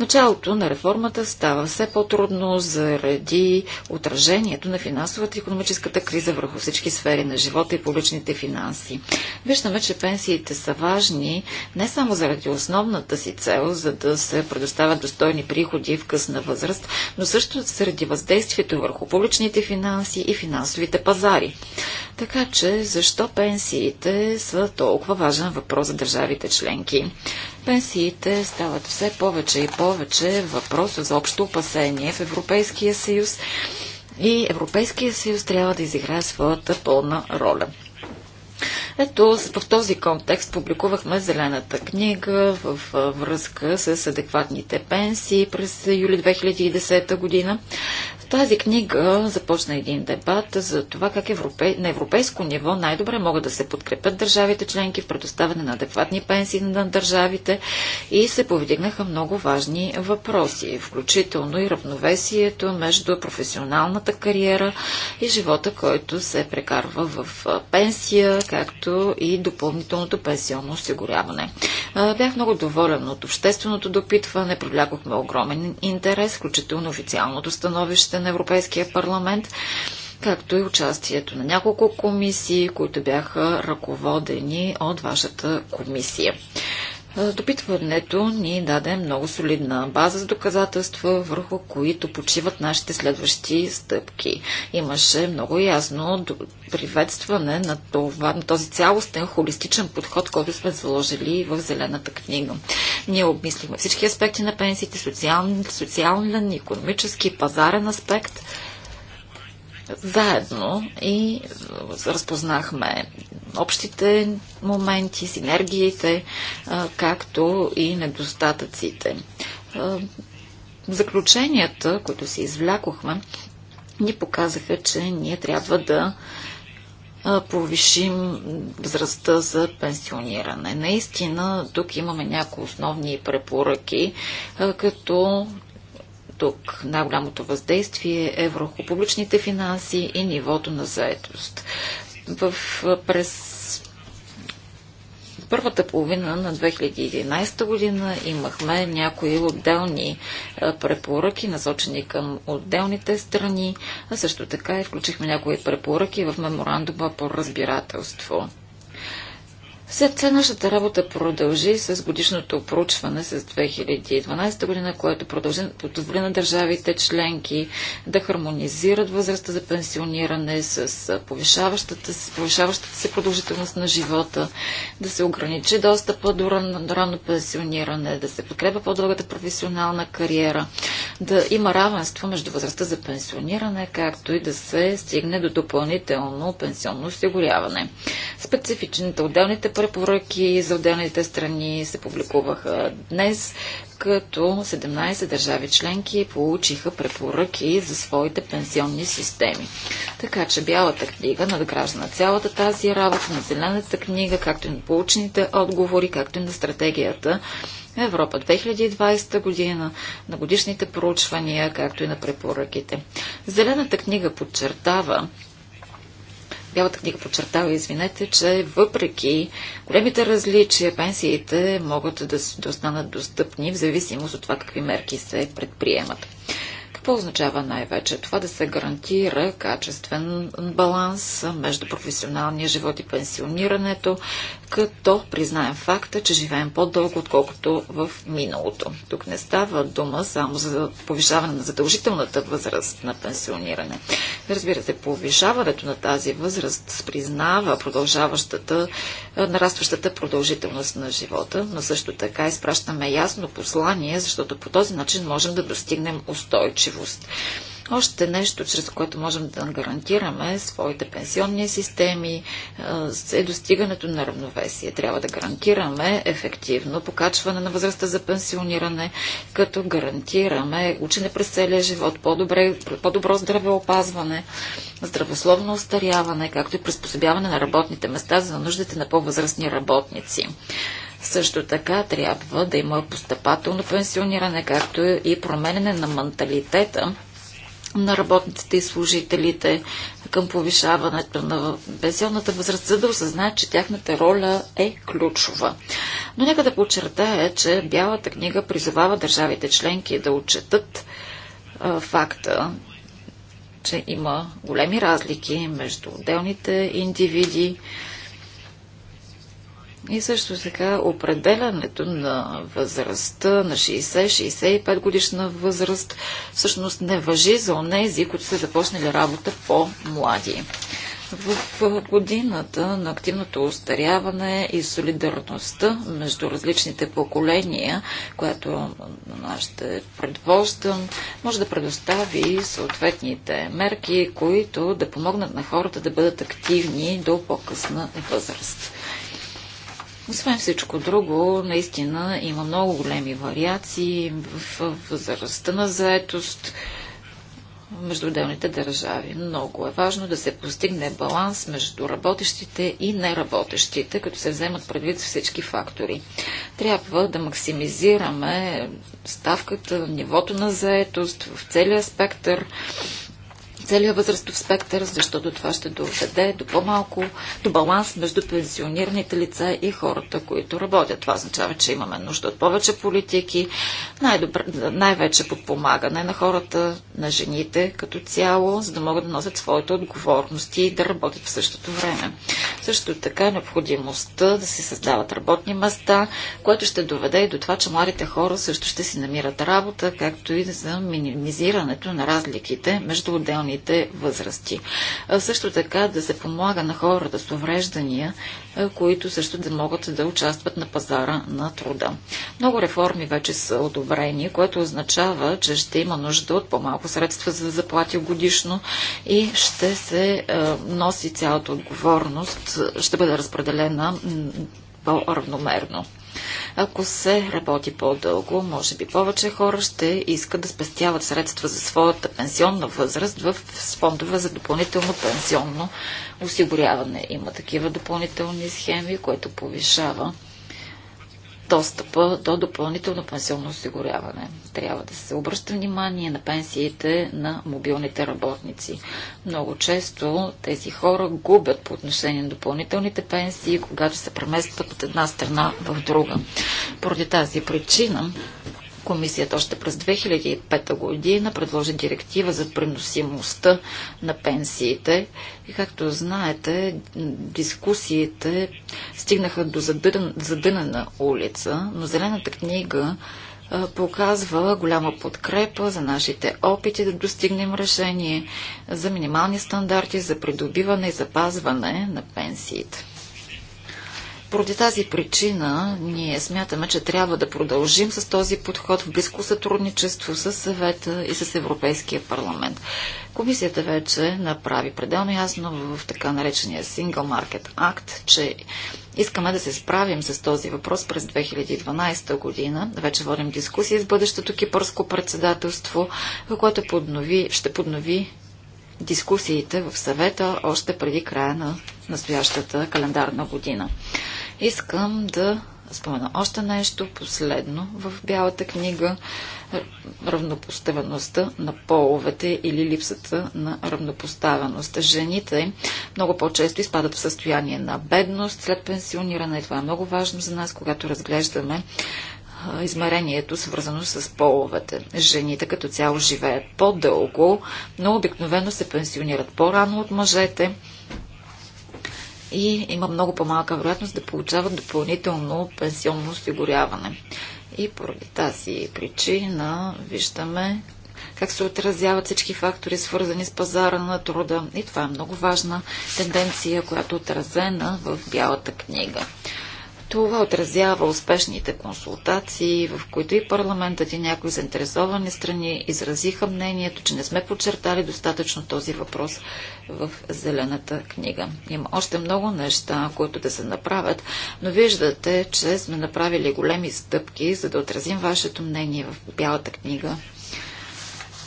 Началото на реформата става все по-трудно заради отражението на финансовата и економическата криза върху всички сфери на живота и публичните финанси. Виждаме, че пенсиите са важни не само заради основната си цел, за да се предоставят достойни приходи в късна възраст, но също заради въздействието върху публичните финанси, финанси и финансовите пазари. Така че, защо пенсиите са толкова важен въпрос за държавите членки? Пенсиите стават все повече и повече въпрос за общо опасение в Европейския съюз и Европейския съюз трябва да изиграе своята пълна роля. Ето, в този контекст публикувахме Зелената книга в връзка с адекватните пенсии през юли 2010 година тази книга започна един дебат за това как европе... на европейско ниво най-добре могат да се подкрепят държавите членки в предоставяне на адекватни пенсии на държавите и се повдигнаха много важни въпроси, включително и равновесието между професионалната кариера и живота, който се прекарва в пенсия, както и допълнителното пенсионно осигуряване. Бях много доволен от общественото допитване, привлякохме огромен интерес, включително официалното становище на Европейския парламент, както и участието на няколко комисии, които бяха ръководени от вашата комисия. Допитването ни даде много солидна база с доказателства, върху които почиват нашите следващи стъпки. Имаше много ясно приветстване на, това, на този цялостен холистичен подход, който сме заложили в Зелената книга. Ние обмислихме всички аспекти на пенсиите, социален, социален економически, пазарен аспект – заедно и разпознахме общите моменти, синергиите, както и недостатъците. Заключенията, които си извлякохме, ни показаха, че ние трябва да повишим възрастта за пенсиониране. Наистина, тук имаме някои основни препоръки, като тук. Най-голямото въздействие е върху публичните финанси и нивото на заетост. В, през първата половина на 2011 година имахме някои отделни препоръки, насочени към отделните страни, а също така и включихме някои препоръки в меморандума по разбирателство. След това нашата работа продължи с годишното проучване с 2012 година, което продължи, позволи на държавите членки да хармонизират възрастта за пенсиониране с повишаващата, с повишаващата се продължителност на живота, да се ограничи достъпа до ранно рано пенсиониране, да се подкрепа по-дългата професионална кариера, да има равенство между възрастта за пенсиониране, както и да се стигне до допълнително пенсионно осигуряване. Специфичните отделните препоръки за отделните страни се публикуваха днес, като 17 държави членки получиха препоръки за своите пенсионни системи. Така че Бялата книга надгражда на цялата тази работа, на Зелената книга, както и на получените отговори, както и на стратегията Европа 2020 година, на годишните проучвания, както и на препоръките. Зелената книга подчертава, Бялата книга подчертава, извинете, че въпреки големите различия, пенсиите могат да, да останат достъпни в зависимост от това какви мерки се предприемат. Какво означава най-вече? Това да се гарантира качествен баланс между професионалния живот и пенсионирането, като признаем факта, че живеем по-дълго, отколкото в миналото. Тук не става дума само за повишаване на задължителната възраст на пенсиониране. Разбира се, повишаването на тази възраст признава продължаващата, нарастващата продължителност на живота, но също така изпращаме ясно послание, защото по този начин можем да достигнем устойчиво устойчивост. Още нещо, чрез което можем да гарантираме своите пенсионни системи, е, е достигането на равновесие. Трябва да гарантираме ефективно покачване на възрастта за пенсиониране, като гарантираме учене през целия живот, по-добре, по-добро здравеопазване, здравословно остаряване, както и приспособяване на работните места за нуждите на по-възрастни работници. Също така трябва да има постъпателно пенсиониране, както и променене на менталитета на работниците и служителите към повишаването на пенсионната възраст, за да осъзнаят, че тяхната роля е ключова. Но нека да подчертая, че Бялата книга призовава държавите членки да отчетат а, факта, че има големи разлики между отделните индивиди, и също така определянето на възрастта на 60-65 годишна възраст всъщност не въжи за онези, които са започнали работа по-млади. В годината на активното устаряване и солидарността между различните поколения, която ще предвождам, може да предостави съответните мерки, които да помогнат на хората да бъдат активни до по-късна възраст. Освен всичко друго, наистина има много големи вариации в възрастта на заетост между отделните държави. Много е важно да се постигне баланс между работещите и неработещите, като се вземат предвид всички фактори. Трябва да максимизираме ставката, нивото на заетост в целия спектър целия възрастов спектър, защото това ще доведе до по-малко, до баланс между пенсионираните лица и хората, които работят. Това означава, че имаме нужда от повече политики, най-вече най подпомагане на хората, на жените като цяло, за да могат да носят своите отговорности и да работят в същото време. Също така е необходимостта да се създават работни места, което ще доведе и до това, че младите хора също ще си намират работа, както и за минимизирането на разликите между отделните различните възрасти. Също така да се помага на хората с увреждания, които също да могат да участват на пазара на труда. Много реформи вече са одобрени, което означава, че ще има нужда от по-малко средства за заплати годишно и ще се носи цялата отговорност, ще бъде разпределена по-равномерно. Ако се работи по-дълго, може би повече хора ще искат да спестяват средства за своята пенсионна възраст в фондове за допълнително пенсионно осигуряване. Има такива допълнителни схеми, което повишава достъпа до допълнително пенсионно осигуряване. Трябва да се обръща внимание на пенсиите на мобилните работници. Много често тези хора губят по отношение на допълнителните пенсии, когато се преместват от една страна в друга. Поради тази причина Комисията още през 2005 година предложи директива за преносимостта на пенсиите. И както знаете, дискусиите стигнаха до задънена улица, но Зелената книга показва голяма подкрепа за нашите опити да достигнем решение за минимални стандарти за придобиване и запазване на пенсиите. Поради тази причина ние смятаме, че трябва да продължим с този подход в близко сътрудничество с съвета и с Европейския парламент. Комисията вече направи пределно ясно в така наречения Single Market Act, че искаме да се справим с този въпрос през 2012 година. Вече водим дискусии с бъдещото кипърско председателство, което поднови, ще поднови дискусиите в съвета още преди края на настоящата календарна година. Искам да спомена още нещо последно в Бялата книга равнопоставеността на половете или липсата на равнопоставеност. Жените много по-често изпадат в състояние на бедност след пенсиониране. Това е много важно за нас, когато разглеждаме измерението, свързано с половете. Жените като цяло живеят по-дълго, но обикновено се пенсионират по-рано от мъжете и има много по-малка вероятност да получават допълнително пенсионно осигуряване. И поради тази причина виждаме как се отразяват всички фактори, свързани с пазара на труда. И това е много важна тенденция, която е отразена в Бялата книга. Това отразява успешните консултации, в които и парламентът и някои заинтересовани страни изразиха мнението, че не сме подчертали достатъчно този въпрос в Зелената книга. Има още много неща, които да се направят, но виждате, че сме направили големи стъпки, за да отразим вашето мнение в Бялата книга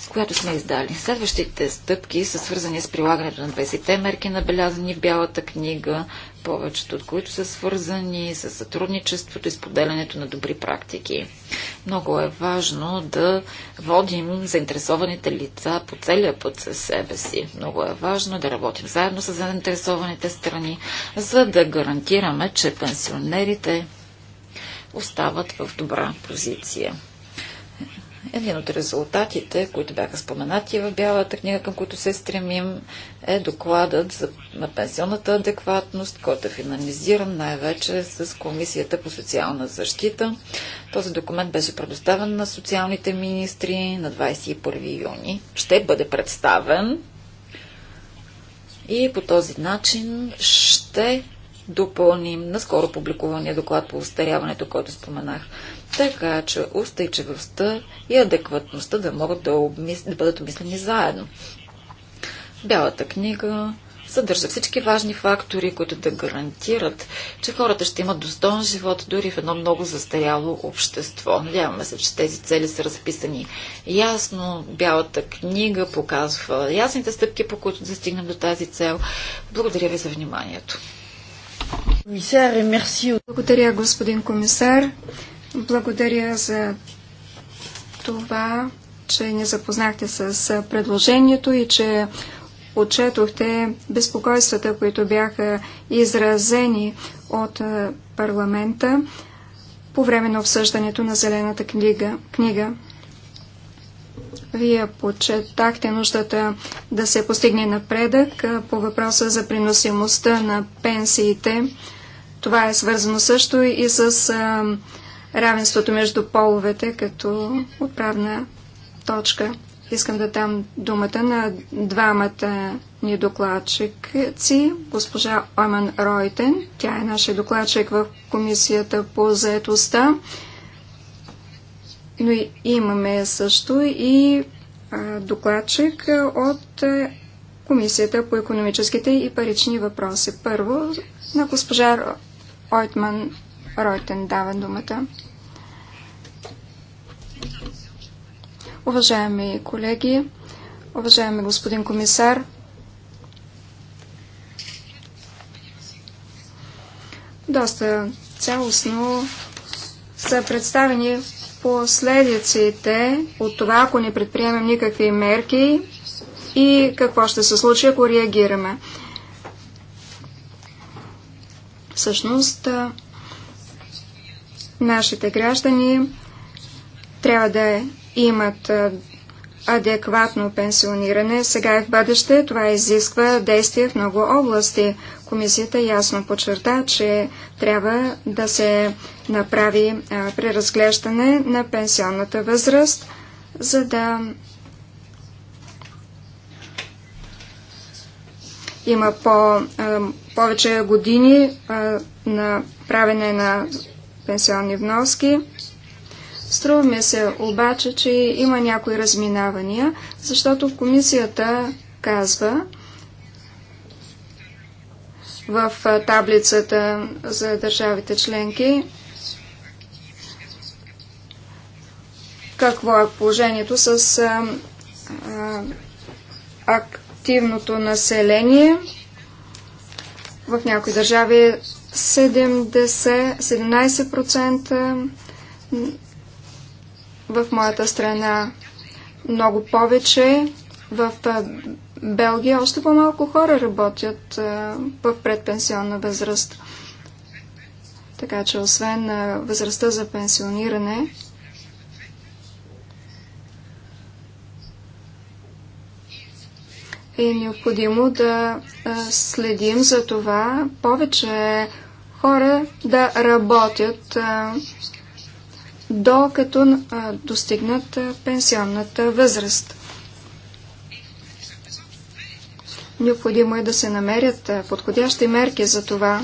която сме издали. Следващите стъпки са свързани с прилагането на 20-те мерки, набелязани в Бялата книга, повечето от които са свързани с сътрудничеството и споделянето на добри практики. Много е важно да водим заинтересованите лица по целия път със себе си. Много е важно да работим заедно с заинтересованите страни, за да гарантираме, че пенсионерите остават в добра позиция. Един от резултатите, които бяха споменати в Бялата книга, към които се стремим, е докладът за, на пенсионната адекватност, който е финализиран най-вече с Комисията по социална защита. Този документ беше предоставен на социалните министри на 21 юни. Ще бъде представен и по този начин ще допълним наскоро публикувания доклад по устаряването, който споменах. Така че устойчивостта и адекватността да могат да, обмис... да бъдат обмислени заедно. Бялата книга съдържа всички важни фактори, които да гарантират, че хората ще имат достоен живот дори в едно много застаряло общество. Надяваме се, че тези цели са разписани ясно. Бялата книга показва ясните стъпки, по които да стигнем до тази цел. Благодаря ви за вниманието. Благодаря, господин комисар. Благодаря за това, че ни запознахте с предложението и че отчетохте безпокойствата, които бяха изразени от парламента по време на обсъждането на Зелената книга. книга. Вие почетахте нуждата да се постигне напредък по въпроса за приносимостта на пенсиите. Това е свързано също и с равенството между половете като отправна точка. Искам да дам думата на двамата ни докладчици, госпожа Оман Ройтен. Тя е нашия докладчик в Комисията по заетостта. Но имаме също и докладчик от Комисията по економическите и парични въпроси. Първо на госпожа Ойтман Ройтен дава думата. Уважаеми колеги, уважаеми господин комисар, доста цялостно са представени последиците от това, ако не предприемем никакви мерки и какво ще се случи, ако реагираме. Всъщност, нашите граждани трябва да имат адекватно пенсиониране сега и в бъдеще. Това изисква действие в много области. Комисията ясно подчерта, че трябва да се направи преразглеждане на пенсионната възраст, за да има по, повече години на правене на пенсионни вноски. Струва ми се обаче, че има някои разминавания, защото комисията казва в таблицата за държавите членки какво е положението с активното население. В някои държави 70, 17% в моята страна много повече. В Белгия още по-малко хора работят в предпенсионна възраст. Така че освен възрастта за пенсиониране, е необходимо да следим за това повече хора да работят докато достигнат пенсионната възраст. Необходимо е да се намерят подходящи мерки за това.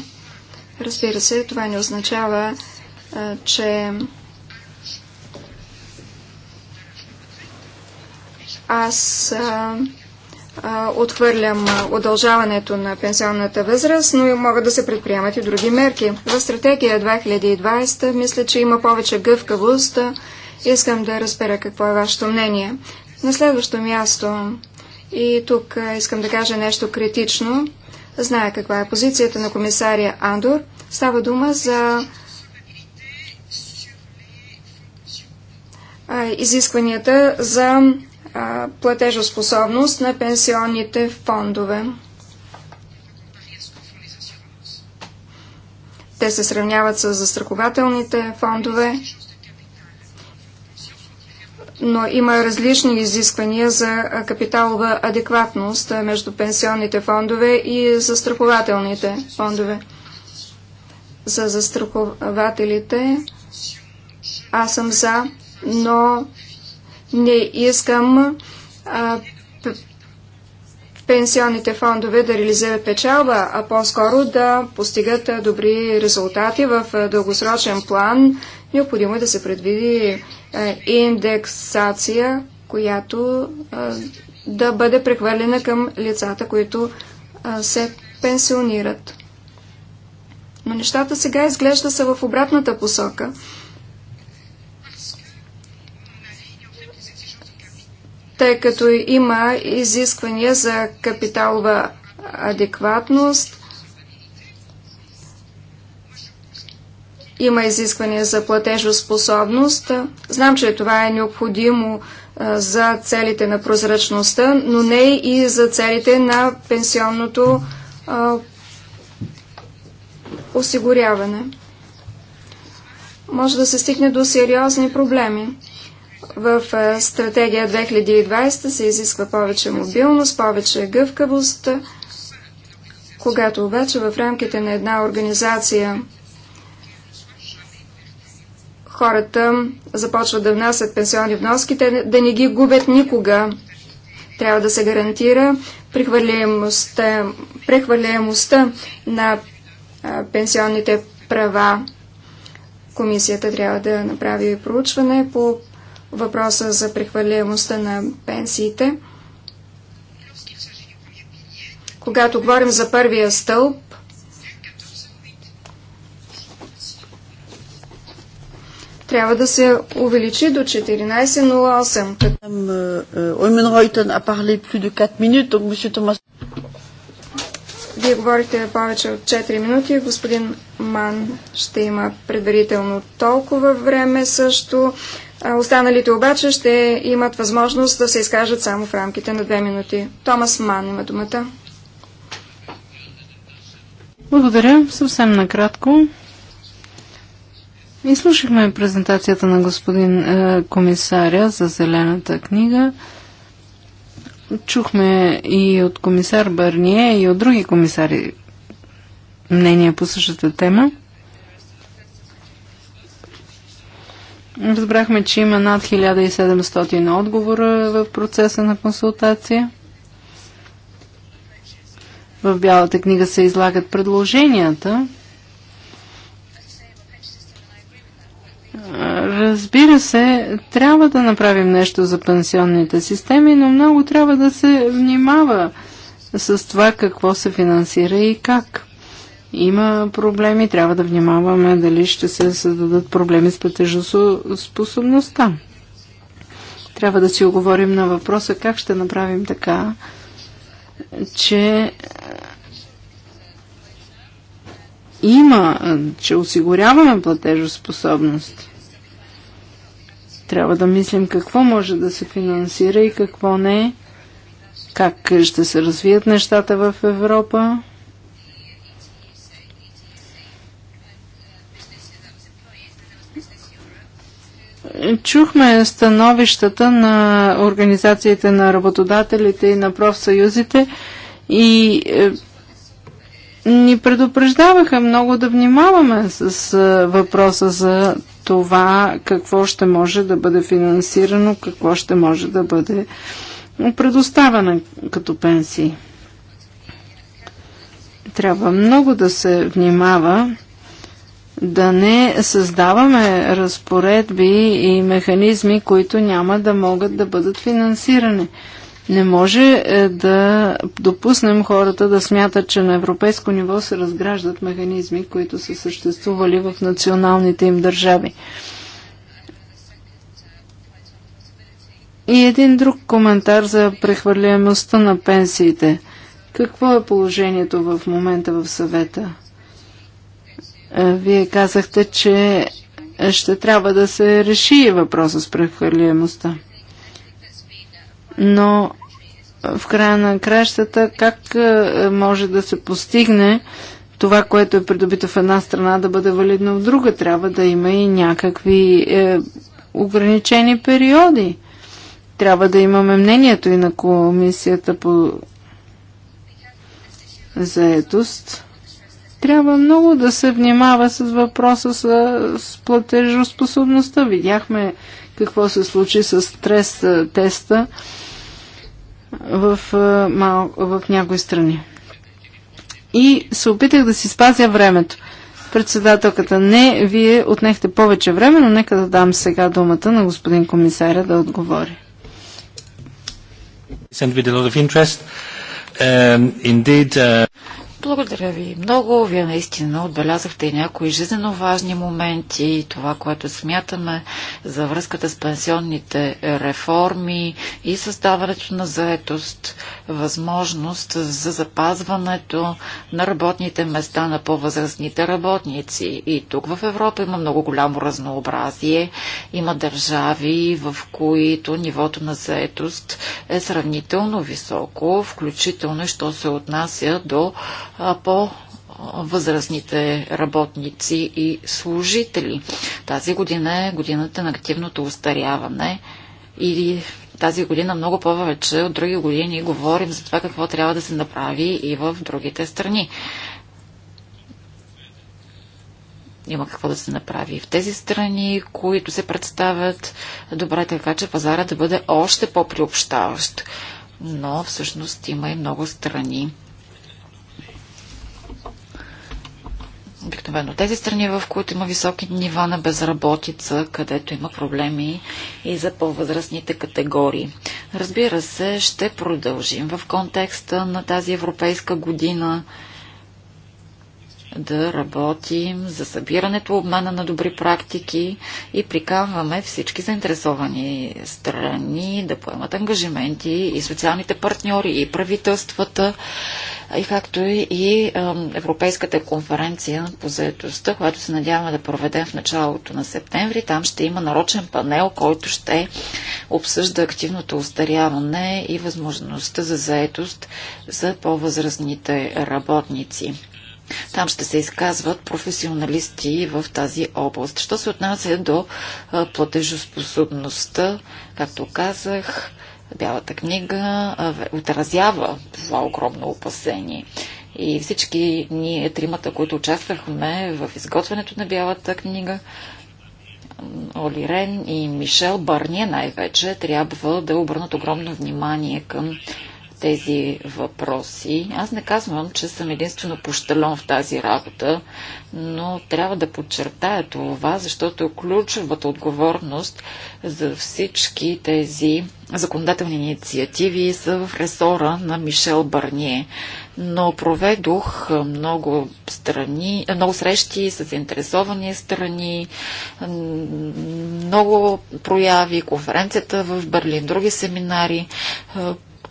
Разбира се, това не означава, че аз отхвърлям удължаването на пенсионната възраст, но могат да се предприемат и други мерки. В стратегия 2020 мисля, че има повече гъвкавост. Искам да разбера какво е вашето мнение. На следващо място, и тук искам да кажа нещо критично, Зная каква е позицията на комисария Андор. Става дума за изискванията за платежоспособност на пенсионните фондове. Те се сравняват с застрахователните фондове, но има различни изисквания за капиталова адекватност между пенсионните фондове и застрахователните фондове. За застрахователите аз съм за, но не искам а, пенсионните фондове да реализират печалба, а по-скоро да постигат добри резултати в дългосрочен план. Необходимо е да се предвиди индексация, която да бъде прехвърлена към лицата, които се пенсионират. Но нещата сега изглежда са в обратната посока. тъй като има изисквания за капиталова адекватност, има изисквания за платежоспособност. Знам, че това е необходимо за целите на прозрачността, но не и за целите на пенсионното осигуряване. Може да се стигне до сериозни проблеми. В е, стратегия 2020 се изисква повече мобилност, повече гъвкавост. Когато обаче в рамките на една организация хората започват да внасят пенсионни вноски, те да не ги губят никога. Трябва да се гарантира прехвърляемостта, прехвърляемостта на пенсионните права. Комисията трябва да направи проучване по въпроса за прехвърляемостта на пенсиите. Когато говорим за първия стълб, трябва да се увеличи до 14.08. Е, Вие говорите повече от 4 минути. Господин Ман ще има предварително толкова време също. Останалите обаче ще имат възможност да се изкажат само в рамките на две минути. Томас Ман има думата. Благодаря. Съвсем накратко. Изслушахме презентацията на господин е, комисаря за Зелената книга. Чухме и от комисар Барние, и от други комисари мнения по същата тема. Разбрахме, че има над 1700 отговора в процеса на консултация. В Бялата книга се излагат предложенията. Разбира се, трябва да направим нещо за пенсионните системи, но много трябва да се внимава с това какво се финансира и как има проблеми, трябва да внимаваме дали ще се създадат проблеми с платежоспособността. Трябва да си оговорим на въпроса как ще направим така, че е, има, че осигуряваме платежоспособност. Трябва да мислим какво може да се финансира и какво не, как ще се развият нещата в Европа Чухме становищата на организациите на работодателите и на профсъюзите и е, ни предупреждаваха много да внимаваме с е, въпроса за това какво ще може да бъде финансирано, какво ще може да бъде предоставено като пенсии. Трябва много да се внимава да не създаваме разпоредби и механизми, които няма да могат да бъдат финансирани. Не може е, да допуснем хората да смятат, че на европейско ниво се разграждат механизми, които са съществували в националните им държави. И един друг коментар за прехвърляемостта на пенсиите. Какво е положението в момента в съвета? Е, вие казахте, че ще трябва да се реши въпроса с прехвърлиемостта. Но в края на кращата как е, може да се постигне това, което е придобито в една страна, да бъде валидно в друга? Трябва да има и някакви е, ограничени периоди. Трябва да имаме мнението и на комисията по заетост. Трябва много да се внимава с въпроса с, с платежоспособността. Видяхме какво се случи с стрес теста в, мал, в някои страни. И се опитах да си спазя времето. Председателката, не, вие отнехте повече време, но нека да дам сега думата на господин комисаря да отговори. Um, indeed, uh... Благодаря ви много. Вие наистина отбелязахте и някои жизненно важни моменти и това, което смятаме за връзката с пенсионните реформи и създаването на заетост, възможност за запазването на работните места на по-възрастните работници. И тук в Европа има много голямо разнообразие. Има държави, в които нивото на заетост е сравнително високо, включително, що се отнася до по възрастните работници и служители. Тази година е годината на активното устаряване и тази година много повече от други години говорим за това какво трябва да се направи и в другите страни. Има какво да се направи и в тези страни, които се представят добре, така че пазара да бъде още по-приобщаващ. Но всъщност има и много страни, Обикновено тези страни, в които има високи нива на безработица, където има проблеми и за по-възрастните категории. Разбира се, ще продължим в контекста на тази европейска година да работим за събирането, обмена на добри практики и приканваме всички заинтересовани страни да поемат ангажименти и социалните партньори, и правителствата, и както и Европейската конференция по заедостта, която се надяваме да проведем в началото на септември. Там ще има нарочен панел, който ще обсъжда активното устаряване и възможността за заедост за по-възрастните работници. Там ще се изказват професионалисти в тази област. Що се отнася до платежоспособността, както казах, Бялата книга отразява това огромно опасение. И всички ние, тримата, които участвахме в изготвянето на Бялата книга, Оли Рен и Мишел Бърния най-вече трябва да обърнат огромно внимание към тези въпроси. Аз не казвам, че съм единствено пощален в тази работа, но трябва да подчертая това, защото е ключовата отговорност за всички тези законодателни инициативи са в ресора на Мишел Барние. Но проведох много, страни, много срещи с заинтересовани страни, много прояви, конференцията в Берлин, други семинари.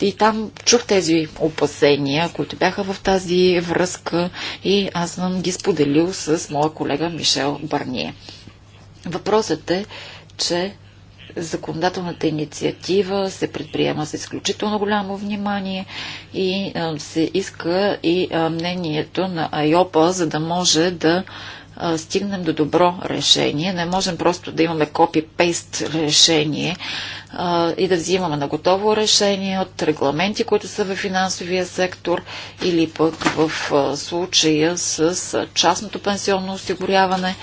И там чух тези опасения, които бяха в тази връзка и аз съм ги споделил с моя колега Мишел Барние. Въпросът е, че законодателната инициатива се предприема с изключително голямо внимание и се иска и мнението на Айопа, за да може да стигнем до добро решение. Не можем просто да имаме копи-пейст решение и да взимаме на готово решение от регламенти, които са в финансовия сектор или пък в случая с частното пенсионно осигуряване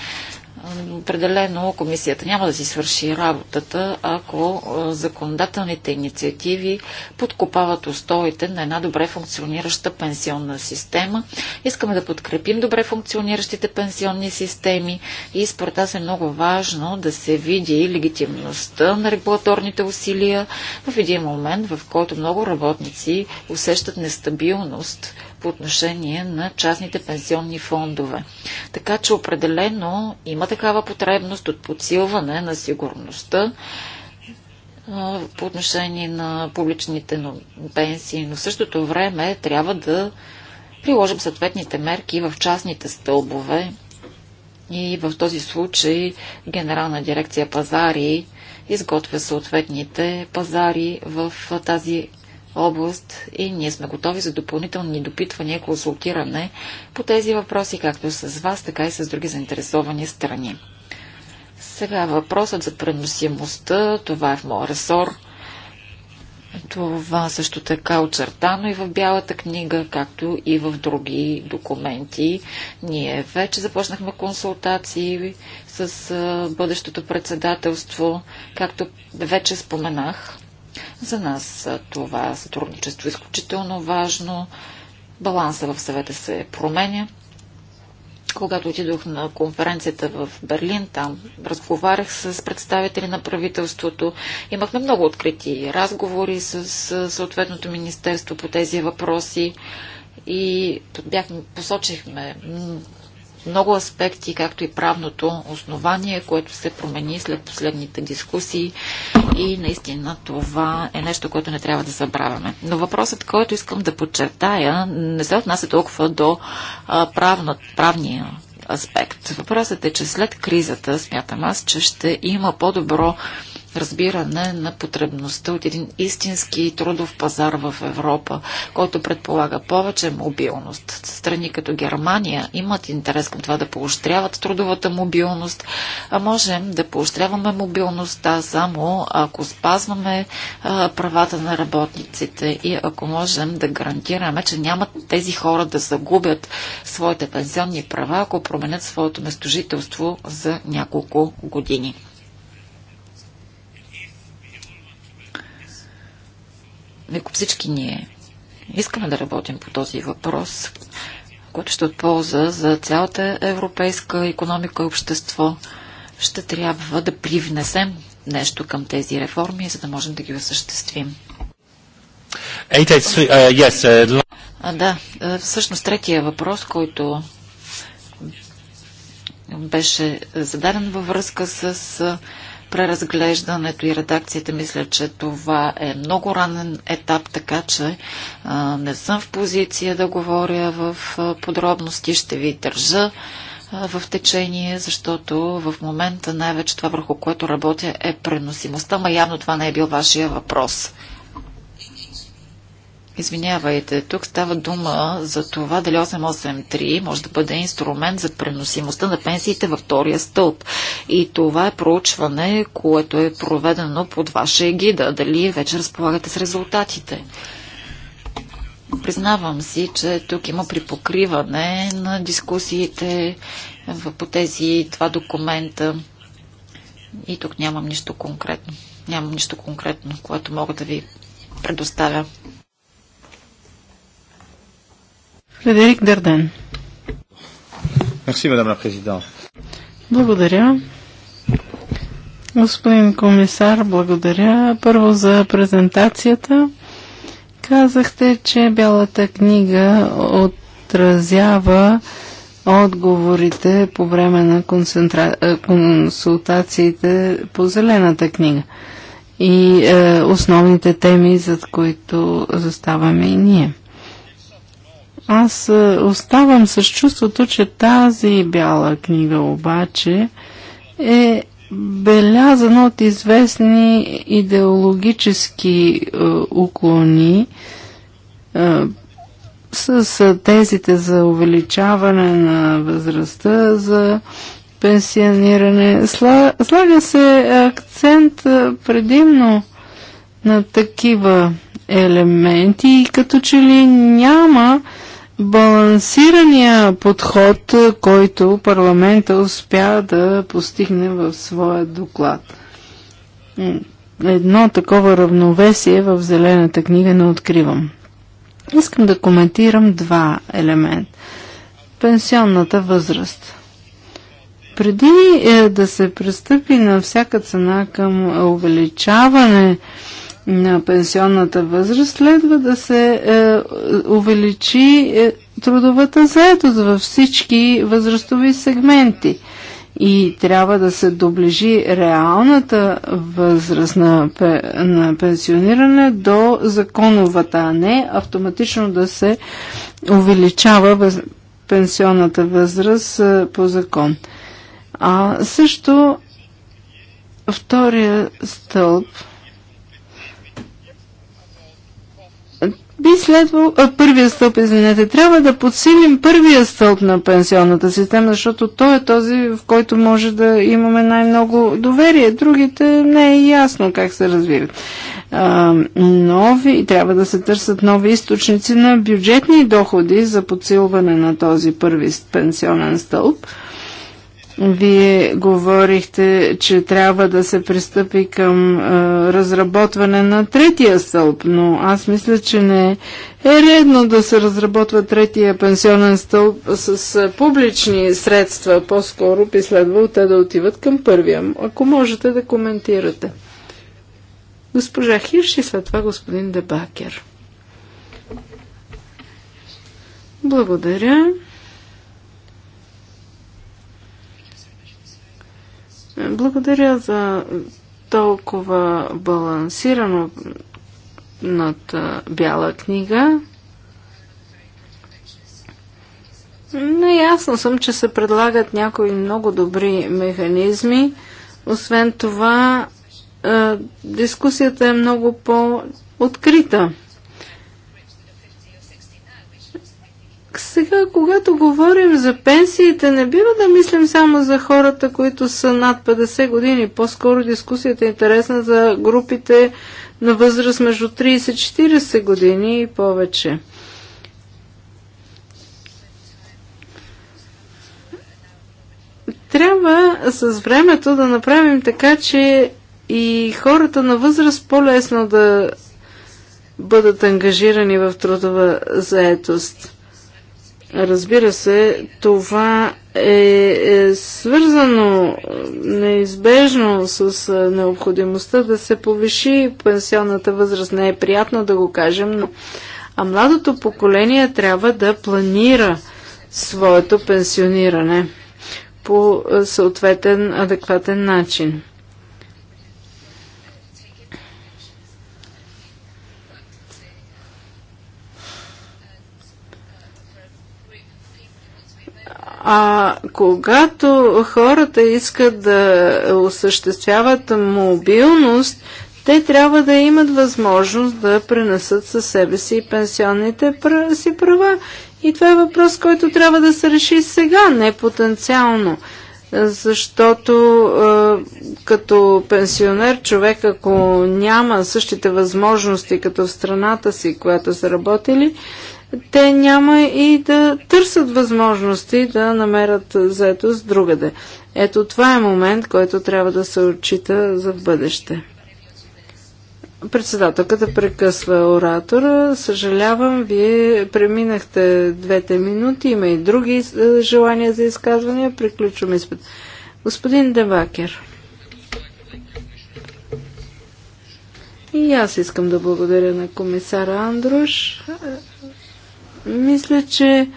определено комисията няма да си свърши работата, ако законодателните инициативи подкопават устоите на една добре функционираща пенсионна система. Искаме да подкрепим добре функциониращите пенсионни системи и според нас е много важно да се види легитимността на регулаторните усилия в един момент, в който много работници усещат нестабилност по отношение на частните пенсионни фондове. Така че определено има такава потребност от подсилване на сигурността по отношение на публичните пенсии, но в същото време трябва да приложим съответните мерки в частните стълбове и в този случай Генерална дирекция пазари изготвя съответните пазари в тази област и ние сме готови за допълнителни допитвания, консултиране по тези въпроси, както с вас, така и с други заинтересовани страни. Сега въпросът за преносимостта, това е в моя ресор. Това също така очертано и в Бялата книга, както и в други документи. Ние вече започнахме консултации с бъдещото председателство, както вече споменах. За нас това сътрудничество е изключително важно. Баланса в съвета се променя. Когато отидох на конференцията в Берлин, там разговарях с представители на правителството. Имахме много открити разговори с съответното министерство по тези въпроси и бяхме, посочихме много аспекти, както и правното основание, което се промени след последните дискусии и наистина това е нещо, което не трябва да забравяме. Но въпросът, който искам да подчертая, не се отнася толкова до правна, правния аспект. Въпросът е, че след кризата, смятам аз, че ще има по-добро разбиране на потребността от един истински трудов пазар в Европа, който предполага повече мобилност. Страни като Германия имат интерес към това да поощряват трудовата мобилност, а можем да поощряваме мобилността само ако спазваме а, правата на работниците и ако можем да гарантираме, че нямат тези хора да загубят своите пенсионни права, ако променят своето местожителство за няколко години. ако всички ние искаме да работим по този въпрос, който ще от полза за цялата европейска економика и общество, ще трябва да привнесем нещо към тези реформи, за да можем да ги осъществим. Uh, uh, а, да, е, всъщност третия въпрос, който беше зададен във връзка с е, преразглеждането и редакцията. Мисля, че това е много ранен етап, така че а, не съм в позиция да говоря в подробности. Ще ви държа в течение, защото в момента най-вече това, върху което работя, е преносимостта, ма явно това не е бил вашия въпрос. Извинявайте, тук става дума за това дали 883 може да бъде инструмент за преносимостта на пенсиите във втория стълб. И това е проучване, което е проведено под ваша егида. Дали вече разполагате с резултатите? Признавам си, че тук има припокриване на дискусиите по тези два документа. И тук нямам нищо конкретно. Нямам нищо конкретно, което мога да ви предоставя. Фредерик Дърден. Мерси, мадам президент. Благодаря. Господин комисар, благодаря първо за презентацията. Казахте, че Бялата книга отразява отговорите по време на концентра... Е, консултациите по Зелената книга и е, основните теми, зад които заставаме и ние. Аз е, оставам с чувството, че тази бяла книга обаче е белязана от известни идеологически е, уклони е, с тезите за увеличаване на възрастта, за пенсиониране. Сла, слага се акцент е, предимно на такива елементи и като че ли няма балансирания подход, който парламента успя да постигне в своя доклад. Едно такова равновесие в Зелената книга не откривам. Искам да коментирам два елемента. Пенсионната възраст. Преди е да се пристъпи на всяка цена към увеличаване на пенсионната възраст, следва да се е, увеличи е, трудовата заедост във всички възрастови сегменти. И трябва да се доближи реалната възраст на, на пенсиониране до законовата, а не автоматично да се увеличава въз, пенсионната възраст е, по закон. А също втория стълб – Би следвало, а, първия стълб, извинете, трябва да подсилим първия стълб на пенсионната система, защото той е този, в който може да имаме най-много доверие. Другите не е ясно как се развиват. А, нови, трябва да се търсят нови източници на бюджетни доходи за подсилване на този първи пенсионен стълб. А, вие говорихте, че трябва да се пристъпи към а, разработване на третия стълб, но аз мисля, че не е редно да се разработва третия пенсионен стълб с, с публични средства. По-скоро би следвало те да отиват към първия. Ако можете да коментирате. Госпожа Хирш и след това господин Дебакер. Благодаря. Благодаря за толкова балансирано над бяла книга. ясно съм, че се предлагат някои много добри механизми. Освен това, дискусията е много по-открита. сега, когато говорим за пенсиите, не бива да мислим само за хората, които са над 50 години. По-скоро дискусията е интересна за групите на възраст между 30-40 години и повече. Трябва с времето да направим така, че и хората на възраст по-лесно да бъдат ангажирани в трудова заетост. Разбира се, това е, е свързано неизбежно с е, необходимостта да се повиши пенсионната възраст. Не е приятно да го кажем, но а младото поколение трябва да планира своето пенсиониране по е, съответен адекватен начин. А когато хората искат да осъществяват мобилност, те трябва да имат възможност да пренесат със себе си пенсионните си права. И това е въпрос, който трябва да се реши сега, не потенциално. Защото като пенсионер човек, ако няма същите възможности като в страната си, която са работили, те няма и да търсят възможности да намерят заетост другаде. Ето това е момент, който трябва да се отчита за в бъдеще. Председателката прекъсва оратора. Съжалявам, вие преминахте двете минути. Има и други е, желания за изказвания. Приключвам изпит. Господин Дебакер. И аз искам да благодаря на комисара Андруш. Мисля, че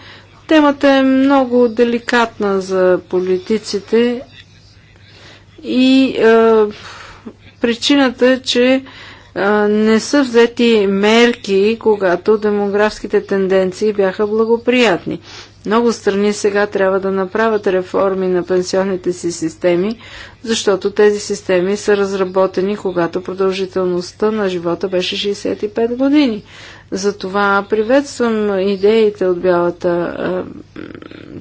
темата е много деликатна за политиците и е, причината е, че е, не са взети мерки, когато демографските тенденции бяха благоприятни. Много страни сега трябва да направят реформи на пенсионните си системи, защото тези системи са разработени, когато продължителността на живота беше 65 години. Затова приветствам идеите от Бялата а,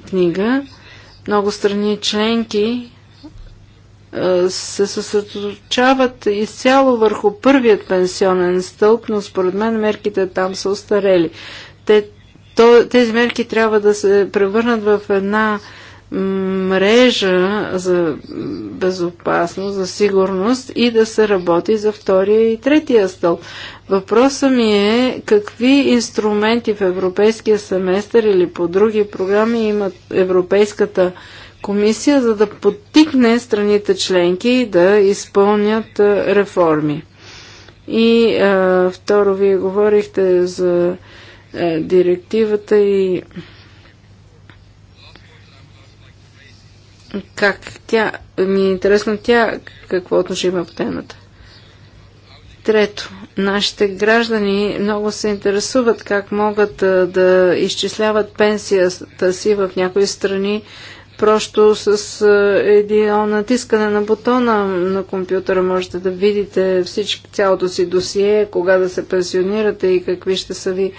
книга. Много страни членки а, се съсредоточават изцяло върху първият пенсионен стълб, но според мен мерките там са устарели. Те, то, тези мерки трябва да се превърнат в една а, мрежа за безопасност, за сигурност и да се работи за втория и третия стълб. Въпросът ми е какви инструменти в Европейския семестър или по други програми имат Европейската комисия, за да подтикне страните членки да изпълнят реформи. И а, второ, вие говорихте за а, директивата и Как тя, ми е интересно тя какво отношение има по темата. Трето, нашите граждани много се интересуват как могат а, да изчисляват пенсията си в някои страни, просто с а, едно натискане на бутона на компютъра можете да видите всички, цялото си досие, кога да се пенсионирате и какви ще са ви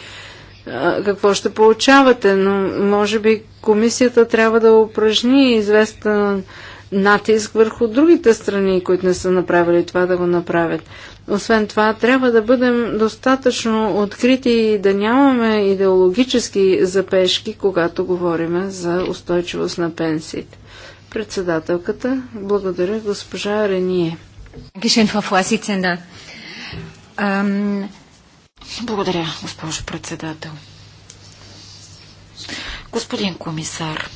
какво ще получавате, но може би комисията трябва да упражни известен натиск върху другите страни, които не са направили това да го направят. Освен това, трябва да бъдем достатъчно открити и да нямаме идеологически запешки, когато говорим за устойчивост на пенсиите. Председателката, благодаря госпожа Рение. Dankeschön, Frau Vorsitzende. Ähm, благодаря, госпожо председател. Господин комисар,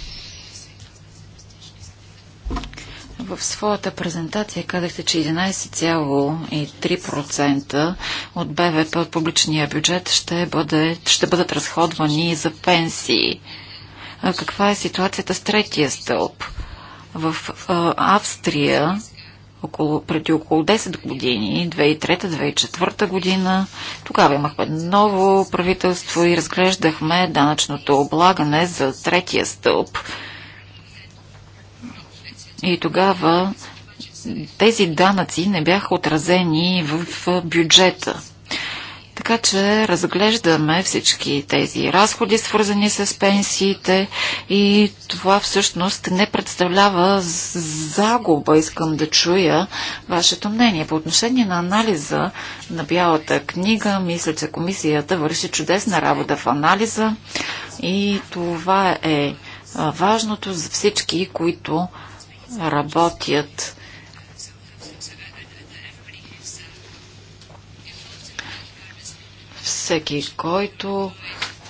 в своята презентация казахте, че 11,3% от БВП от публичния бюджет ще, бъде, ще бъдат разходвани за пенсии. А каква е ситуацията с третия стълб? В а, Австрия около, преди около 10 години, 2003-2004 година. Тогава имахме ново правителство и разглеждахме данъчното облагане за третия стълб. И тогава тези данъци не бяха отразени в бюджета. Така че разглеждаме всички тези разходи, свързани с пенсиите и това всъщност не представлява загуба. Искам да чуя вашето мнение. По отношение на анализа на Бялата книга, мисля, че комисията върши чудесна работа в анализа и това е важното за всички, които работят всеки, който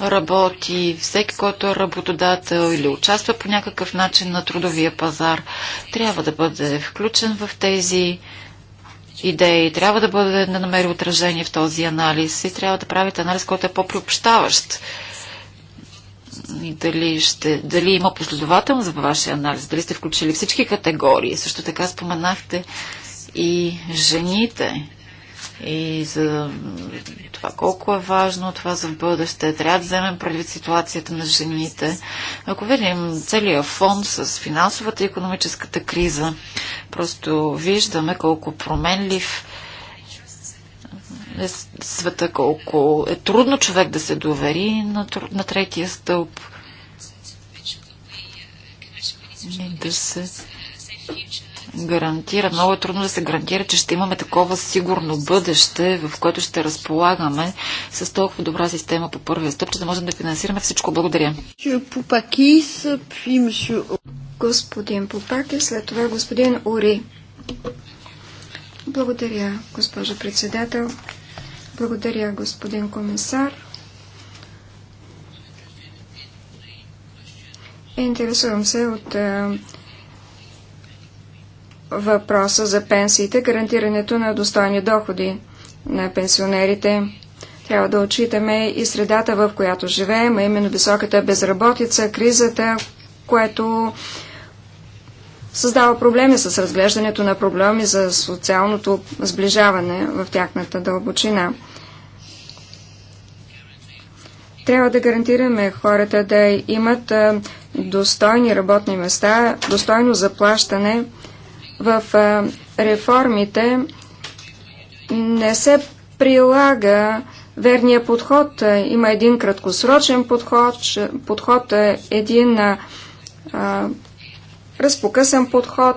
работи, всеки, който е работодател или участва по някакъв начин на трудовия пазар, трябва да бъде включен в тези идеи, трябва да бъде да намери отражение в този анализ и трябва да правите анализ, който е по-приобщаващ. И дали, ще, дали има последователност във вашия анализ, дали сте включили всички категории. Също така споменахте и жените и за това колко е важно това за бъдеще. Трябва да вземем предвид ситуацията на жените. Ако видим целия фон с финансовата и економическата криза, просто виждаме колко променлив е света, колко е трудно човек да се довери на, на третия стълб и да се гарантира, много е трудно да се гарантира, че ще имаме такова сигурно бъдеще, в което ще разполагаме с толкова добра система по първия стъп, че да можем да финансираме всичко. Благодаря. Господин Попаки, след това господин Ори. Благодаря, госпожо председател. Благодаря, господин комисар. Интересувам се от въпроса за пенсиите, гарантирането на достойни доходи на пенсионерите. Трябва да отчитаме и средата, в която живеем, а именно високата безработица, кризата, което създава проблеми с разглеждането на проблеми за социалното сближаване в тяхната дълбочина. Трябва да гарантираме хората да имат достойни работни места, достойно заплащане, в реформите не се прилага верния подход. Има един краткосрочен подход, подход е един а, разпокъсан подход.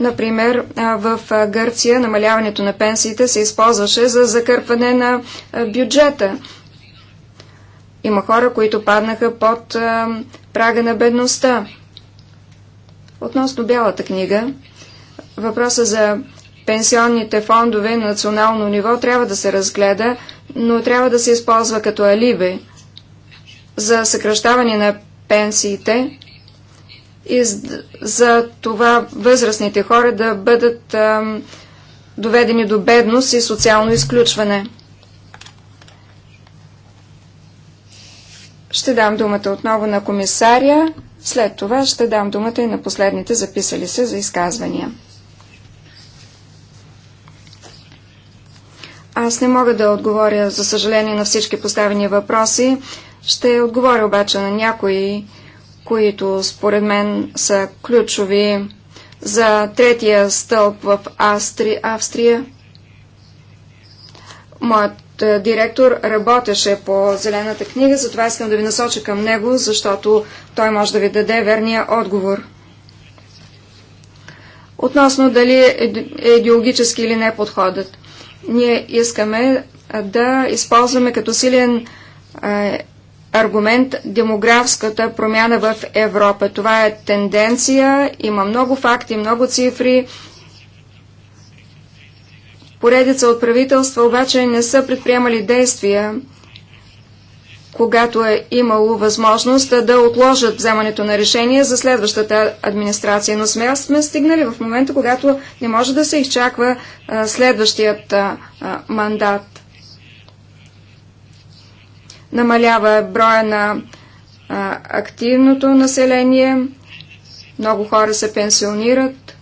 Например, в Гърция намаляването на пенсиите се използваше за закърпване на бюджета. Има хора, които паднаха под прага на бедността. Относно Бялата книга, въпроса за пенсионните фондове на национално ниво трябва да се разгледа, но трябва да се използва като алиби за съкръщаване на пенсиите и за това възрастните хора да бъдат доведени до бедност и социално изключване. Ще дам думата отново на комисаря. След това ще дам думата и на последните записали се за изказвания. Аз не мога да отговоря, за съжаление, на всички поставени въпроси. Ще отговоря обаче на някои, които според мен са ключови за третия стълб в Австрия. Австрия. Моят е, директор работеше по Зелената книга, затова искам да ви насоча към него, защото той може да ви даде верния отговор. Относно дали е, е идеологически или не подходът. Ние искаме да използваме като силен аргумент демографската промяна в Европа. Това е тенденция, има много факти, много цифри, Поредица от правителства обаче не са предприемали действия, когато е имало възможност да отложат вземането на решение за следващата администрация. Но сме, сме стигнали в момента, когато не може да се изчаква а, следващият а, мандат. Намалява броя на а, активното население, много хора се пенсионират,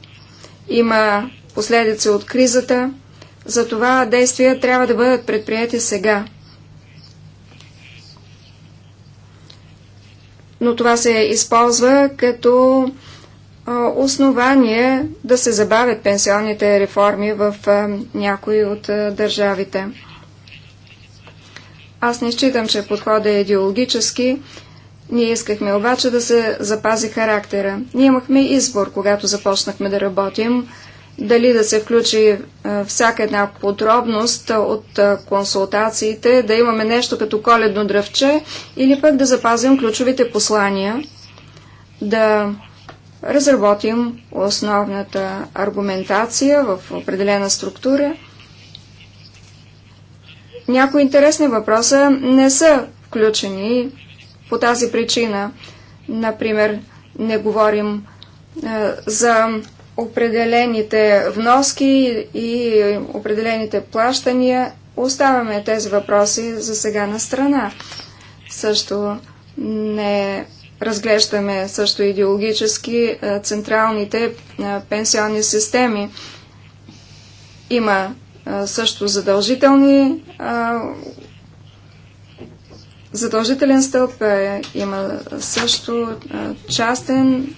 има последици от кризата – затова действия трябва да бъдат предприяти сега. Но това се използва като основание да се забавят пенсионните реформи в някои от държавите. Аз не считам, че подходът е идеологически. Ние искахме обаче да се запази характера. Ние имахме избор, когато започнахме да работим дали да се включи е, всяка една подробност от е, консултациите, да имаме нещо като коледно дръвче или пък да запазим ключовите послания, да разработим основната аргументация в определена структура. Някои интересни въпроса не са включени по тази причина. Например, не говорим е, за определените вноски и определените плащания, оставяме тези въпроси за сега на страна. Също не разглеждаме също идеологически е, централните е, пенсионни системи. Има е, също задължителни задължителен стълб, има също частен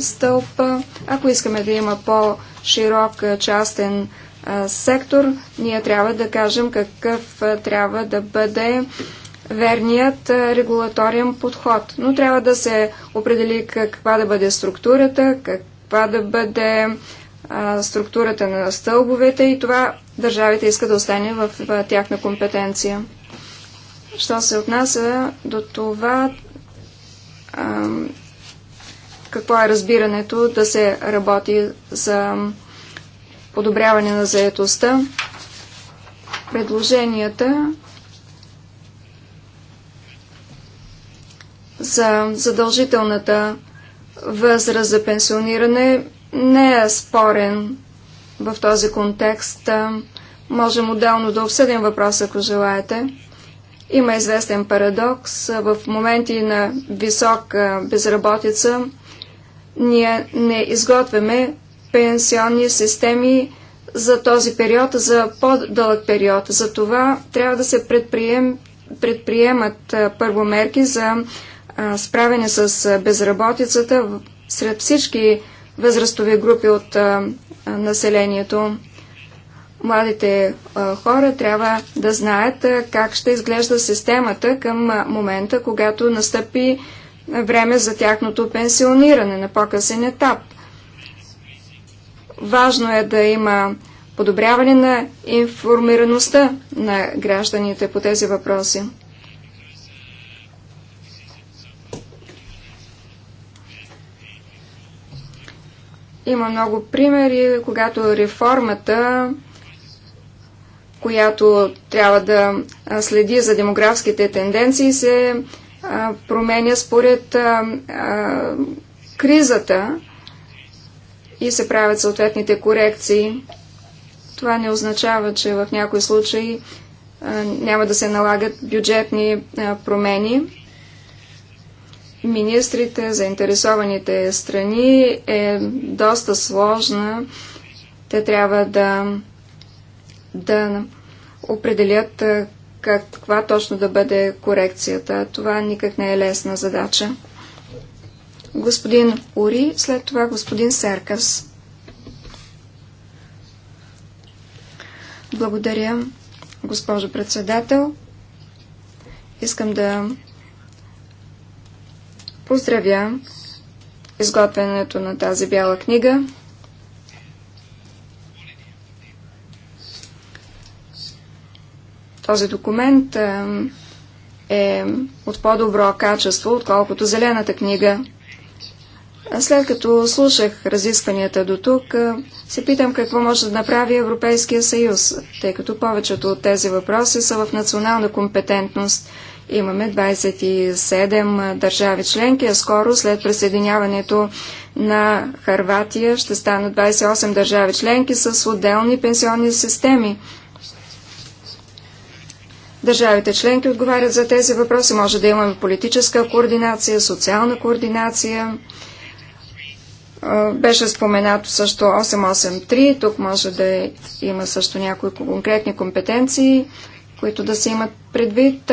стълб. Ако искаме да има по-широк частен сектор, ние трябва да кажем какъв трябва да бъде верният регулаторен подход. Но трябва да се определи каква да бъде структурата, каква да бъде структурата на стълбовете и това държавите иска да остане в тяхна компетенция. Що се отнася до това, какво е разбирането да се работи за подобряване на заетостта. Предложенията за задължителната възраст за пенсиониране не е спорен в този контекст. Можем отделно да обсъдим въпроса, ако желаете. Има известен парадокс. В моменти на висока безработица ние не изготвяме пенсионни системи за този период, за по-дълъг период. За това трябва да се предприем, предприемат първо мерки за справяне с безработицата сред всички възрастови групи от населението. Младите хора трябва да знаят как ще изглежда системата към момента, когато настъпи време за тяхното пенсиониране на по-късен етап. Важно е да има подобряване на информираността на гражданите по тези въпроси. Има много примери, когато реформата, която трябва да следи за демографските тенденции, се променя според кризата и се правят съответните корекции. Това не означава, че в някои случаи няма да се налагат бюджетни промени. Министрите, заинтересованите страни е доста сложна. Те трябва да, да определят каква точно да бъде корекцията. Това никак не е лесна задача. Господин Ури, след това господин Серкас. Благодаря, госпожо председател. Искам да поздравя изготвянето на тази бяла книга. Този документ е от по-добро качество, отколкото зелената книга. След като слушах разискванията до тук, се питам какво може да направи Европейския съюз, тъй като повечето от тези въпроси са в национална компетентност. Имаме 27 държави членки, а скоро след присъединяването на Харватия ще станат 28 държави членки с отделни пенсионни системи. Държавите членки отговарят за тези въпроси. Може да имаме политическа координация, социална координация. Беше споменато също 883. Тук може да има също някои конкретни компетенции, които да се имат предвид.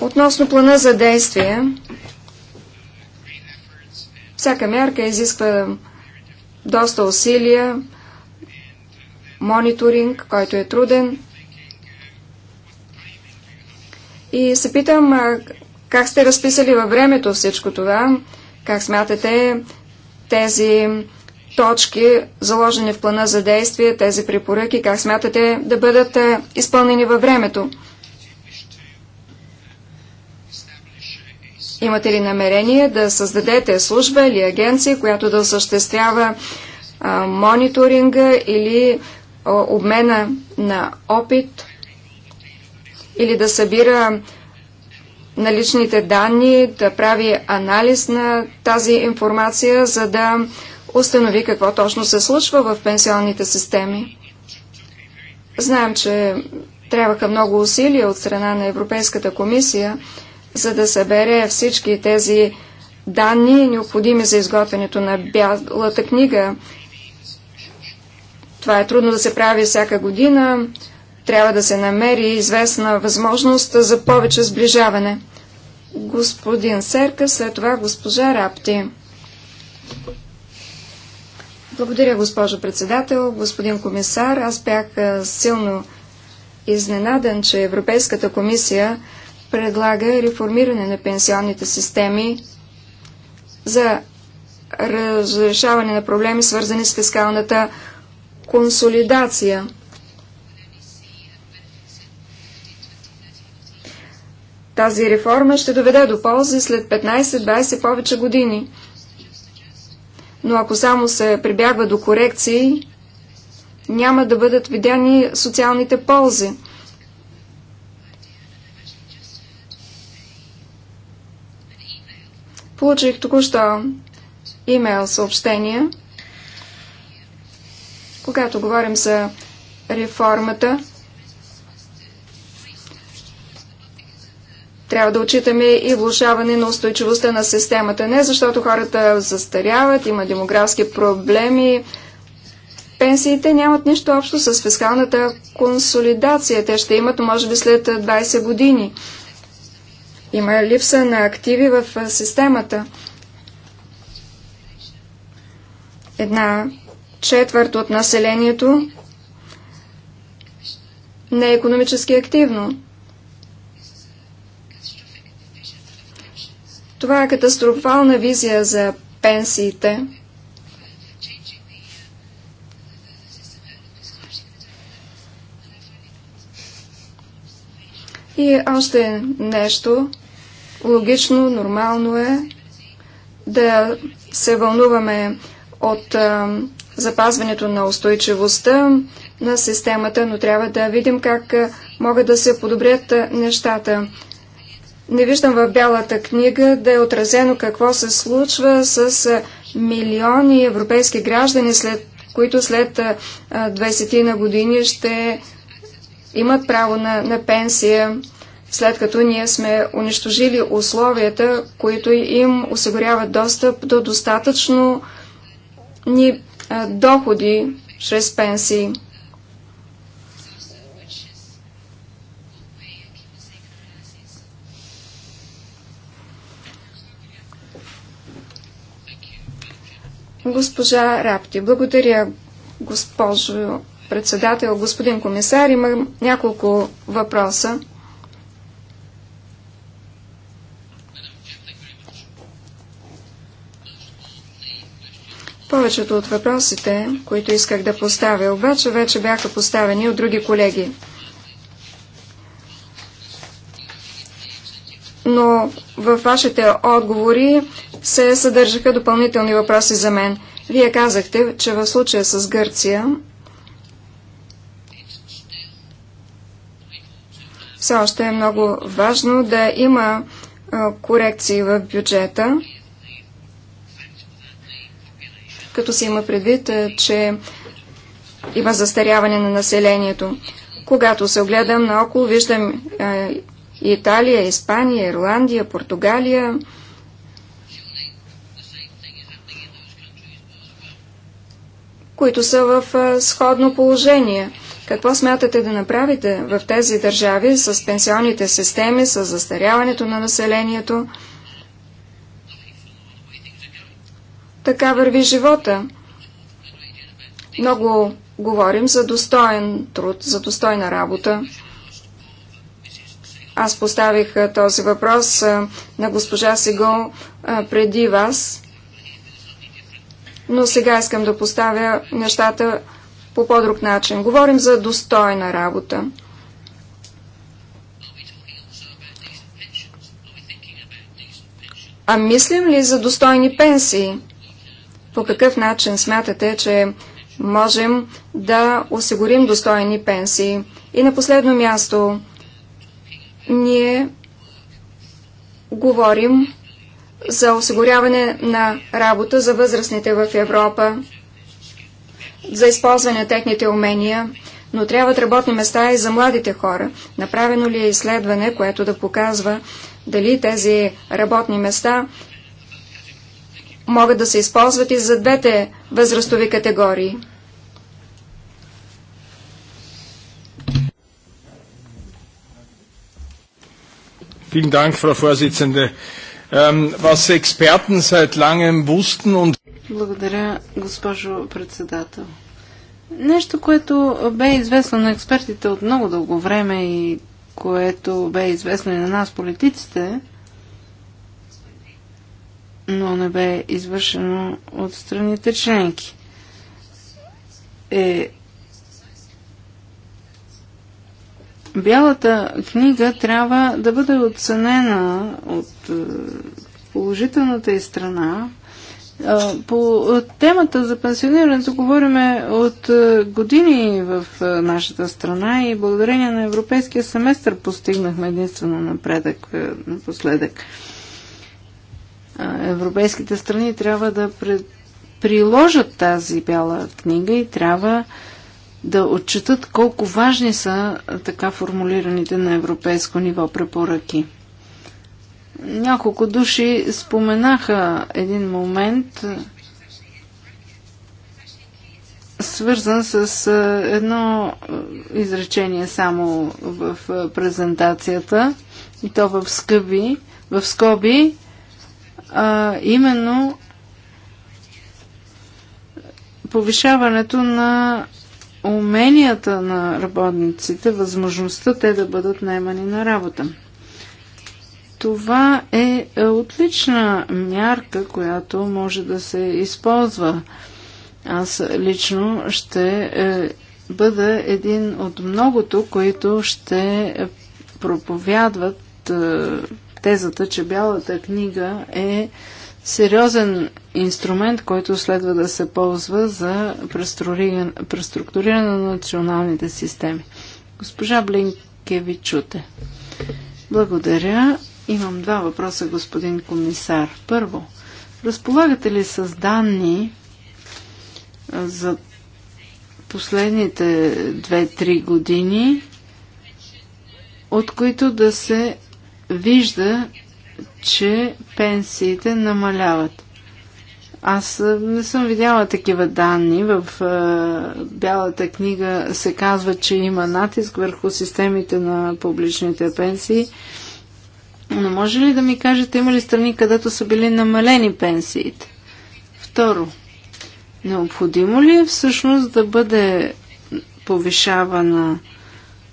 Относно плана за действие, всяка мярка изисква доста усилия, мониторинг, който е труден. И се питам как сте разписали във времето всичко това, как смятате тези точки, заложени в плана за действие, тези препоръки, как смятате да бъдат изпълнени във времето. Имате ли намерение да създадете служба или агенция, която да осъществява а, мониторинга или обмена на опит или да събира наличните данни, да прави анализ на тази информация, за да установи какво точно се случва в пенсионните системи. Знаем, че трябваха много усилия от страна на Европейската комисия, за да събере всички тези данни, необходими за изготвянето на бялата книга това е трудно да се прави всяка година. Трябва да се намери известна възможност за повече сближаване. Господин Серка, след това госпожа Рапти. Благодаря, госпожо председател, господин комисар. Аз бях силно изненадан, че Европейската комисия предлага реформиране на пенсионните системи за разрешаване на проблеми, свързани с фискалната консолидация. Тази реформа ще доведе до ползи след 15-20 повече години. Но ако само се прибягва до корекции, няма да бъдат видяни социалните ползи. Получих току-що имейл съобщение – когато говорим за реформата, трябва да отчитаме и влушаване на устойчивостта на системата. Не защото хората застаряват, има демографски проблеми, пенсиите нямат нищо общо с фискалната консолидация. Те ще имат, може би, след 20 години. Има липса на активи в системата. Една четвърт от населението не е економически активно. Това е катастрофална визия за пенсиите. И още нещо. Логично, нормално е да се вълнуваме от запазването на устойчивостта на системата, но трябва да видим как могат да се подобрят нещата. Не виждам в бялата книга да е отразено какво се случва с милиони европейски граждани, след, които след 20 на години ще имат право на, на пенсия, след като ние сме унищожили условията, които им осигуряват достъп до достатъчно ни доходи чрез пенсии. Госпожа Рапти, благодаря, госпожо председател, господин комисар. Имам няколко въпроса. Повечето от въпросите, които исках да поставя, обаче вече бяха поставени от други колеги. Но във вашите отговори се съдържаха допълнителни въпроси за мен. Вие казахте, че в случая с Гърция все още е много важно да има корекции в бюджета като се има предвид, че има застаряване на населението. Когато се огледам наоколо, виждам Италия, Испания, Ирландия, Португалия. които са в сходно положение. Какво смятате да направите в тези държави с пенсионните системи, с застаряването на населението? Така върви живота. Много говорим за достоен труд, за достойна работа. Аз поставих този въпрос на госпожа Сигол преди вас, но сега искам да поставя нещата по по-друг начин. Говорим за достойна работа. А мислим ли за достойни пенсии? по какъв начин смятате, че можем да осигурим достойни пенсии. И на последно място, ние говорим за осигуряване на работа за възрастните в Европа, за използване на техните умения, но трябват работни места и за младите хора. Направено ли е изследване, което да показва дали тези работни места могат да се използват и за двете възрастови категории. Vielen Dank, Frau Vorsitzende. Ähm, was Experten seit langem wussten und Благодаря, госпожо председател. Нещо, което бе известно на експертите от много дълго време и което бе известно и на нас, политиците, но не бе извършено от страните членки. Е, Бялата книга трябва да бъде оценена от е, положителната и страна. Е, по темата за пенсионирането говорим от е, години в нашата страна и благодарение на европейския семестър постигнахме единствено напредък напоследък европейските страни трябва да пред, приложат тази бяла книга и трябва да отчитат колко важни са така формулираните на европейско ниво препоръки. Няколко души споменаха един момент, свързан с едно изречение само в презентацията, и то в скъби, в скоби, а именно повишаването на уменията на работниците, възможността те да бъдат наймани на работа. Това е, е отлична мярка, която може да се използва. Аз лично ще е, бъда един от многото, които ще проповядват е, тезата, че Бялата книга е сериозен инструмент, който следва да се ползва за преструктуриране на националните системи. Госпожа Блинкевичуте. Благодаря. Имам два въпроса, господин комисар. Първо, разполагате ли с данни за последните 2-3 години, от които да се вижда, че пенсиите намаляват. Аз не съм видяла такива данни. В Бялата книга се казва, че има натиск върху системите на публичните пенсии. Но може ли да ми кажете, има ли страни, където са били намалени пенсиите? Второ, необходимо ли е всъщност да бъде повишавана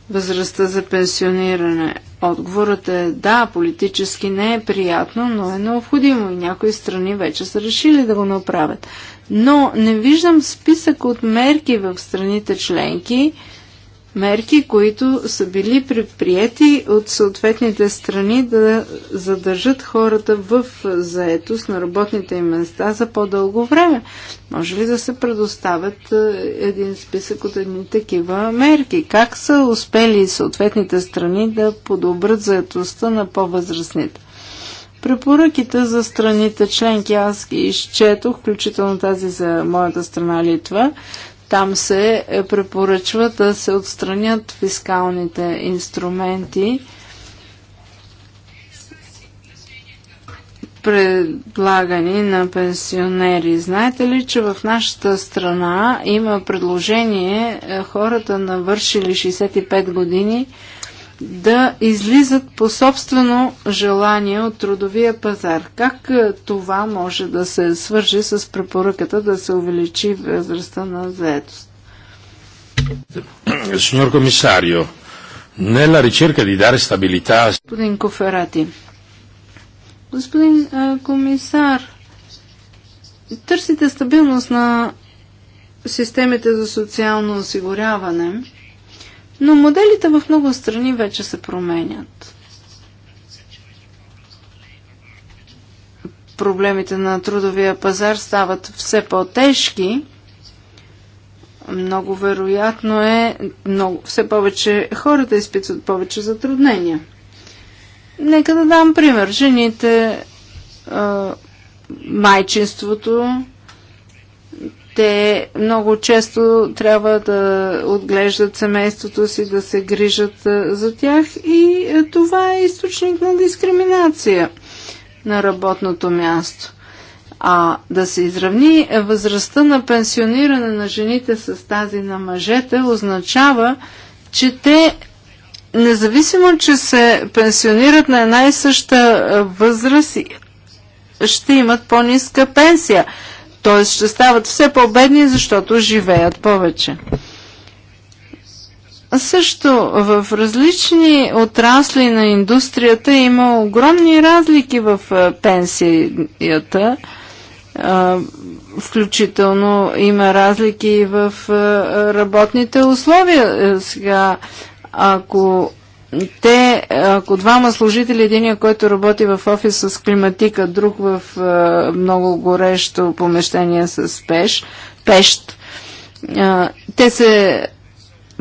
възрастта за пенсиониране? Отговорът е да, политически не е приятно, но е необходимо и някои страни вече са решили да го направят. Но не виждам списък от мерки в страните членки, мерки, които са били предприяти от съответните страни да задържат хората в заетост на работните им места за по-дълго време. Може ли да се предоставят е, един списък от едни такива мерки? Как са успели съответните страни да подобрят заетостта на по-възрастните? Препоръките за страните членки аз ги изчетох, включително тази за моята страна Литва. Там се е, препоръчва да се отстранят фискалните инструменти. предлагани на пенсионери. Знаете ли, че в нашата страна има предложение е, хората навършили 65 години да излизат по собствено желание от трудовия пазар. Как е, това може да се свържи с препоръката да се увеличи възрастта на заетост? комисарио, не ла ricerca di даре стабилита... Господин Коферати, господин а, е, комисар, търсите стабилност на системите за социално осигуряване – но моделите в много страни вече се променят. Проблемите на трудовия пазар стават все по-тежки. Много вероятно е, много, все повече хората изпитват повече затруднения. Нека да дам пример. Жените, майчинството, те много често трябва да отглеждат семейството си, да се грижат за тях и това е източник на дискриминация на работното място. А да се изравни възрастта на пенсиониране на жените с тази на мъжете означава, че те, независимо, че се пенсионират на една и съща възраст, ще имат по-ниска пенсия – т.е. ще стават все по-бедни, защото живеят повече. Също в различни отрасли на индустрията има огромни разлики в пенсията. Включително има разлики в работните условия. Е, сега, ако те, ако двама служители, е, който работи в офис с климатика, друг в много горещо помещение с пеш, пещ, те се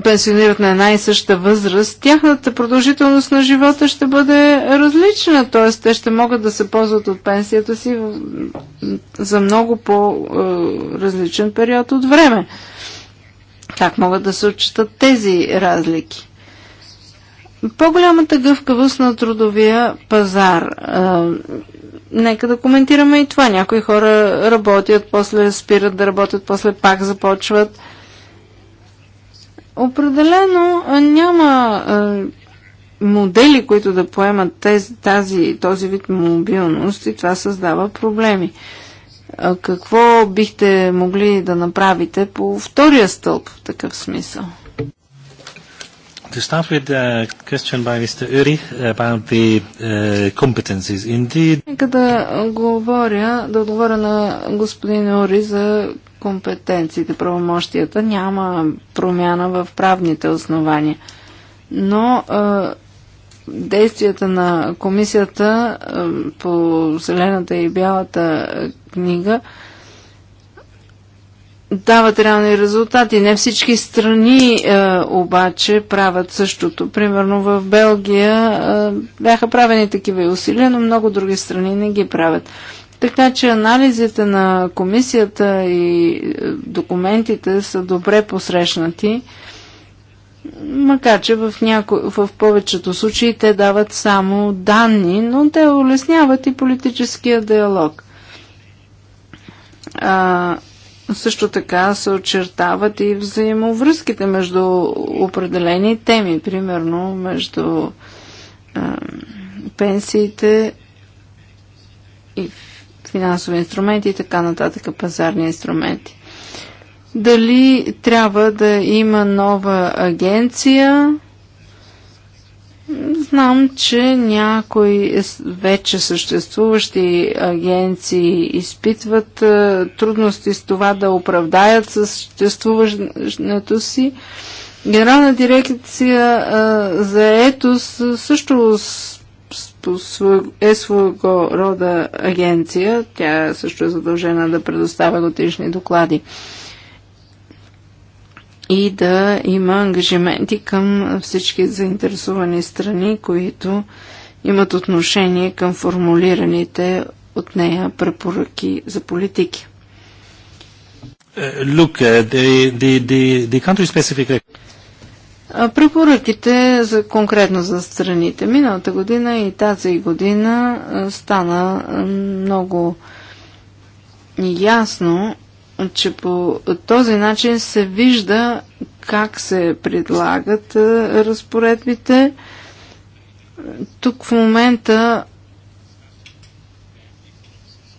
пенсионират на една и съща възраст, тяхната продължителност на живота ще бъде различна, т.е. те ще могат да се ползват от пенсията си за много по-различен период от време. Как могат да се отчитат тези разлики? По-голямата гъвкавост на трудовия пазар. Нека да коментираме и това. Някои хора работят, после спират да работят, после пак започват. Определено няма модели, които да поемат тези, тази, този вид мобилност и това създава проблеми. Какво бихте могли да направите по втория стълб в такъв смисъл? To start with a uh, question by Mr. Uri about the uh, competencies. Indeed. Нека да говоря, да отговоря на господин Ури за компетенциите, правомощията. Няма промяна в правните основания. Но а, действията на комисията а, по Зелената и Бялата книга а, дават реални резултати. Не всички страни е, обаче правят същото. Примерно в Белгия е, бяха правени такива усилия, но много други страни не ги правят. Така че анализите на комисията и е, документите са добре посрещнати, макар че в, няко... в повечето случаи те дават само данни, но те улесняват и политическия диалог. А, също така се очертават и взаимовръзките между определени теми, примерно между а, пенсиите и финансови инструменти и така нататък, пазарни инструменти. Дали трябва да има нова агенция Знам, че някои вече съществуващи агенции изпитват е, трудности с това да оправдаят съществуването си. Генерална дирекция е, за етос също е своего рода агенция. Тя също е задължена да предоставя годишни доклади и да има ангажименти към всички заинтересовани страни, които имат отношение към формулираните от нея препоръки за политики. Look, е, е, the, the, the, Препоръките за, конкретно за страните. Миналата година и тази година стана много ясно, че по този начин се вижда как се предлагат разпоредбите. Тук в момента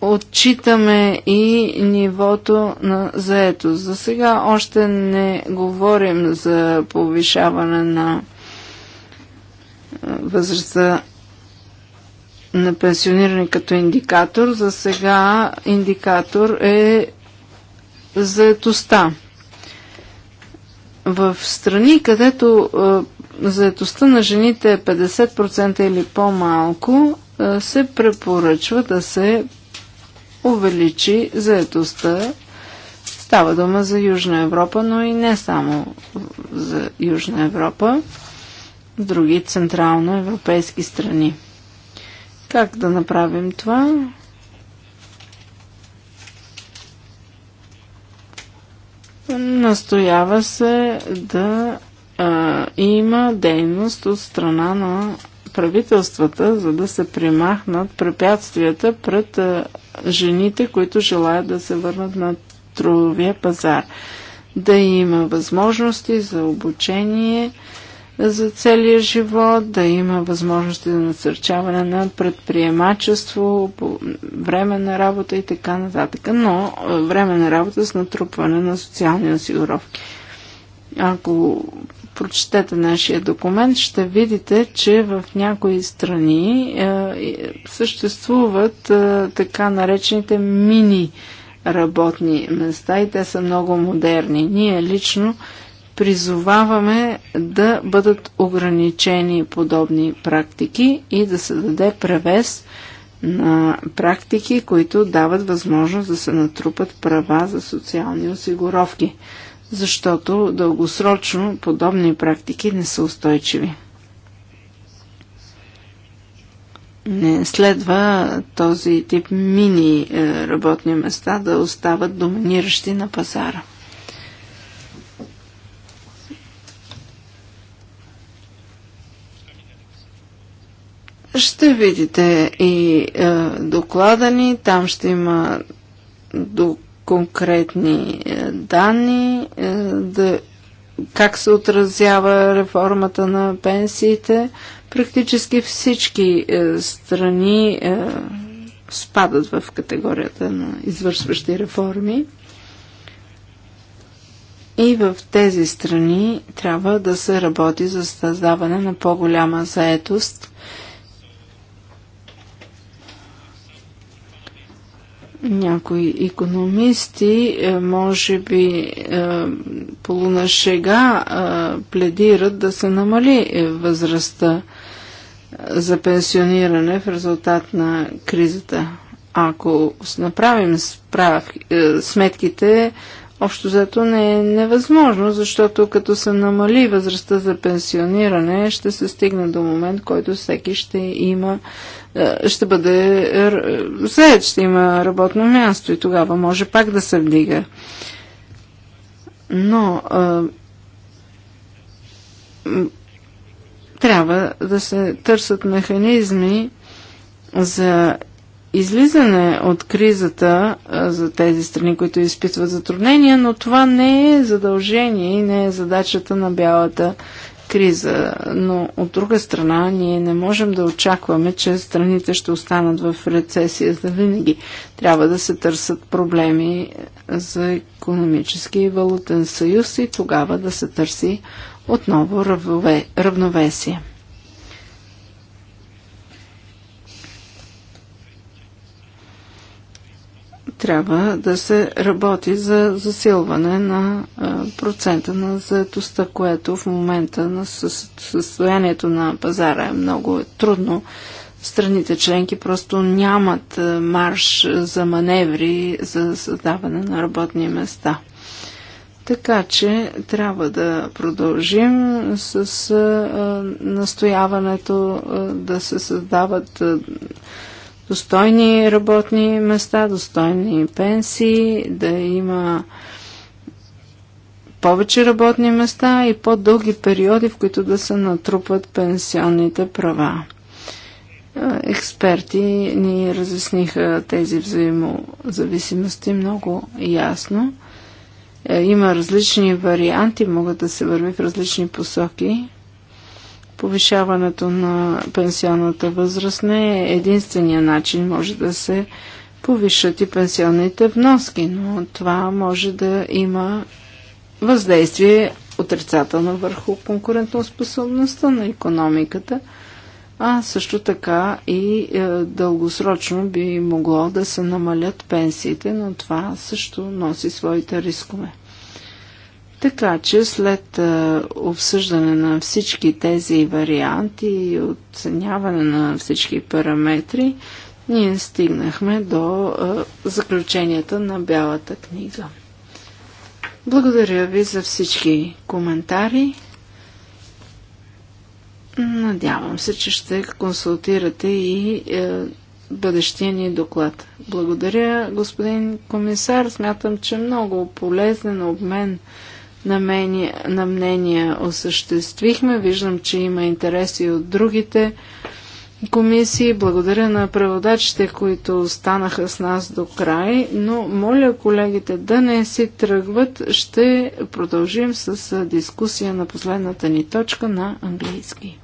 отчитаме и нивото на заетост. За сега още не говорим за повишаване на възрастта на пенсиониране като индикатор. За сега индикатор е заетостта. В страни, където заетостта на жените е 50% или по-малко, се препоръчва да се увеличи заетостта. Става дума за Южна Европа, но и не само за Южна Европа, други централноевропейски страни. Как да направим това? Настоява се да а, има дейност от страна на правителствата, за да се примахнат препятствията пред а, жените, които желаят да се върнат на трудовия пазар. Да има възможности за обучение, а, за целия живот, да има възможности за насърчаване на предприемачество, време на работа и така нататък, но е, време на работа с натрупване на социални осигуровки. Ако прочетете нашия документ, ще видите, че в някои страни е, е съществуват е, така наречените мини работни места и те са много модерни. Ние лично призоваваме да бъдат ограничени подобни практики и да се даде превес на практики, които дават възможност да се натрупат права за социални осигуровки, защото дългосрочно подобни практики не са устойчиви. Не следва този тип мини е, работни места да остават доминиращи на пазара. Ще видите и е, доклада ни, там ще има до конкретни е, данни, е, да, как се отразява реформата на пенсиите. Практически всички е, страни е, спадат в категорията на извършващи реформи. И в тези страни трябва да се работи за създаване на по-голяма заетост – някои економисти, е, може би е, полуна е, пледират да се намали възрастта за пенсиониране в резултат на кризата. Ако направим справ, сметките, общо взето не е невъзможно, защото като се намали възрастта за пенсиониране, ще се стигне до момент, който всеки ще има, е, ще бъде е, заед, ще има работно място и тогава може пак да се вдига. Но а, е, трябва да се търсят механизми за излизане от кризата за тези страни, които изпитват затруднения, но това не е задължение и не е задачата на бялата криза. Но от друга страна, ние не можем да очакваме, че страните ще останат в рецесия за винаги. Трябва да се търсят проблеми за економически и валутен съюз и тогава да се търси отново равновесие. трябва да се работи за засилване на процента на заетостта, което в момента на състоянието на пазара е много трудно. Страните членки просто нямат марш за маневри за създаване на работни места. Така че трябва да продължим с настояването да се създават достойни работни места, достойни пенсии, да има повече работни места и по-дълги периоди, в които да се натрупат пенсионните права. Експерти ни разясниха тези взаимозависимости много ясно. Е, има различни варианти, могат да се върви в различни посоки. Повишаването на пенсионната възраст не е единствения начин. Може да се повишат и пенсионните вноски, но това може да има въздействие отрицателно върху конкурентоспособността на економиката, а също така и е, дългосрочно би могло да се намалят пенсиите, но това също носи своите рискове. Така че след обсъждане на всички тези варианти и оценяване на всички параметри, ние стигнахме до заключенията на Бялата книга. Благодаря ви за всички коментари. Надявам се, че ще консултирате и е, бъдещия ни доклад. Благодаря, господин комисар. Смятам, че много полезен обмен на, мнения, на мнения осъществихме. Виждам, че има интереси от другите комисии. Благодаря на преводачите, които останаха с нас до край, но моля колегите да не си тръгват. Ще продължим с дискусия на последната ни точка на английски.